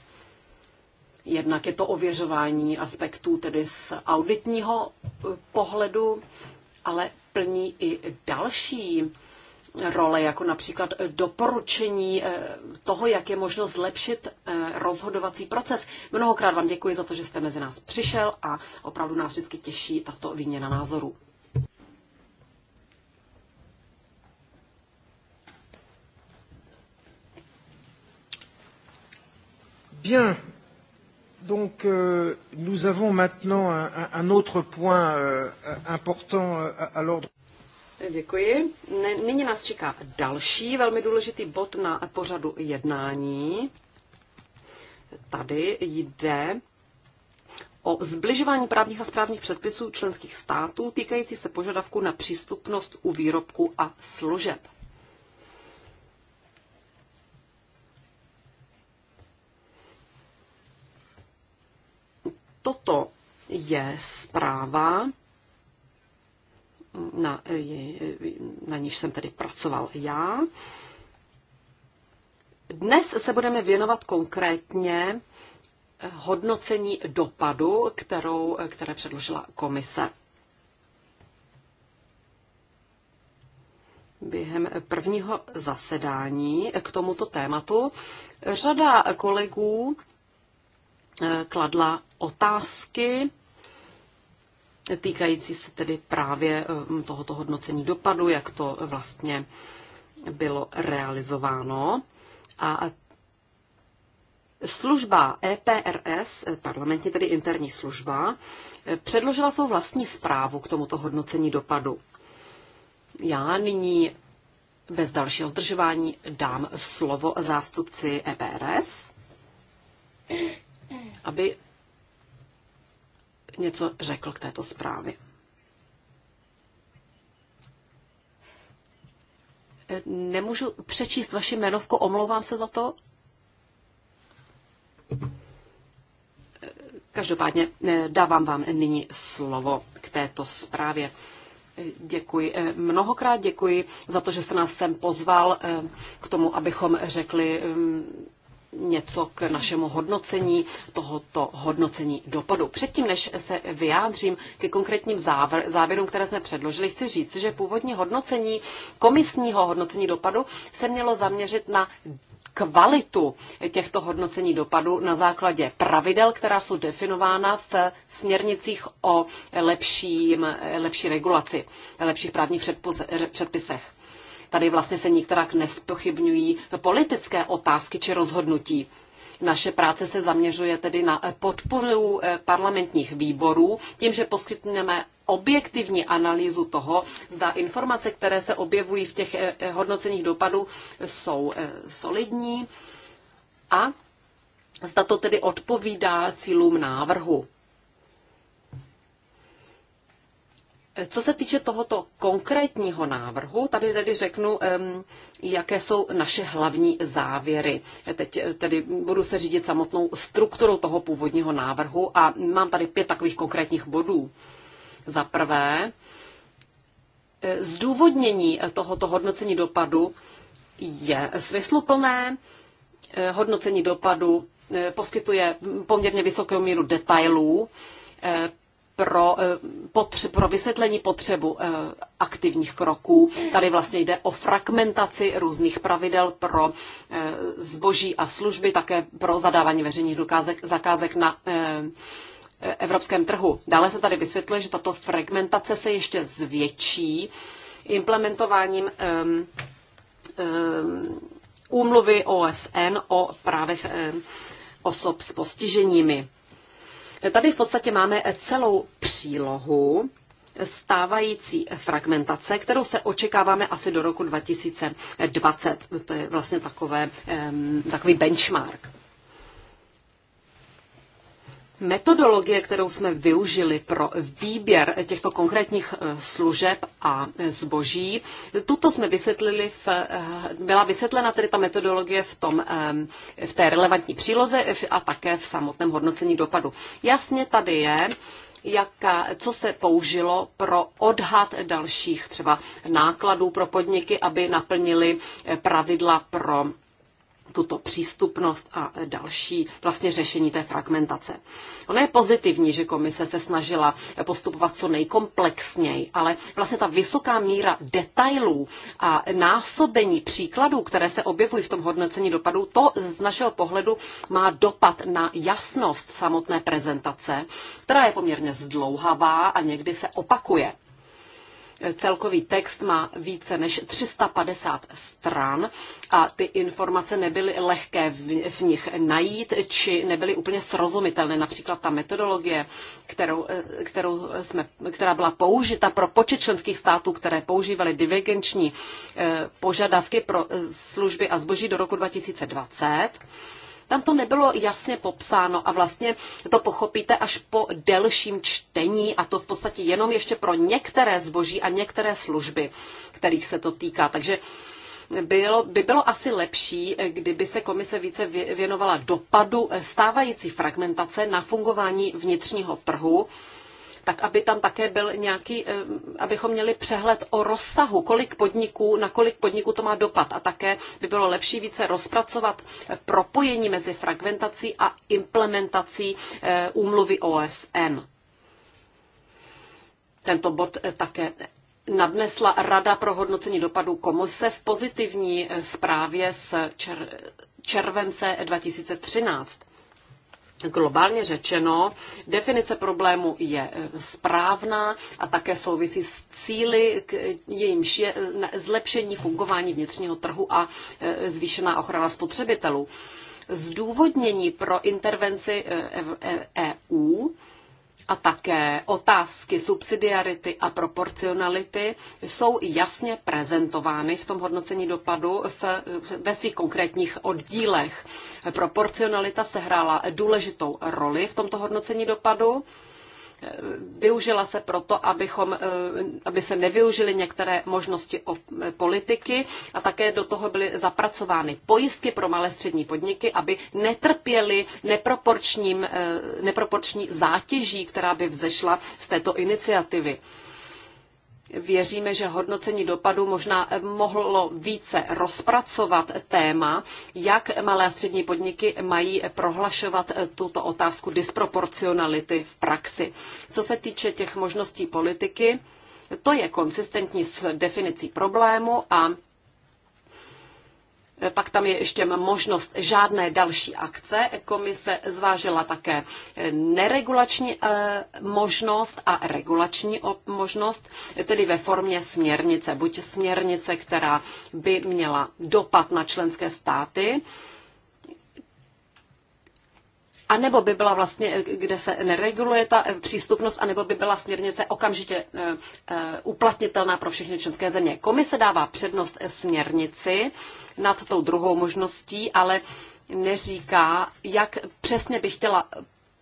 Jednak je to ověřování aspektů tedy z auditního e, pohledu, ale plní i další role, jako například doporučení eh, toho, jak je možno zlepšit eh, rozhodovací proces. Mnohokrát vám děkuji za to, že jste mezi nás přišel a opravdu nás vždycky těší tato výměna názorů. Bien. Donc euh, nous avons maintenant un, un autre point euh, important euh, à l'ordre. Děkuji. Nyní nás čeká další velmi důležitý bod na pořadu jednání. Tady jde o zbližování právních a správních předpisů členských států týkající se požadavku na přístupnost u výrobku a služeb. Toto je zpráva, na, na níž jsem tedy pracoval já. Dnes se budeme věnovat konkrétně hodnocení dopadu, kterou, které předložila komise. Během prvního zasedání k tomuto tématu řada kolegů eh, kladla otázky týkající se tedy právě eh, tohoto hodnocení dopadu, jak to vlastně bylo realizováno. A služba EPRS, parlamentní tedy interní služba, eh, předložila svou vlastní zprávu k tomuto hodnocení dopadu. Já nyní bez dalšího zdržování dám slovo zástupci EPRS, aby něco řekl k této zprávě. Nemůžu přečíst vaši jmenovku, omlouvám se za to. Každopádně eh, dávám vám nyní slovo k této zprávě. Eh, děkuji. Eh, mnohokrát děkuji za to, že jste nás sem pozval k tomu, abychom řekli mm, něco k našemu hodnocení tohoto hodnocení dopadu. Předtím, než se vyjádřím ke konkrétním závr- závěrům, které jsme předložili, chci říct, že původní hodnocení komisního hodnocení dopadu se mělo zaměřit na kvalitu těchto hodnocení dopadu na základě pravidel, která jsou definována v směrnicích o lepším, lepší regulaci, lepších právních předpisech. Tady vlastně se nikterak nespochybňují politické otázky či rozhodnutí. Naše práce se zaměřuje tedy na podporu eh, parlamentních výborů tím, že poskytneme objektivní analýzu toho, zda informace, které se objevují v těch eh, eh, hodnoceních dopadů, jsou solidní a zda to tedy odpovídá cílům návrhu. Co se týče tohoto konkrétního návrhu, tady tedy řeknu, jaké jsou naše hlavní závěry. Teď eh, tedy budu se řídit samotnou strukturou toho původního návrhu a mám tady pět takových konkrétních bodů. Za prvé, eh, zdůvodnění tohoto hodnocení dopadu je smysluplné. Eh, hodnocení dopadu poskytuje poměrně vysokou míru detailů pro, eh, potře- pro vysvětlení potřebu eh, aktivních kroků. Tady vlastně jde o fragmentaci různých pravidel pro eh, zboží a služby, také pro zadávání veřejných dokázek, zakázek na evropském trhu. Dále se tady vysvětluje, že tato fragmentace se ještě zvětší implementováním um, um, úmluvy OSN o právech um, osob s postiženími. Tady v podstatě máme celou přílohu stávající fragmentace, kterou se očekáváme asi do roku 2020. To je vlastně takové, takový benchmark. Metodologie, kterou jsme využili pro výběr těchto konkrétních eh, služeb a eh, zboží, tuto jsme vysvětlili, v, eh, byla vysvětlena tedy ta metodologie v, tom, v té relevantní příloze a také v samotném hodnocení dopadu. Jasně tady je, jaká, co se použilo pro odhad dalších třeba nákladů pro podniky, aby naplnili pravidla pro tuto přístupnost a další vlastně řešení té fragmentace. Ono je pozitivní, že komise se snažila postupovat co nejkomplexněji, ale vlastně ta vysoká míra detailů a násobení příkladů, které se objevují v tom hodnocení dopadů, to z našeho pohledu má dopad na jasnost samotné prezentace, která je poměrně zdlouhavá a někdy se opakuje. Celkový text má více než 350 stran a ty informace nebyly lehké v, v nich najít, či nebyly úplně srozumitelné. Například ta metodologie, kterou, eh, kterou jsme, která byla použita pro počet členských států, které používaly divergenční eh, požadavky pro eh, služby a zboží do roku 2020, tam to nebylo jasně popsáno a vlastně to pochopíte až po delším čtení a to v podstatě jenom ještě pro některé zboží a některé služby, kterých se to týká. Takže bylo, by bylo asi lepší, kdyby se komise více věnovala dopadu stávající fragmentace na fungování vnitřního trhu tak aby tam také byl nějaký, eh, abychom měli přehled o rozsahu, kolik podniků, na kolik podniků to má dopad. A také by bylo lepší více rozpracovat eh, propojení mezi fragmentací a implementací eh, úmluvy OSN. Tento bod také nadnesla Rada pro hodnocení dopadů komise v pozitivní zprávě z čer, července 2013 globálně řečeno, definice problému je eh, správná a také souvisí s cíly, k jejímž je zlepšení fungování vnitřního trhu a eh, zvýšená ochrana spotřebitelů. Zdůvodnění pro intervenci EU eh, e-, e a také otázky subsidiarity a proporcionality jsou jasně prezentovány v tom hodnocení dopadu v, ve svých konkrétních oddílech. Proporcionalita sehrála důležitou roli v tomto hodnocení dopadu využila se proto, abychom, eh, aby se nevyužily některé možnosti eh, politiky a také do toho byly zapracovány pojistky pro malé střední podniky, aby netrpěli neproporčním, eh, neproporční zátěží, která by vzešla z této iniciativy. Věříme, že hodnocení dopadu možná eh, mohlo více rozpracovat téma, jak malé a střední podniky mají prohlašovat eh, tuto otázku disproporcionality v praxi. Co se týče těch možností politiky, to je konsistentní s definicí problému a Eh, pak tam je ještě možnost žádné další akce. Komise zvážila také eh, neregulační eh, možnost a regulační možnost, tedy ve formě směrnice. Buď směrnice, která by měla dopad na členské státy, a nebo by byla vlastně, eh, kde se nereguluje ta eh, přístupnost, a nebo by byla směrnice okamžitě eh, uplatnitelná pro všechny členské země. Komise dává přednost směrnici nad tou druhou možností, ale neříká, jak přesně by chtěla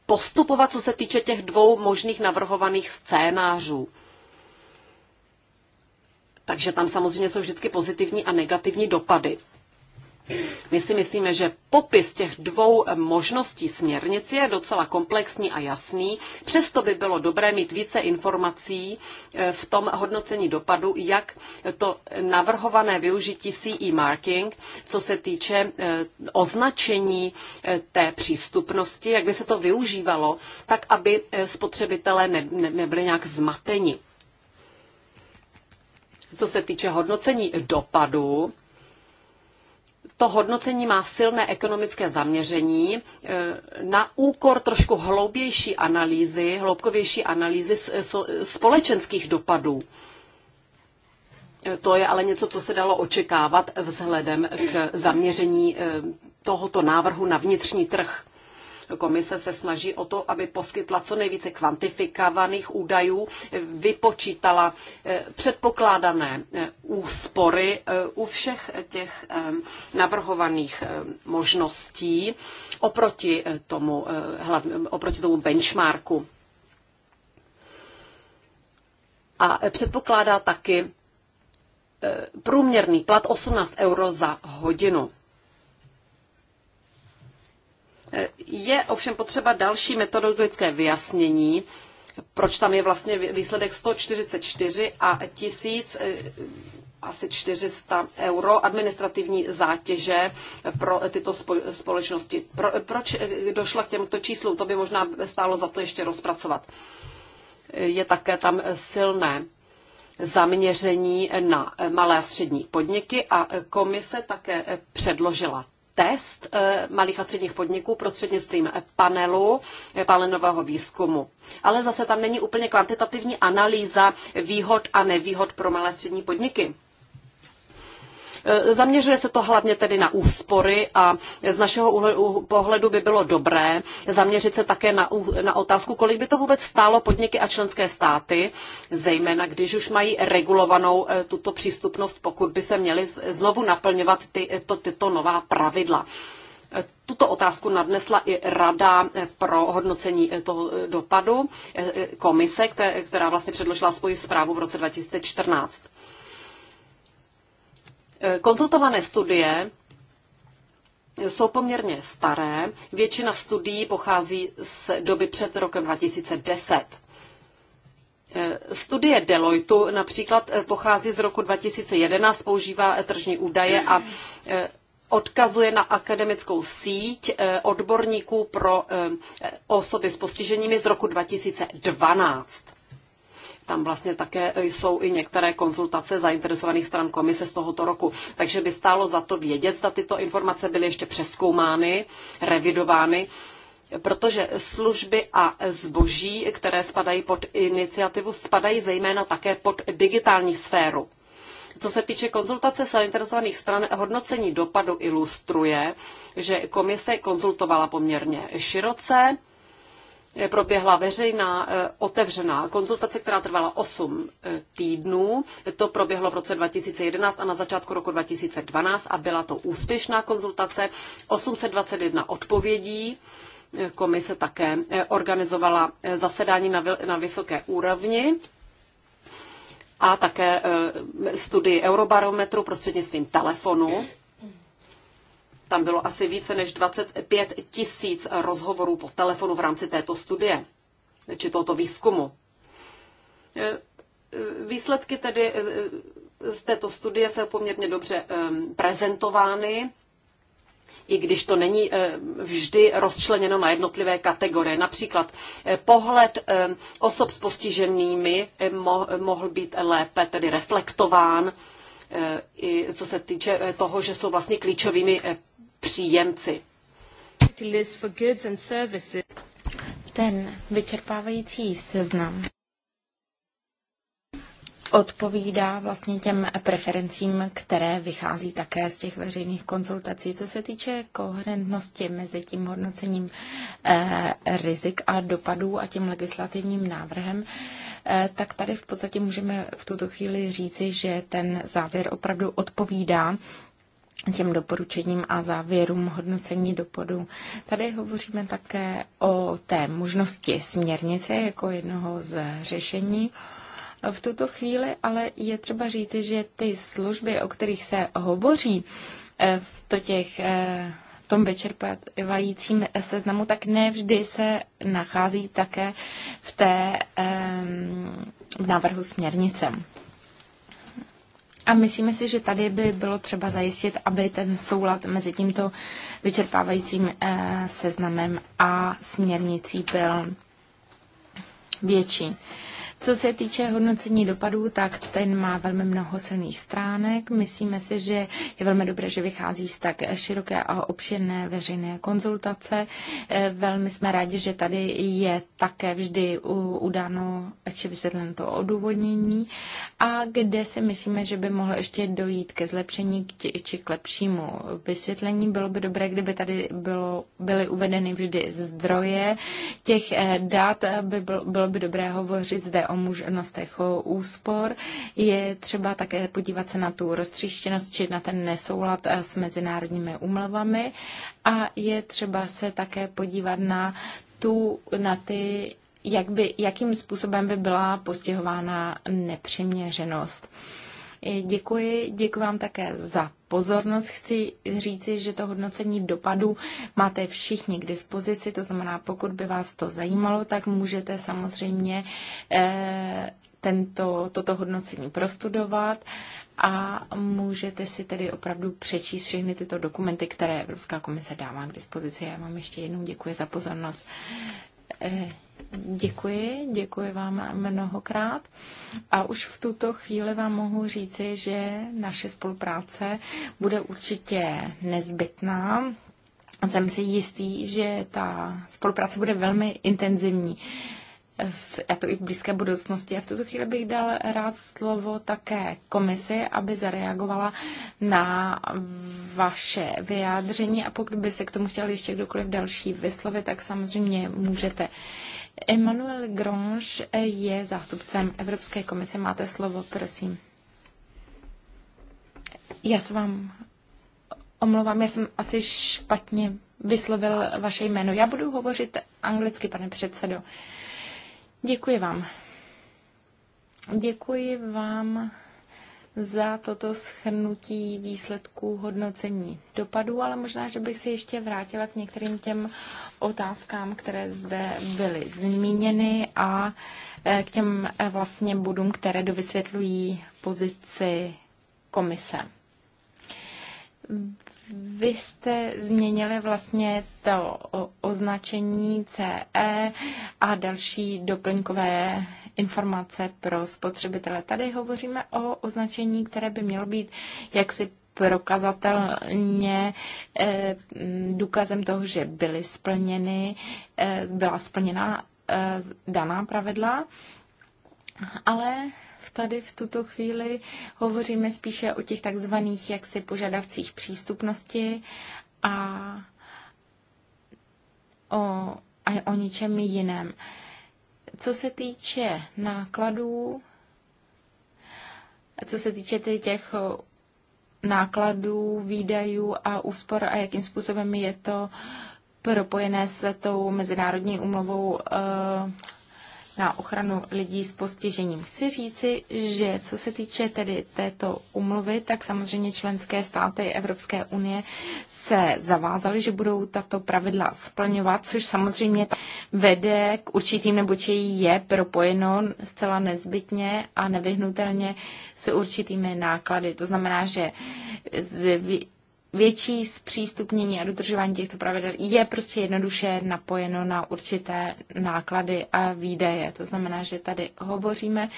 postupovat, co se týče těch dvou možných navrhovaných scénářů. Takže tam samozřejmě jsou vždycky pozitivní a negativní dopady. My si myslíme, že popis těch dvou možností směrnic je docela komplexní a jasný, přesto by bylo dobré mít více informací eh, v tom hodnocení dopadu, jak to navrhované využití CE marking, co se týče eh, označení eh, té přístupnosti, jak by se to využívalo, tak aby spotřebitelé nebyli nějak zmateni. Co se týče hodnocení dopadu, to hodnocení má silné ekonomické zaměření e, na úkor trošku hloubější analýzy, hloubkovější analýzy společenských dopadů. E, to je ale něco, co se dalo očekávat vzhledem k zaměření e, tohoto návrhu na vnitřní trh. Komise se snaží o to, aby poskytla co nejvíce kvantifikovaných údajů, vypočítala eh, předpokládané eh, úspory eh, u všech těch navrhovaných možností oproti tomu, oproti tomu benchmarku. A předpokládá taky průměrný plat 18 euro za hodinu. Je ovšem potřeba další metodologické vyjasnění, proč tam je vlastně výsledek 144 a 1000 eh, asi 400 euro administrativní zátěže pro tyto společnosti. Pro, proč eh, došla k těmto číslům? To by možná stálo za to ještě rozpracovat. Eh, je také tam silné zaměření na malé a střední podniky a komise také předložila test eh, malých a středních podniků prostřednictvím panelu, eh, panelového výzkumu. Ale zase tam není úplně kvantitativní analýza výhod a nevýhod pro malé a střední podniky. Eh, zaměřuje se to hlavně tedy na úspory a z našeho pohledu by bylo dobré zaměřit se také na, na otázku, kolik by to vůbec stálo podniky a členské státy, zejména když už mají regulovanou eh, tuto přístupnost, pokud by se měly znovu naplňovat ty, eh, to, tyto nová pravidla. Tuto otázku nadnesla i Rada pro hodnocení toho dopadu komise, která vlastně předložila svoji zprávu v roce 2014. Eh, konzultované studie jsou poměrně staré. Většina studií pochází z doby před rokem 2010. Eh, studie Deloitu například eh, pochází z roku 2011, používá tržní údaje a odkazuje na akademickou síť odborníků pro osoby s postiženími z roku 2012. Tam vlastně také jsou i některé konzultace zainteresovaných stran komise z tohoto roku. Takže by stálo za to vědět, zda tyto informace byly ještě přeskoumány, revidovány, protože služby a zboží, které spadají pod iniciativu, spadají zejména také pod digitální sféru. Co se týče konzultace zainteresovaných stran, hodnocení dopadu ilustruje, že komise konzultovala poměrně široce, Eh, proběhla veřejná eh, otevřená konzultace, která trvala 8 eh, týdnů. To proběhlo v roce 2011 a na začátku roku 2012 a byla to úspěšná konzultace. 821 odpovědí. Komise také organizovala zasedání na vysoké úrovni a také studii Eurobarometru prostřednictvím telefonu. Tam bylo asi více než 25 tisíc rozhovorů po telefonu v rámci této studie či tohoto výzkumu. E, e, výsledky tedy e, z této studie jsou poměrně dobře prezentovány, i když to není vždy rozčleněno na jednotlivé kategorie. Například pohled osob s postiženými mohl být lépe tedy reflektován, i co se týče toho, že jsou vlastně klíčovými příjemci. Ten vyčerpávající seznam odpovídá vlastně těm preferencím, které vychází také z těch veřejných konzultací. Co se týče koherentnosti mezi tím hodnocením eh, rizik a dopadů a tím legislativním návrhem, eh, tak tady v podstatě můžeme v tuto chvíli říci, že ten závěr opravdu odpovídá těm doporučením a závěrům hodnocení dopadu. Tady hovoříme také o té možnosti směrnice jako jednoho z řešení. V tuto chvíli ale je třeba říci, že ty služby, o kterých se hovoří eh, v to těch eh, v tom vyčerpávajícím seznamu, tak nevždy se nachází také v té ehm, v návrhu směrnice. A myslíme si, že tady by bylo třeba zajistit, aby ten soulad mezi tímto vyčerpávajícím eh, seznamem a směrnicí byl větší. Co se týče hodnocení dopadů, tak ten má velmi mnoho silných stránek. Myslíme si, že je velmi dobré, že vychází z tak široké a obširné veřejné konzultace. Eh, velmi jsme rádi, že tady je také vždy udáno či vysvětleno to odůvodnění a kde si myslíme, že by mohlo ještě dojít ke zlepšení či k lepšímu vysvětlení. Bylo by dobré, kdyby tady bylo, byly uvedeny vždy zdroje těch eh, dat. By bylo, bylo by dobré hovořit zde o možnostech o úspor. Je třeba také podívat se na tu roztříštěnost či na ten nesoulad eh, s mezinárodními umlvami a je třeba se také podívat na tu, na ty jak by, jakým způsobem by byla postihována nepřiměřenost. Děkuji, děkuji vám také za pozornost. Chci říci, že to hodnocení dopadů máte všichni k dispozici, to znamená, pokud by vás to zajímalo, tak můžete samozřejmě eh, tento, toto hodnocení prostudovat a můžete si tedy opravdu přečíst všechny tyto dokumenty, které Evropská komise dává k dispozici. Já vám ještě jednou děkuji za pozornost. Eh, Děkuji, děkuji vám mnohokrát. A už v tuto chvíli vám mohu říci, že naše spolupráce bude určitě nezbytná. Jsem si jistý, že ta spolupráce bude velmi intenzivní. V, a to i v blízké budoucnosti. A v tuto chvíli bych dal rád slovo také komisi, aby zareagovala na vaše vyjádření a pokud by se k tomu chtěl ještě kdokoliv další vyslovit, tak samozřejmě můžete. Uh, Emmanuel Grange je zástupcem Evropské komise. Máte slovo, prosím. Já se vám omlouvám, já jsem asi špatně vyslovil vaše jméno. Já budu hovořit anglicky, pane předsedo. Děkuji vám. Děkuji vám za toto schrnutí výsledků hodnocení dopadů, ale možná, že bych se ještě vrátila k některým těm otázkám, které zde byly zmíněny a eh, k těm eh, vlastně bodům, které dovysvětlují pozici komise. Vy jste změnili vlastně to označení CE a další doplňkové informace pro spotřebitele. Tady hovoříme o označení, které by mělo být jaksi prokazatelně eh, důkazem toho, že byly splněny, eh, byla splněna eh, daná pravidla, ale tady v tuto chvíli hovoříme spíše o těch takzvaných jaksi požadavcích přístupnosti a o, a o ničem jiném. Co se týče nákladů, co se týče těch eh, nákladů, výdajů a úspor a jakým způsobem je to propojené s tou mezinárodní umlovou eh, na ochranu lidí s postižením. Chci říci, že co se týče tedy této umluvy, tak samozřejmě členské státy Evropské unie se zavázaly, že budou tato pravidla splňovat, což samozřejmě vede k určitým nebo či je propojeno zcela nezbytně a nevyhnutelně s určitými náklady. To znamená, že z větší zpřístupnění a dodržování těchto pravidel je prostě jednoduše napojeno na určité náklady a výdaje. To znamená, že tady hovoříme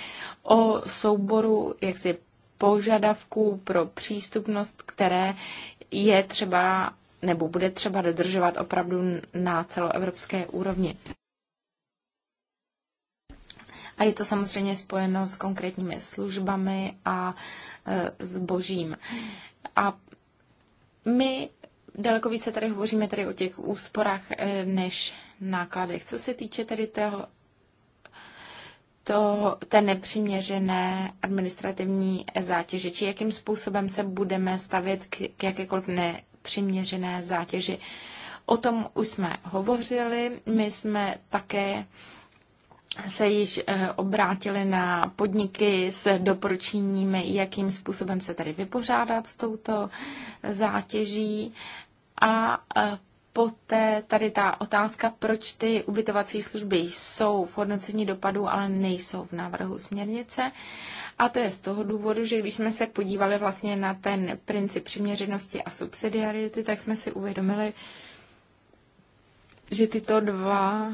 o souboru jaksi požadavků pro přístupnost, které je třeba nebo bude třeba dodržovat opravdu na celoevropské úrovni. A je to samozřejmě spojeno s konkrétními službami a e, zbožím. A my daleko více tady hovoříme tady o těch úsporách eh, než nákladech. Co se týče tedy toho, to, té nepřiměřené administrativní zátěže, či jakým způsobem se budeme stavět k, k jakékoliv nepřiměřené zátěži. O tom už jsme hovořili. My jsme také se již eh, obrátili na podniky s doporučeními, jakým způsobem se tady vypořádat s touto zátěží. A eh, poté tady ta otázka, proč ty ubytovací služby jsou v hodnocení dopadů, ale nejsou v návrhu směrnice. A to je z toho důvodu, že když jsme se podívali vlastně na ten princip přiměřenosti a subsidiarity, tak jsme si uvědomili, že tyto dva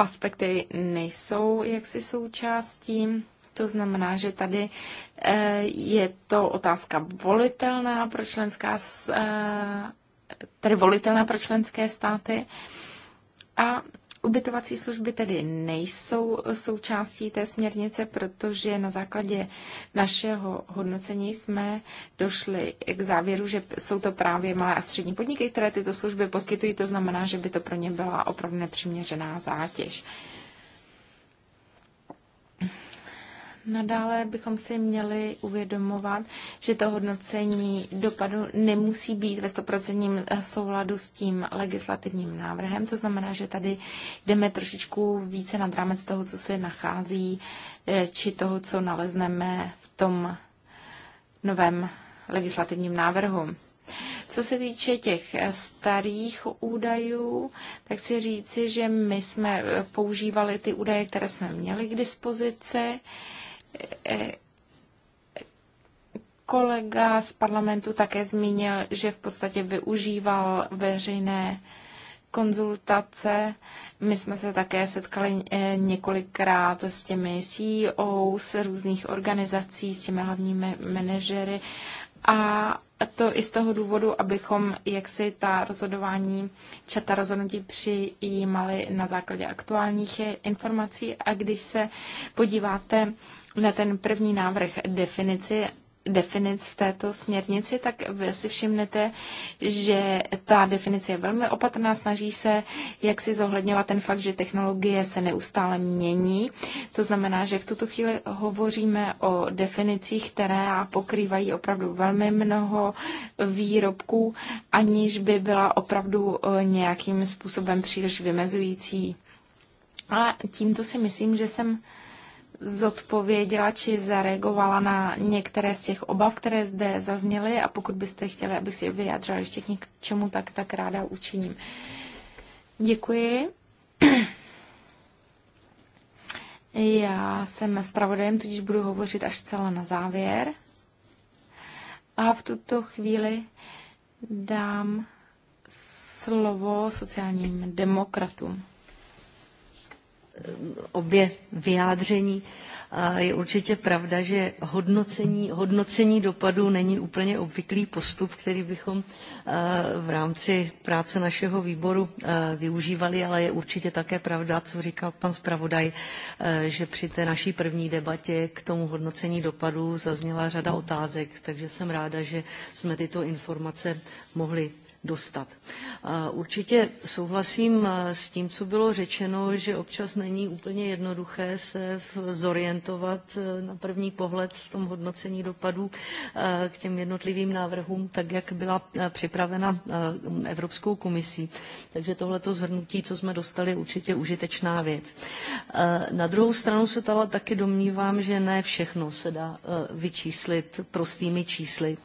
aspekty nejsou jaksi součástí. To znamená, že tady eh, je to otázka volitelná pro členská, eh, tedy volitelná pro členské státy. A Ubytovací služby tedy nejsou eh, součástí té směrnice, protože na základě našeho hodnocení jsme došli k závěru, že jsou to právě malé a střední podniky, které tyto služby poskytují. To znamená, že by to pro ně byla opravdu nepřiměřená zátěž. Nadále bychom si měli uvědomovat, že to hodnocení dopadu nemusí být ve 100% eh, souladu s tím legislativním návrhem. To znamená, že tady jdeme trošičku více nad rámec toho, co se nachází, eh, či toho, co nalezneme v tom novém legislativním návrhu. Co se týče těch eh, starých údajů, tak si říci, že my jsme používali ty údaje, které jsme měli k dispozici. Eh, kolega z parlamentu také zmínil, že v podstatě využíval veřejné konzultace. My jsme se také setkali eh, několikrát s těmi CEO, s různých organizací, s těmi hlavními manažery a to i z toho důvodu, abychom jak si ta rozhodování, či ta rozhodnutí přijímali na základě aktuálních eh, informací. A když se podíváte na ten první návrh definici definic v této směrnici, tak vy si všimnete, že ta definice je velmi opatrná, snaží se jak si zohledňovat ten fakt, že technologie se neustále mění. To znamená, že v tuto chvíli hovoříme o definicích, které pokrývají opravdu velmi mnoho výrobků, aniž by byla opravdu eh, nějakým způsobem příliš vymezující. A tímto si myslím, že jsem zodpověděla či zareagovala na některé z těch obav, které zde zazněly a pokud byste chtěli, abych si vyjádřila ještě k čemu, tak, tak ráda učiním. Děkuji. Já jsem zpravodajem, tudíž budu hovořit až celé na závěr. A v tuto chvíli dám slovo sociálním demokratům obě vyjádření. Je určitě pravda, že hodnocení, hodnocení dopadu není úplně obvyklý postup, který bychom v rámci práce našeho výboru využívali, ale je určitě také pravda, co říkal pan zpravodaj, že při té naší první debatě k tomu hodnocení dopadu zazněla řada otázek, takže jsem ráda, že jsme tyto informace mohli dostat. Určitě souhlasím eh, s tím, co bylo řečeno, že občas není úplně jednoduché se zorientovat eh, na první pohled v tom hodnocení dopadů eh, k těm jednotlivým návrhům, tak jak byla připravena Evropskou komisí. Takže tohleto zhrnutí, co jsme dostali, je určitě užitečná věc. Na druhou stranu se tala taky domnívám, že ne všechno se dá vyčíslit prostými čísly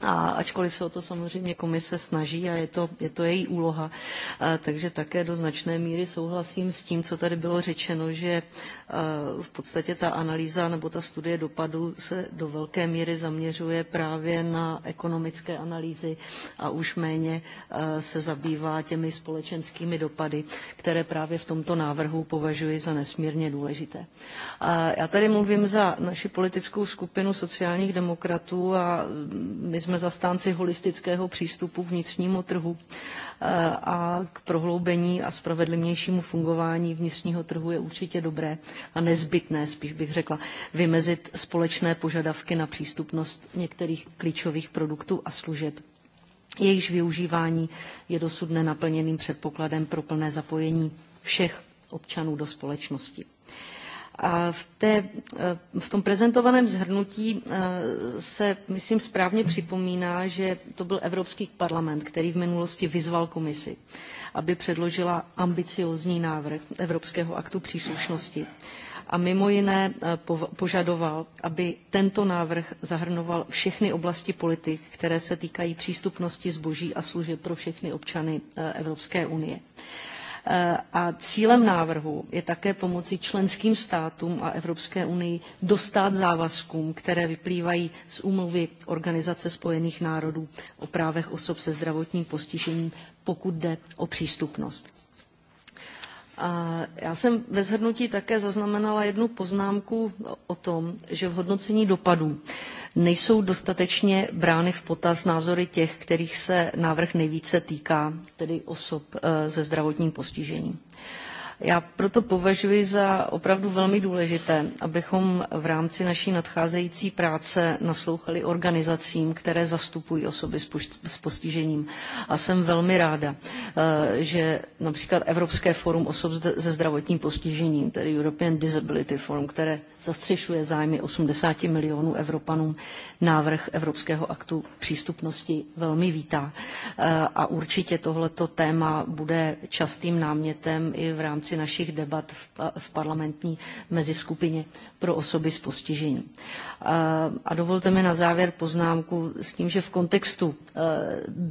a ačkoliv se o to samozřejmě komise snaží a je to, je to její úloha, a, takže také do značné míry souhlasím s tím, co tady bylo řečeno, že v podstatě ta analýza nebo ta studie dopadu se do velké míry zaměřuje právě na ekonomické analýzy a už méně se zabývá těmi společenskými dopady, které právě v tomto návrhu považuji za nesmírně důležité. A já tady mluvím za naši politickou skupinu sociálních demokratů a my jsme zastánci holistického přístupu k vnitřnímu trhu eh, a k prohloubení a spravedlnějšímu fungování vnitřního trhu je určitě dobré a nezbytné, spíš bych řekla, vymezit společné požadavky na přístupnost některých klíčových produktů a služeb jejichž využívání je dosud nenaplněným předpokladem pro plné zapojení všech občanů do společnosti v, té, eh, v tom prezentovaném zhrnutí eh, se, myslím, správně připomíná, že to byl Evropský parlament, který v minulosti vyzval komisi, aby předložila ambiciozní návrh Evropského aktu příslušnosti a mimo jiné eh, požadoval, aby tento návrh zahrnoval všechny oblasti politik, které se týkají přístupnosti zboží a služeb pro všechny občany Evropské unie. Eh, a cílem návrhu je také pomoci členským státům a Evropské unii dostat závazkům, které vyplývají z úmluvy Organizace spojených národů o právech osob se zdravotním postižením, pokud jde o přístupnost já jsem ve zhrnutí také zaznamenala jednu poznámku o tom, že v hodnocení dopadů nejsou dostatečně brány v potaz názory těch, kterých se návrh nejvíce týká, tedy osob eh, se zdravotním postižením. Já proto považuji za opravdu velmi důležité, abychom v rámci naší nadcházející práce naslouchali organizacím, které zastupují osoby s postižením. A jsem velmi ráda, eh, že například Evropské fórum osob se zdravotním postižením, tedy European Disability Forum, které zastřešuje zájmy 80 milionů Evropanům. Návrh Evropského aktu přístupnosti velmi vítá. Eh, a určitě tohleto téma bude častým námětem i v rámci našich debat v eh, parlamentní meziskupině pro osoby s postižením. A dovolte mi na závěr poznámku s tím, že v kontextu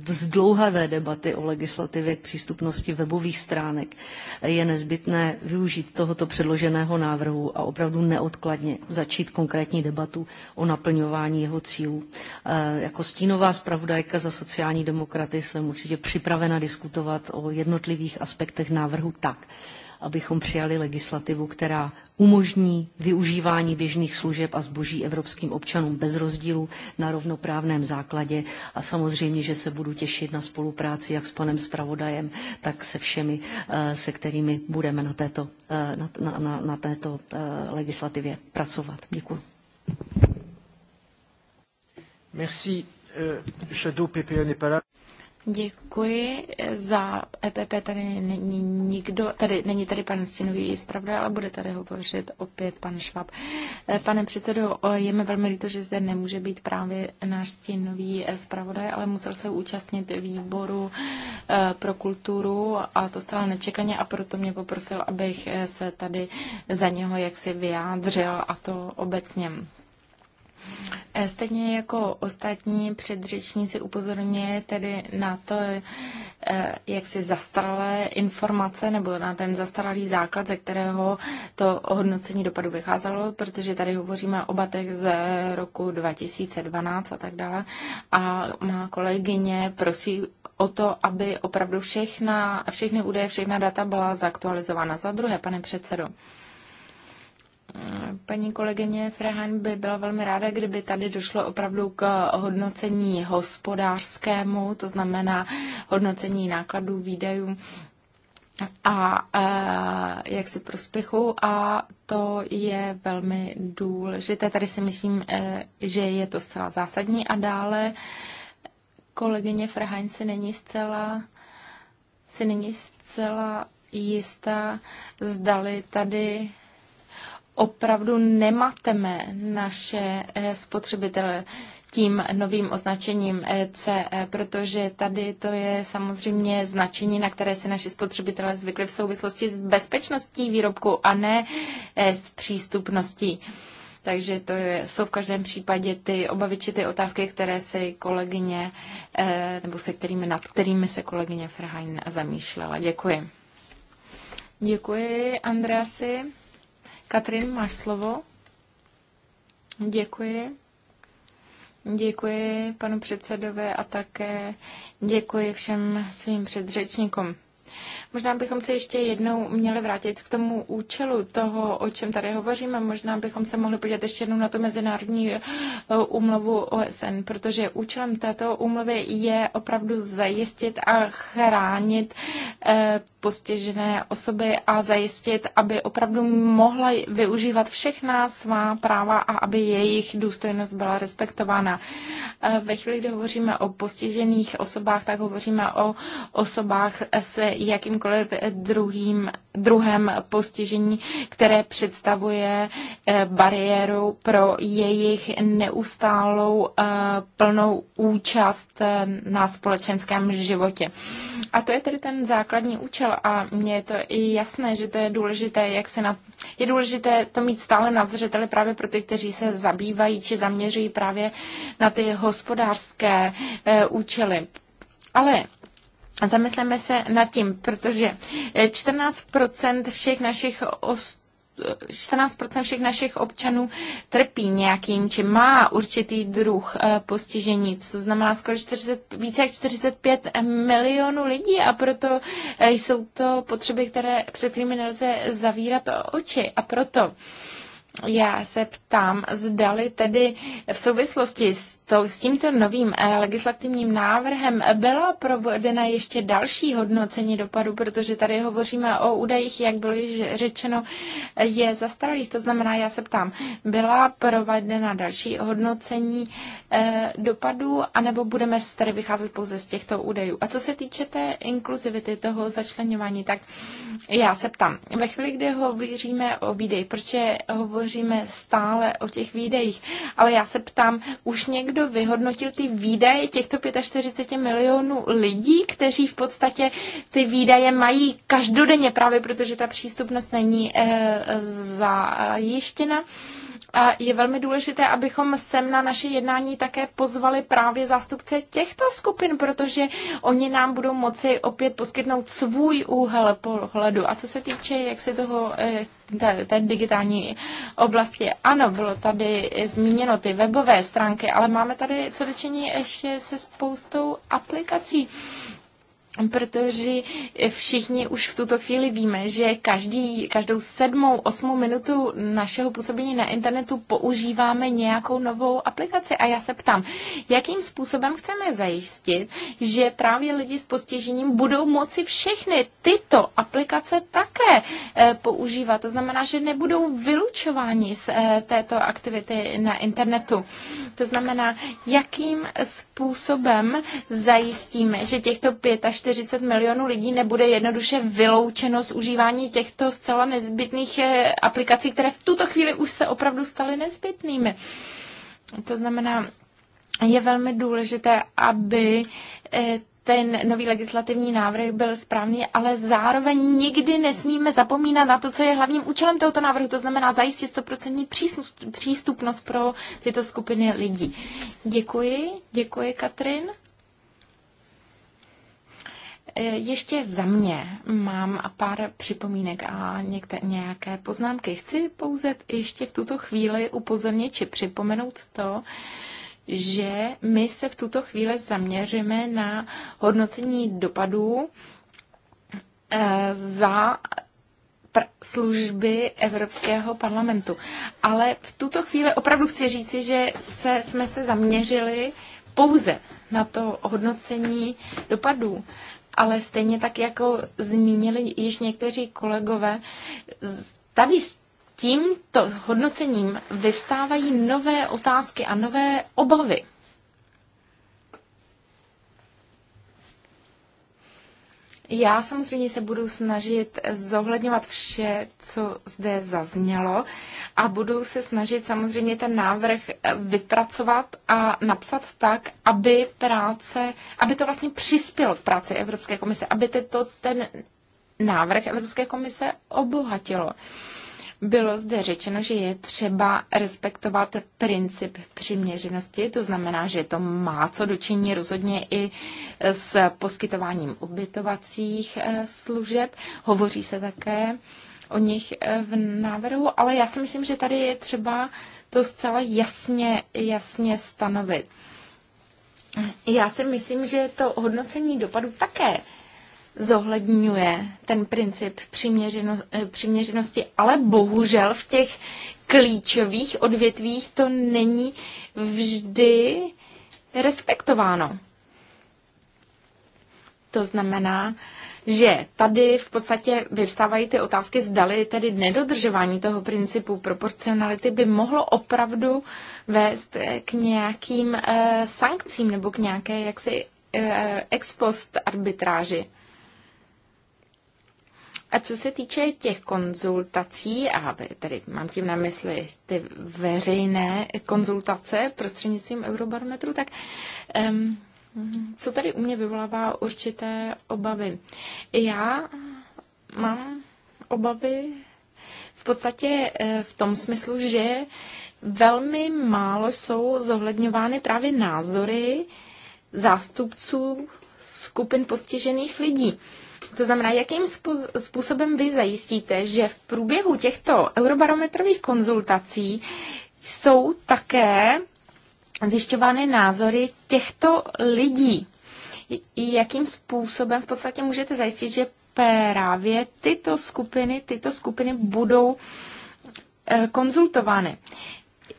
e, zdlouhavé debaty o legislativě k přístupnosti webových stránek je nezbytné využít tohoto předloženého návrhu a opravdu neodkladně začít konkrétní debatu o naplňování jeho cílů. E, jako stínová zpravodajka za sociální demokraty jsem určitě připravena diskutovat o jednotlivých aspektech návrhu tak, abychom přijali legislativu, která umožní využívání běžných služeb a zboží evropským občanům bez rozdílu na rovnoprávném základě. A samozřejmě, že se budu těšit na spolupráci jak s panem zpravodajem, tak se všemi, eh, se kterými budeme na této, eh, na, na, na, této eh, legislativě pracovat. Děkuji. Merci. Euh, Shadow PPE n'est pas là. Děkuji. Za EPP tady není nikdo, tady není tady pan Stinový zpravda, ale bude tady hovořit opět pan Švab. Eh, pane předsedo, eh, je mi velmi líto, že zde nemůže být právě náš Stinový eh, zpravodaj, ale musel se účastnit výboru pro kulturu a to stalo nečekaně a proto mě poprosil, abych se tady za něho jaksi vyjádřil a to obecně. E, stejně jako ostatní předřečníci upozorňuje tedy na to, e, jak si zastaralé informace nebo na ten zastaralý základ, ze kterého to hodnocení dopadu vycházelo, protože tady hovoříme o batech z roku 2012 a tak dále. A má kolegyně prosí o to, aby opravdu všechna, všechny údaje, všechna data byla zaktualizována. Za druhé, pane předsedo, paní kolegyně Frehan by byla velmi ráda, kdyby tady došlo opravdu k hodnocení hospodářskému, to znamená hodnocení nákladů, výdajů a, e, jak si prospěchu a to je velmi důležité. Tady si myslím, e, že je to zcela zásadní a dále kolegyně Frhaň si není zcela si není zcela jistá, zdali tady opravdu nemateme naše eh, spotřebitele tím novým označením eh, CE, protože tady to je samozřejmě značení, na které se naši spotřebitelé zvykli v souvislosti s bezpečností výrobku a ne eh, s přístupností. Takže to je, jsou v každém případě ty obavy či ty otázky, které se kolegyně, nebo se kterými, nad kterými se kolegyně Frhain zamýšlela. Děkuji. Děkuji, Andreasi. Katrin, máš slovo? Děkuji. Děkuji panu předsedové a také děkuji všem svým předřečníkům. Možná bychom se ještě jednou měli vrátit k tomu účelu toho, o čem tady hovoříme. Možná bychom se mohli podívat ještě jednou na tu mezinárodní eh, úmluvu OSN, protože účelem této úmluvy je opravdu zajistit a chránit eh, postižené osoby a zajistit, aby opravdu mohla využívat všechna svá práva a aby jejich důstojnost byla respektována. Eh, ve chvíli, kdy hovoříme o postižených osobách, tak hovoříme o osobách se jakýmkoliv druhým, druhem postižení, které představuje eh, bariéru pro jejich neustálou eh, plnou účast eh, na společenském životě. A to je tedy ten základní účel a mně je to i jasné, že to je důležité, jak se na, je důležité to mít stále na zřeteli právě pro ty, kteří se zabývají či zaměřují právě na ty hospodářské účely. Ale zamysleme se nad tím, protože 14% eh, všech našich ostů 14% všech našich občanů trpí nějakým, či má určitý druh eh, postižení, co znamená skoro 40, více jak 45 milionů lidí a proto eh, jsou to potřeby, které, před kterými nelze zavírat oči a proto já se ptám, zdali tedy v souvislosti s to, s tímto novým eh, legislativním návrhem byla provedena ještě další hodnocení dopadu, protože tady hovoříme o údajích, jak bylo již řečeno, je zastaralých. To znamená, já se ptám, byla provedena další hodnocení eh, dopadu, anebo budeme tady vycházet pouze z těchto údajů? A co se týče té inkluzivity, toho začlenování, tak já se ptám, ve chvíli, kdy hovoříme o výdej, proč hovoříme stále o těch výdejích? Ale já se ptám, už někdo někdo vyhodnotil ty výdaje těchto 45 milionů lidí, kteří v podstatě ty výdaje mají každodenně právě, protože ta přístupnost není eh, zajištěna. A je velmi důležité, abychom sem na naše jednání také pozvali právě zástupce těchto skupin, protože oni nám budou moci opět poskytnout svůj úhel pohledu. A co se týče, jak se toho eh, té, té digitální oblasti. Ano, bylo tady zmíněno ty webové stránky, ale máme tady co dočení ještě se spoustou aplikací protože všichni už v tuto chvíli víme, že každý, každou sedmou, osmou minutu našeho působení na internetu používáme nějakou novou aplikaci. A já se ptám, jakým způsobem chceme zajistit, že právě lidi s postižením budou moci všechny tyto aplikace také eh, používat. To znamená, že nebudou vylučováni z eh, této aktivity na internetu. To znamená, jakým způsobem zajistíme, že těchto 45 40 milionů lidí nebude jednoduše vyloučeno z užívání těchto zcela nezbytných eh, aplikací, které v tuto chvíli už se opravdu staly nezbytnými. To znamená, je velmi důležité, aby eh, ten nový legislativní návrh byl správný, ale zároveň nikdy nesmíme zapomínat na to, co je hlavním účelem tohoto návrhu, to znamená zajistit 100% přístupnost pro tyto skupiny lidí. Děkuji, děkuji Katrin. E, ještě za mě mám pár připomínek a někde, nějaké poznámky. Chci pouze ještě v tuto chvíli upozornit či připomenout to, že my se v tuto chvíli zaměříme na hodnocení dopadů e, za služby Evropského parlamentu. Ale v tuto chvíli opravdu chci říci, že se, jsme se zaměřili pouze na to hodnocení dopadů ale stejně tak, jako zmínili již někteří kolegové, tady s tímto hodnocením vyvstávají nové otázky a nové obavy. Já samozřejmě se budu snažit zohledňovat vše, co zde zaznělo a budu se snažit samozřejmě ten návrh vypracovat a napsat tak, aby práce, aby to vlastně přispělo k práci Evropské komise, aby to ten návrh Evropské komise obohatilo. Bylo zde řečeno, že je třeba respektovat princip přiměřenosti, to znamená, že to má co dočiní rozhodně i s poskytováním ubytovacích eh, služeb. Hovoří se také o nich eh, v návrhu, ale já si myslím, že tady je třeba to zcela jasně, jasně stanovit. Já si myslím, že to hodnocení dopadu také zohledňuje ten princip přiměřeno, eh, přiměřenosti, ale bohužel v těch klíčových odvětvích to není vždy respektováno. To znamená, že tady v podstatě vyvstávají ty otázky, zdali tedy nedodržování toho principu proporcionality by mohlo opravdu vést k nějakým eh, sankcím nebo k nějaké jaksi eh, ex post arbitráži. A co se týče těch konzultací, a tady mám tím na mysli ty veřejné konzultace prostřednictvím Eurobarometru, tak um, co tady u mě vyvolává určité obavy? Já mám obavy v podstatě e, v tom smyslu, že velmi málo jsou zohledňovány právě názory zástupců skupin postižených lidí. To znamená, jakým způsobem vy zajistíte, že v průběhu těchto eurobarometrových konzultací jsou také zjišťovány názory těchto lidí. Jakým způsobem v podstatě můžete zajistit, že právě tyto skupiny, tyto skupiny budou eh, konzultovány.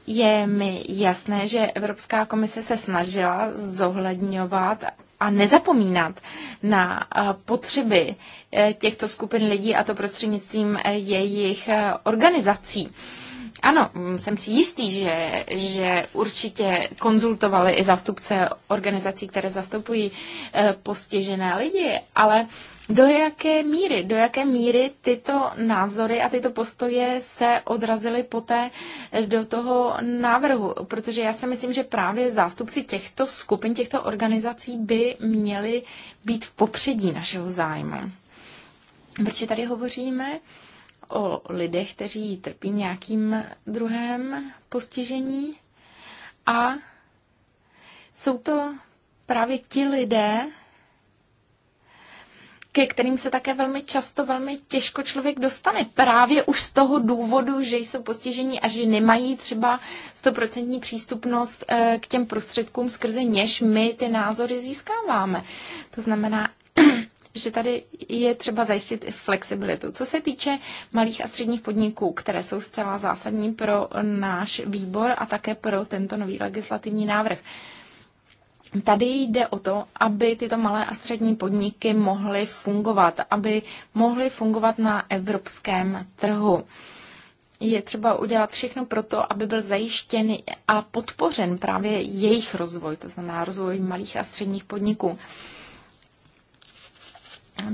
Je mi jasné, že Evropská komise se snažila zohledňovat a nezapomínat na eh, potřeby eh, těchto skupin lidí a to prostřednictvím eh, jejich organizací. Ano, mm, jsem si jistý, že, že určitě konzultovali i zástupce organizací, které zastupují postižené lidi, ale do jaké míry, do jaké míry tyto názory a tyto postoje se odrazily poté do toho návrhu? Protože já si myslím, že právě zástupci těchto skupin, těchto organizací by měli být v popředí našeho zájmu. Protože tady hovoříme o lidech, kteří trpí nějakým druhem postižení a jsou to právě ti lidé, ke kterým se také velmi často, velmi těžko člověk dostane. Právě už z toho důvodu, že jsou postižení a že nemají třeba stoprocentní přístupnost eh, k těm prostředkům, skrze něž my ty názory získáváme. To znamená, že tady je třeba zajistit i flexibilitu. Co se týče malých a středních podniků, které jsou zcela zásadní pro náš výbor a také pro tento nový legislativní návrh. Tady jde o to, aby tyto malé a střední podniky mohly fungovat, aby mohly fungovat na evropském trhu. Je třeba udělat všechno pro to, aby byl zajištěn a podpořen právě jejich rozvoj, to znamená rozvoj malých a středních podniků.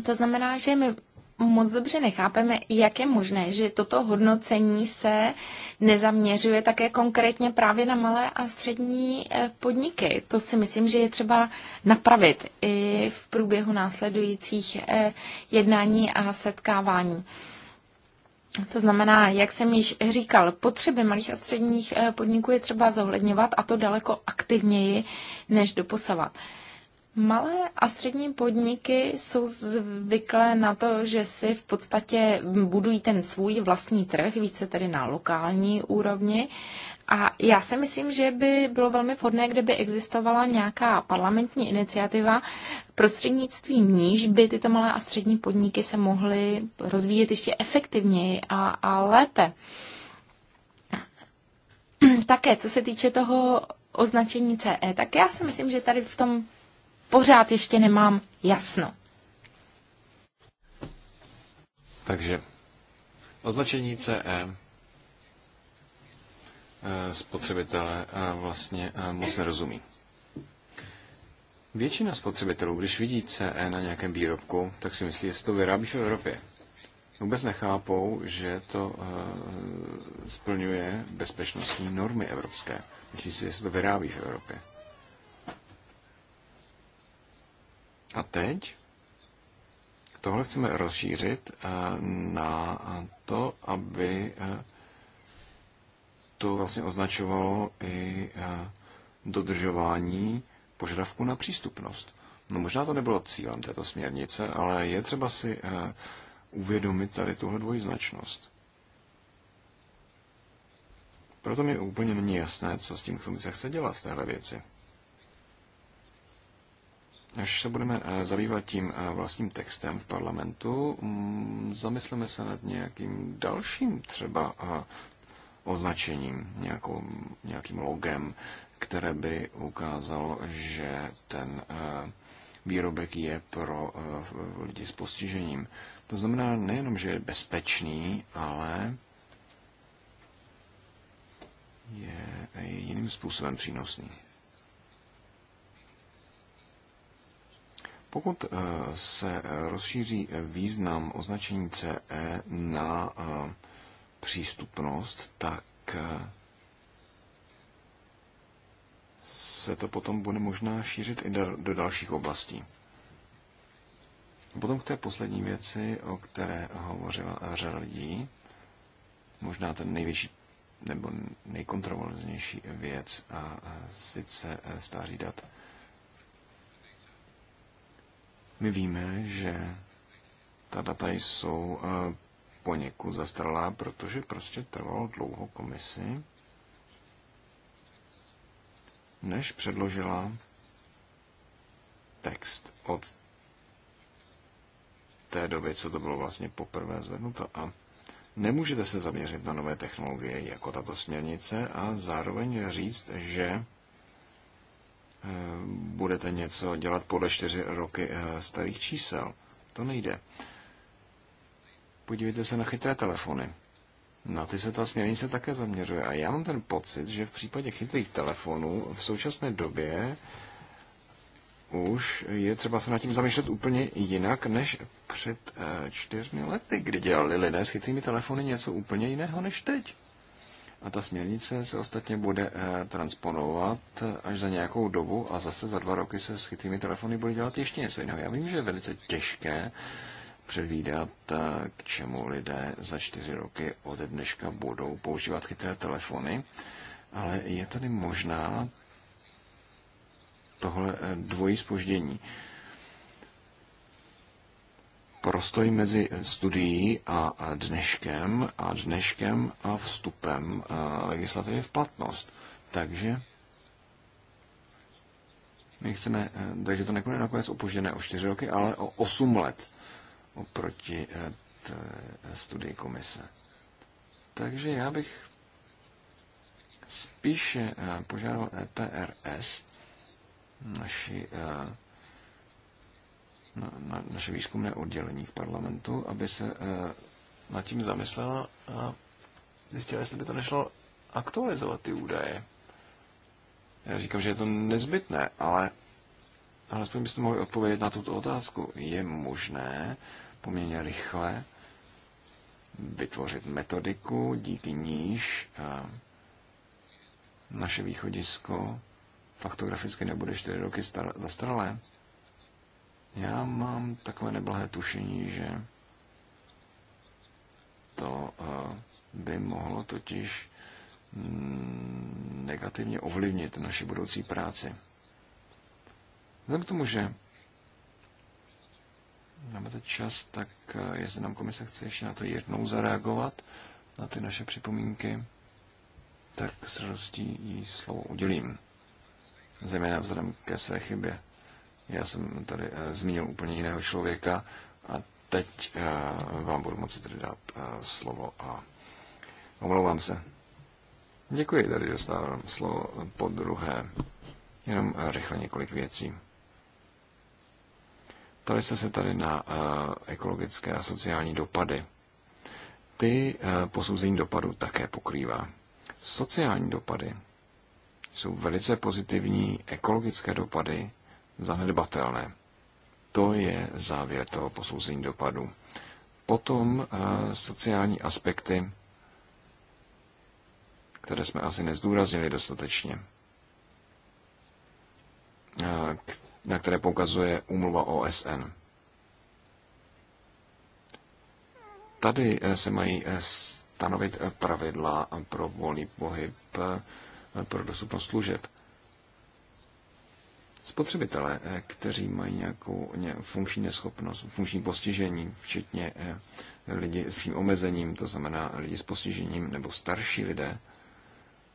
To znamená, že my moc dobře nechápeme, jak je možné, že toto hodnocení se uh, nezaměřuje také konkrétně právě na malé a střední eh, podniky. To si myslím, že je třeba napravit i v průběhu následujících eh, jednání a setkávání. To znamená, jak jsem již říkal, potřeby malých a středních eh, podniků je třeba zohledňovat a to daleko aktivněji než doposavat. Malé a střední podniky jsou zvyklé na to, že si v podstatě budují ten svůj vlastní trh, více tedy na lokální úrovni. A já si myslím, že by bylo velmi vhodné, kdyby existovala nějaká parlamentní iniciativa, prostřednictvím níž by tyto malé a střední podniky se mohly rozvíjet ještě efektivněji a, a lépe. Také, co se týče toho označení CE, tak já si myslím, že tady v tom pořád ještě nemám jasno. Takže označení CE eh, spotřebitele eh, vlastně eh, moc nerozumí. Většina spotřebitelů, když vidí CE na nějakém výrobku, tak si myslí, jestli to vyrábí v Evropě. Vůbec nechápou, že to splňuje bezpečnostní normy evropské. Myslí si, jestli to vyrábí v Evropě. A teď tohle chceme rozšířit eh, na to, aby eh, to vlastně označovalo i eh, dodržování požadavku na přístupnost. No možná to nebylo cílem této směrnice, ale je třeba si uvědomit tady tuhle dvojznačnost. Proto mi úplně není jasné, co s tím komise chce dělat v téhle věci. Než se budeme eh, zabývat tím eh, vlastním textem v parlamentu, mm, zamysleme se nad nějakým dalším třeba eh, označením, nějakou, nějakým logem, které by ukázalo, že ten výrobek je pro lidi s postižením. To znamená nejenom, že je bezpečný, ale je jiným způsobem přínosný. Pokud eh, se eh, rozšíří eh, význam označení CE na přístupnost, tak se to potom bude možná šířit i do dalších oblastí. Potom k té poslední věci, o které hovořila řada lidí, možná ten největší nebo nejkontroverznější věc a sice stáří dat my víme, že ta data jsou eh, poněkud zastaralá, protože prostě trvalo dlouho komisi, než předložila text od té doby, co to bylo vlastně poprvé zvednuto. A nemůžete se zaměřit na nové technologie jako tato směrnice a zároveň říct, že budete něco dělat podle čtyři roky eh, starých čísel. To nejde. Podívejte se na chytré telefony. Na ty se ta směrnice také zaměřuje. A já mám ten pocit, že v případě chytrých telefonů v současné době už je třeba se nad tím zamýšlet úplně jinak, než před eh, čtyřmi lety, kdy dělali lidé s chytrými telefony něco úplně jiného než teď. A ta směrnice se ostatně bude eh, transponovat eh, až za nějakou dobu a zase za dva roky se s chytými telefony bude dělat ještě něco jiného. Já vím, že je velice těžké předvídat, eh, k čemu lidé za čtyři roky ode dneška budou používat chytré telefony, ale je tady možná tohle dvojí spoždění prostoj mezi studií a dneškem a dneškem a vstupem legislativy v platnost. Takže my chceme, eh, takže to nebude nakonec opožděné o čtyři roky, ale o 8 let oproti eh, studii komise. Takže já bych spíše eh, požádal EPRS, naši na, na naše výzkumné oddělení v parlamentu, aby se eh, nad tím zamyslela a zjistila, jestli by to nešlo aktualizovat ty údaje. Já říkám, že je to nezbytné, ale alespoň byste mohli odpovědět na tuto otázku. Je možné poměrně rychle vytvořit metodiku, díky níž eh, naše východisko faktograficky nebude čtyři roky star- já mám takové neblahé tušení, že to eh, by mohlo totiž mm, negativně ovlivnit naši budoucí práci. Vzhledem k tomu, že máme teď čas, tak eh, jestli nám komise chce ještě na to jednou zareagovat, na ty naše připomínky, tak s radostí jí slovo udělím. Zejména vzhledem ke své chybě. Já jsem tady eh, zmínil úplně jiného člověka a teď eh, vám budu moci tedy dát eh, slovo a omlouvám se. Děkuji, tady dostávám slovo po druhé. Jenom rychle několik věcí. Ptali jste se tady na ekologické a sociální dopady. Ty posouzení dopadu také pokrývá. Sociální dopady jsou velice pozitivní, ekologické dopady zanedbatelné. To je závěr toho posouzení dopadu. Potom eh, sociální aspekty, které jsme asi nezdůraznili dostatečně, eh, na které poukazuje úmluva OSN. Tady eh, se mají stanovit pravidla pro volný pohyb pro dostupnost služeb. Spotřebitelé, eh, kteří mají nějakou funkční neschopnost, funkční postižení, včetně eh, lidi s přímým omezením, to znamená lidi s postižením nebo starší lidé,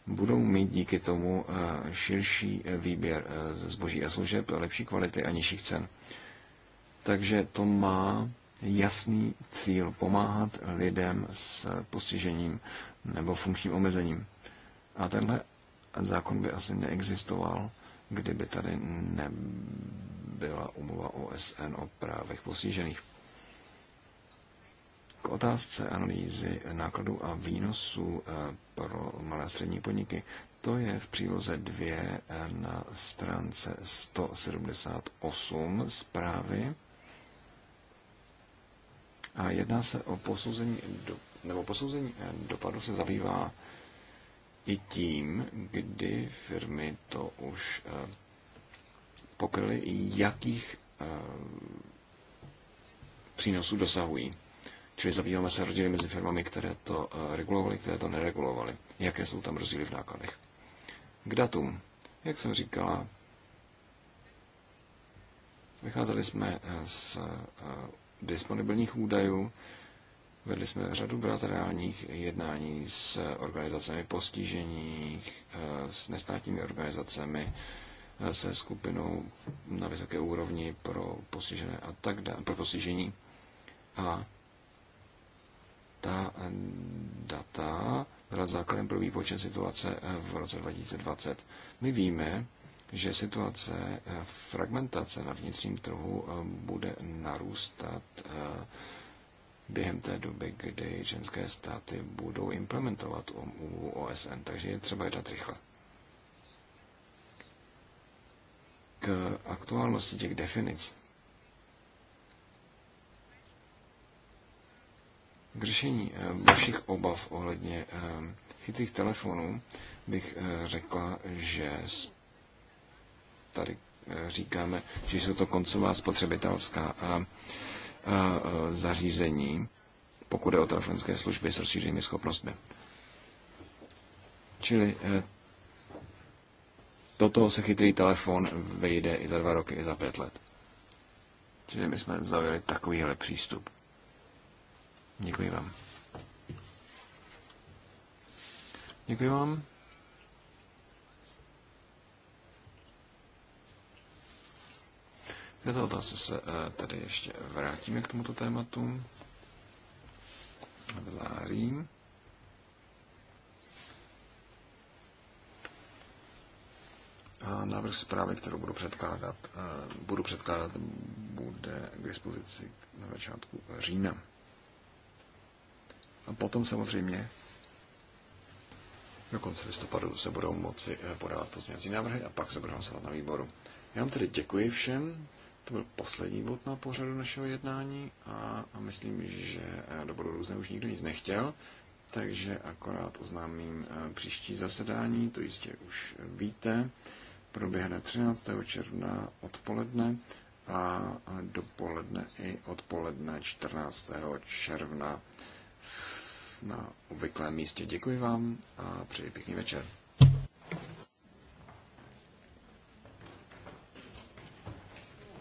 budou mít díky tomu eh, širší výběr ze zboží a služeb, lepší kvality a nižších cen. Takže to má jasný cíl pomáhat lidem s postižením nebo funkčním omezením. A tenhle zákon by asi neexistoval, kdyby tady nebyla umluva OSN o právech postižených. K otázce analýzy nákladů a výnosů eh, pro malé a střední podniky. To je v příloze 2 eh, na stránce 178 zprávy. A jedná se o posouzení, do, nebo posouzení eh, dopadu se zabývá i tím, kdy firmy to už eh, pokryly, jakých eh, přínosů dosahují. Čili zabýváme se rozdíly mezi firmami, které to eh, regulovaly, které to neregulovaly. Jaké jsou tam rozdíly v nákladech. K datům. Jak jsem říkala, vycházeli jsme z disponibilních údajů, Vedli jsme řadu bilaterálních jednání s organizacemi postižených, eh, s nestátními organizacemi, eh, se skupinou na vysoké úrovni pro postižené a tak dále, pro postižení. A ta eh, data byla základem pro výpočet situace v roce 2020. My víme, že situace fragmentace na vnitřním trhu bude narůstat během té doby, kdy členské státy budou implementovat úmluvu OSN, takže je třeba jednat rychle. K aktuálnosti těch definic. K řešení vašich eh, obav ohledně eh, chytrých telefonů bych eh, řekla, že tady říkáme, že jsou to koncová spotřebitelská a Eh, eh, zařízení, pokud je o telefonické služby s rozšířenými schopnostmi. Čili eh, do toho se chytrý telefon vejde i za dva roky, i za pět let. Čili my jsme zavěli takovýhle přístup. Děkuji vám. Děkuji vám. K to otázce se eh, tady ještě vrátíme k tomuto tématu Vlárím. A návrh zprávy, kterou budu předkládat, eh, budu předkládat, bude k dispozici na začátku října. A potom samozřejmě do konce listopadu se budou moci eh, podávat pozměnací návrhy a pak se bude hlasovat na výboru. Já vám tedy děkuji všem to byl poslední bod na pořadu našeho jednání a, a myslím, že eh, do bodu různé už nikdo nic nechtěl, takže akorát oznámím eh, příští zasedání, to jistě už víte. Proběhne 13. června odpoledne a dopoledne i odpoledne 14. června na obvyklém místě. Děkuji vám a přeji pěkný večer.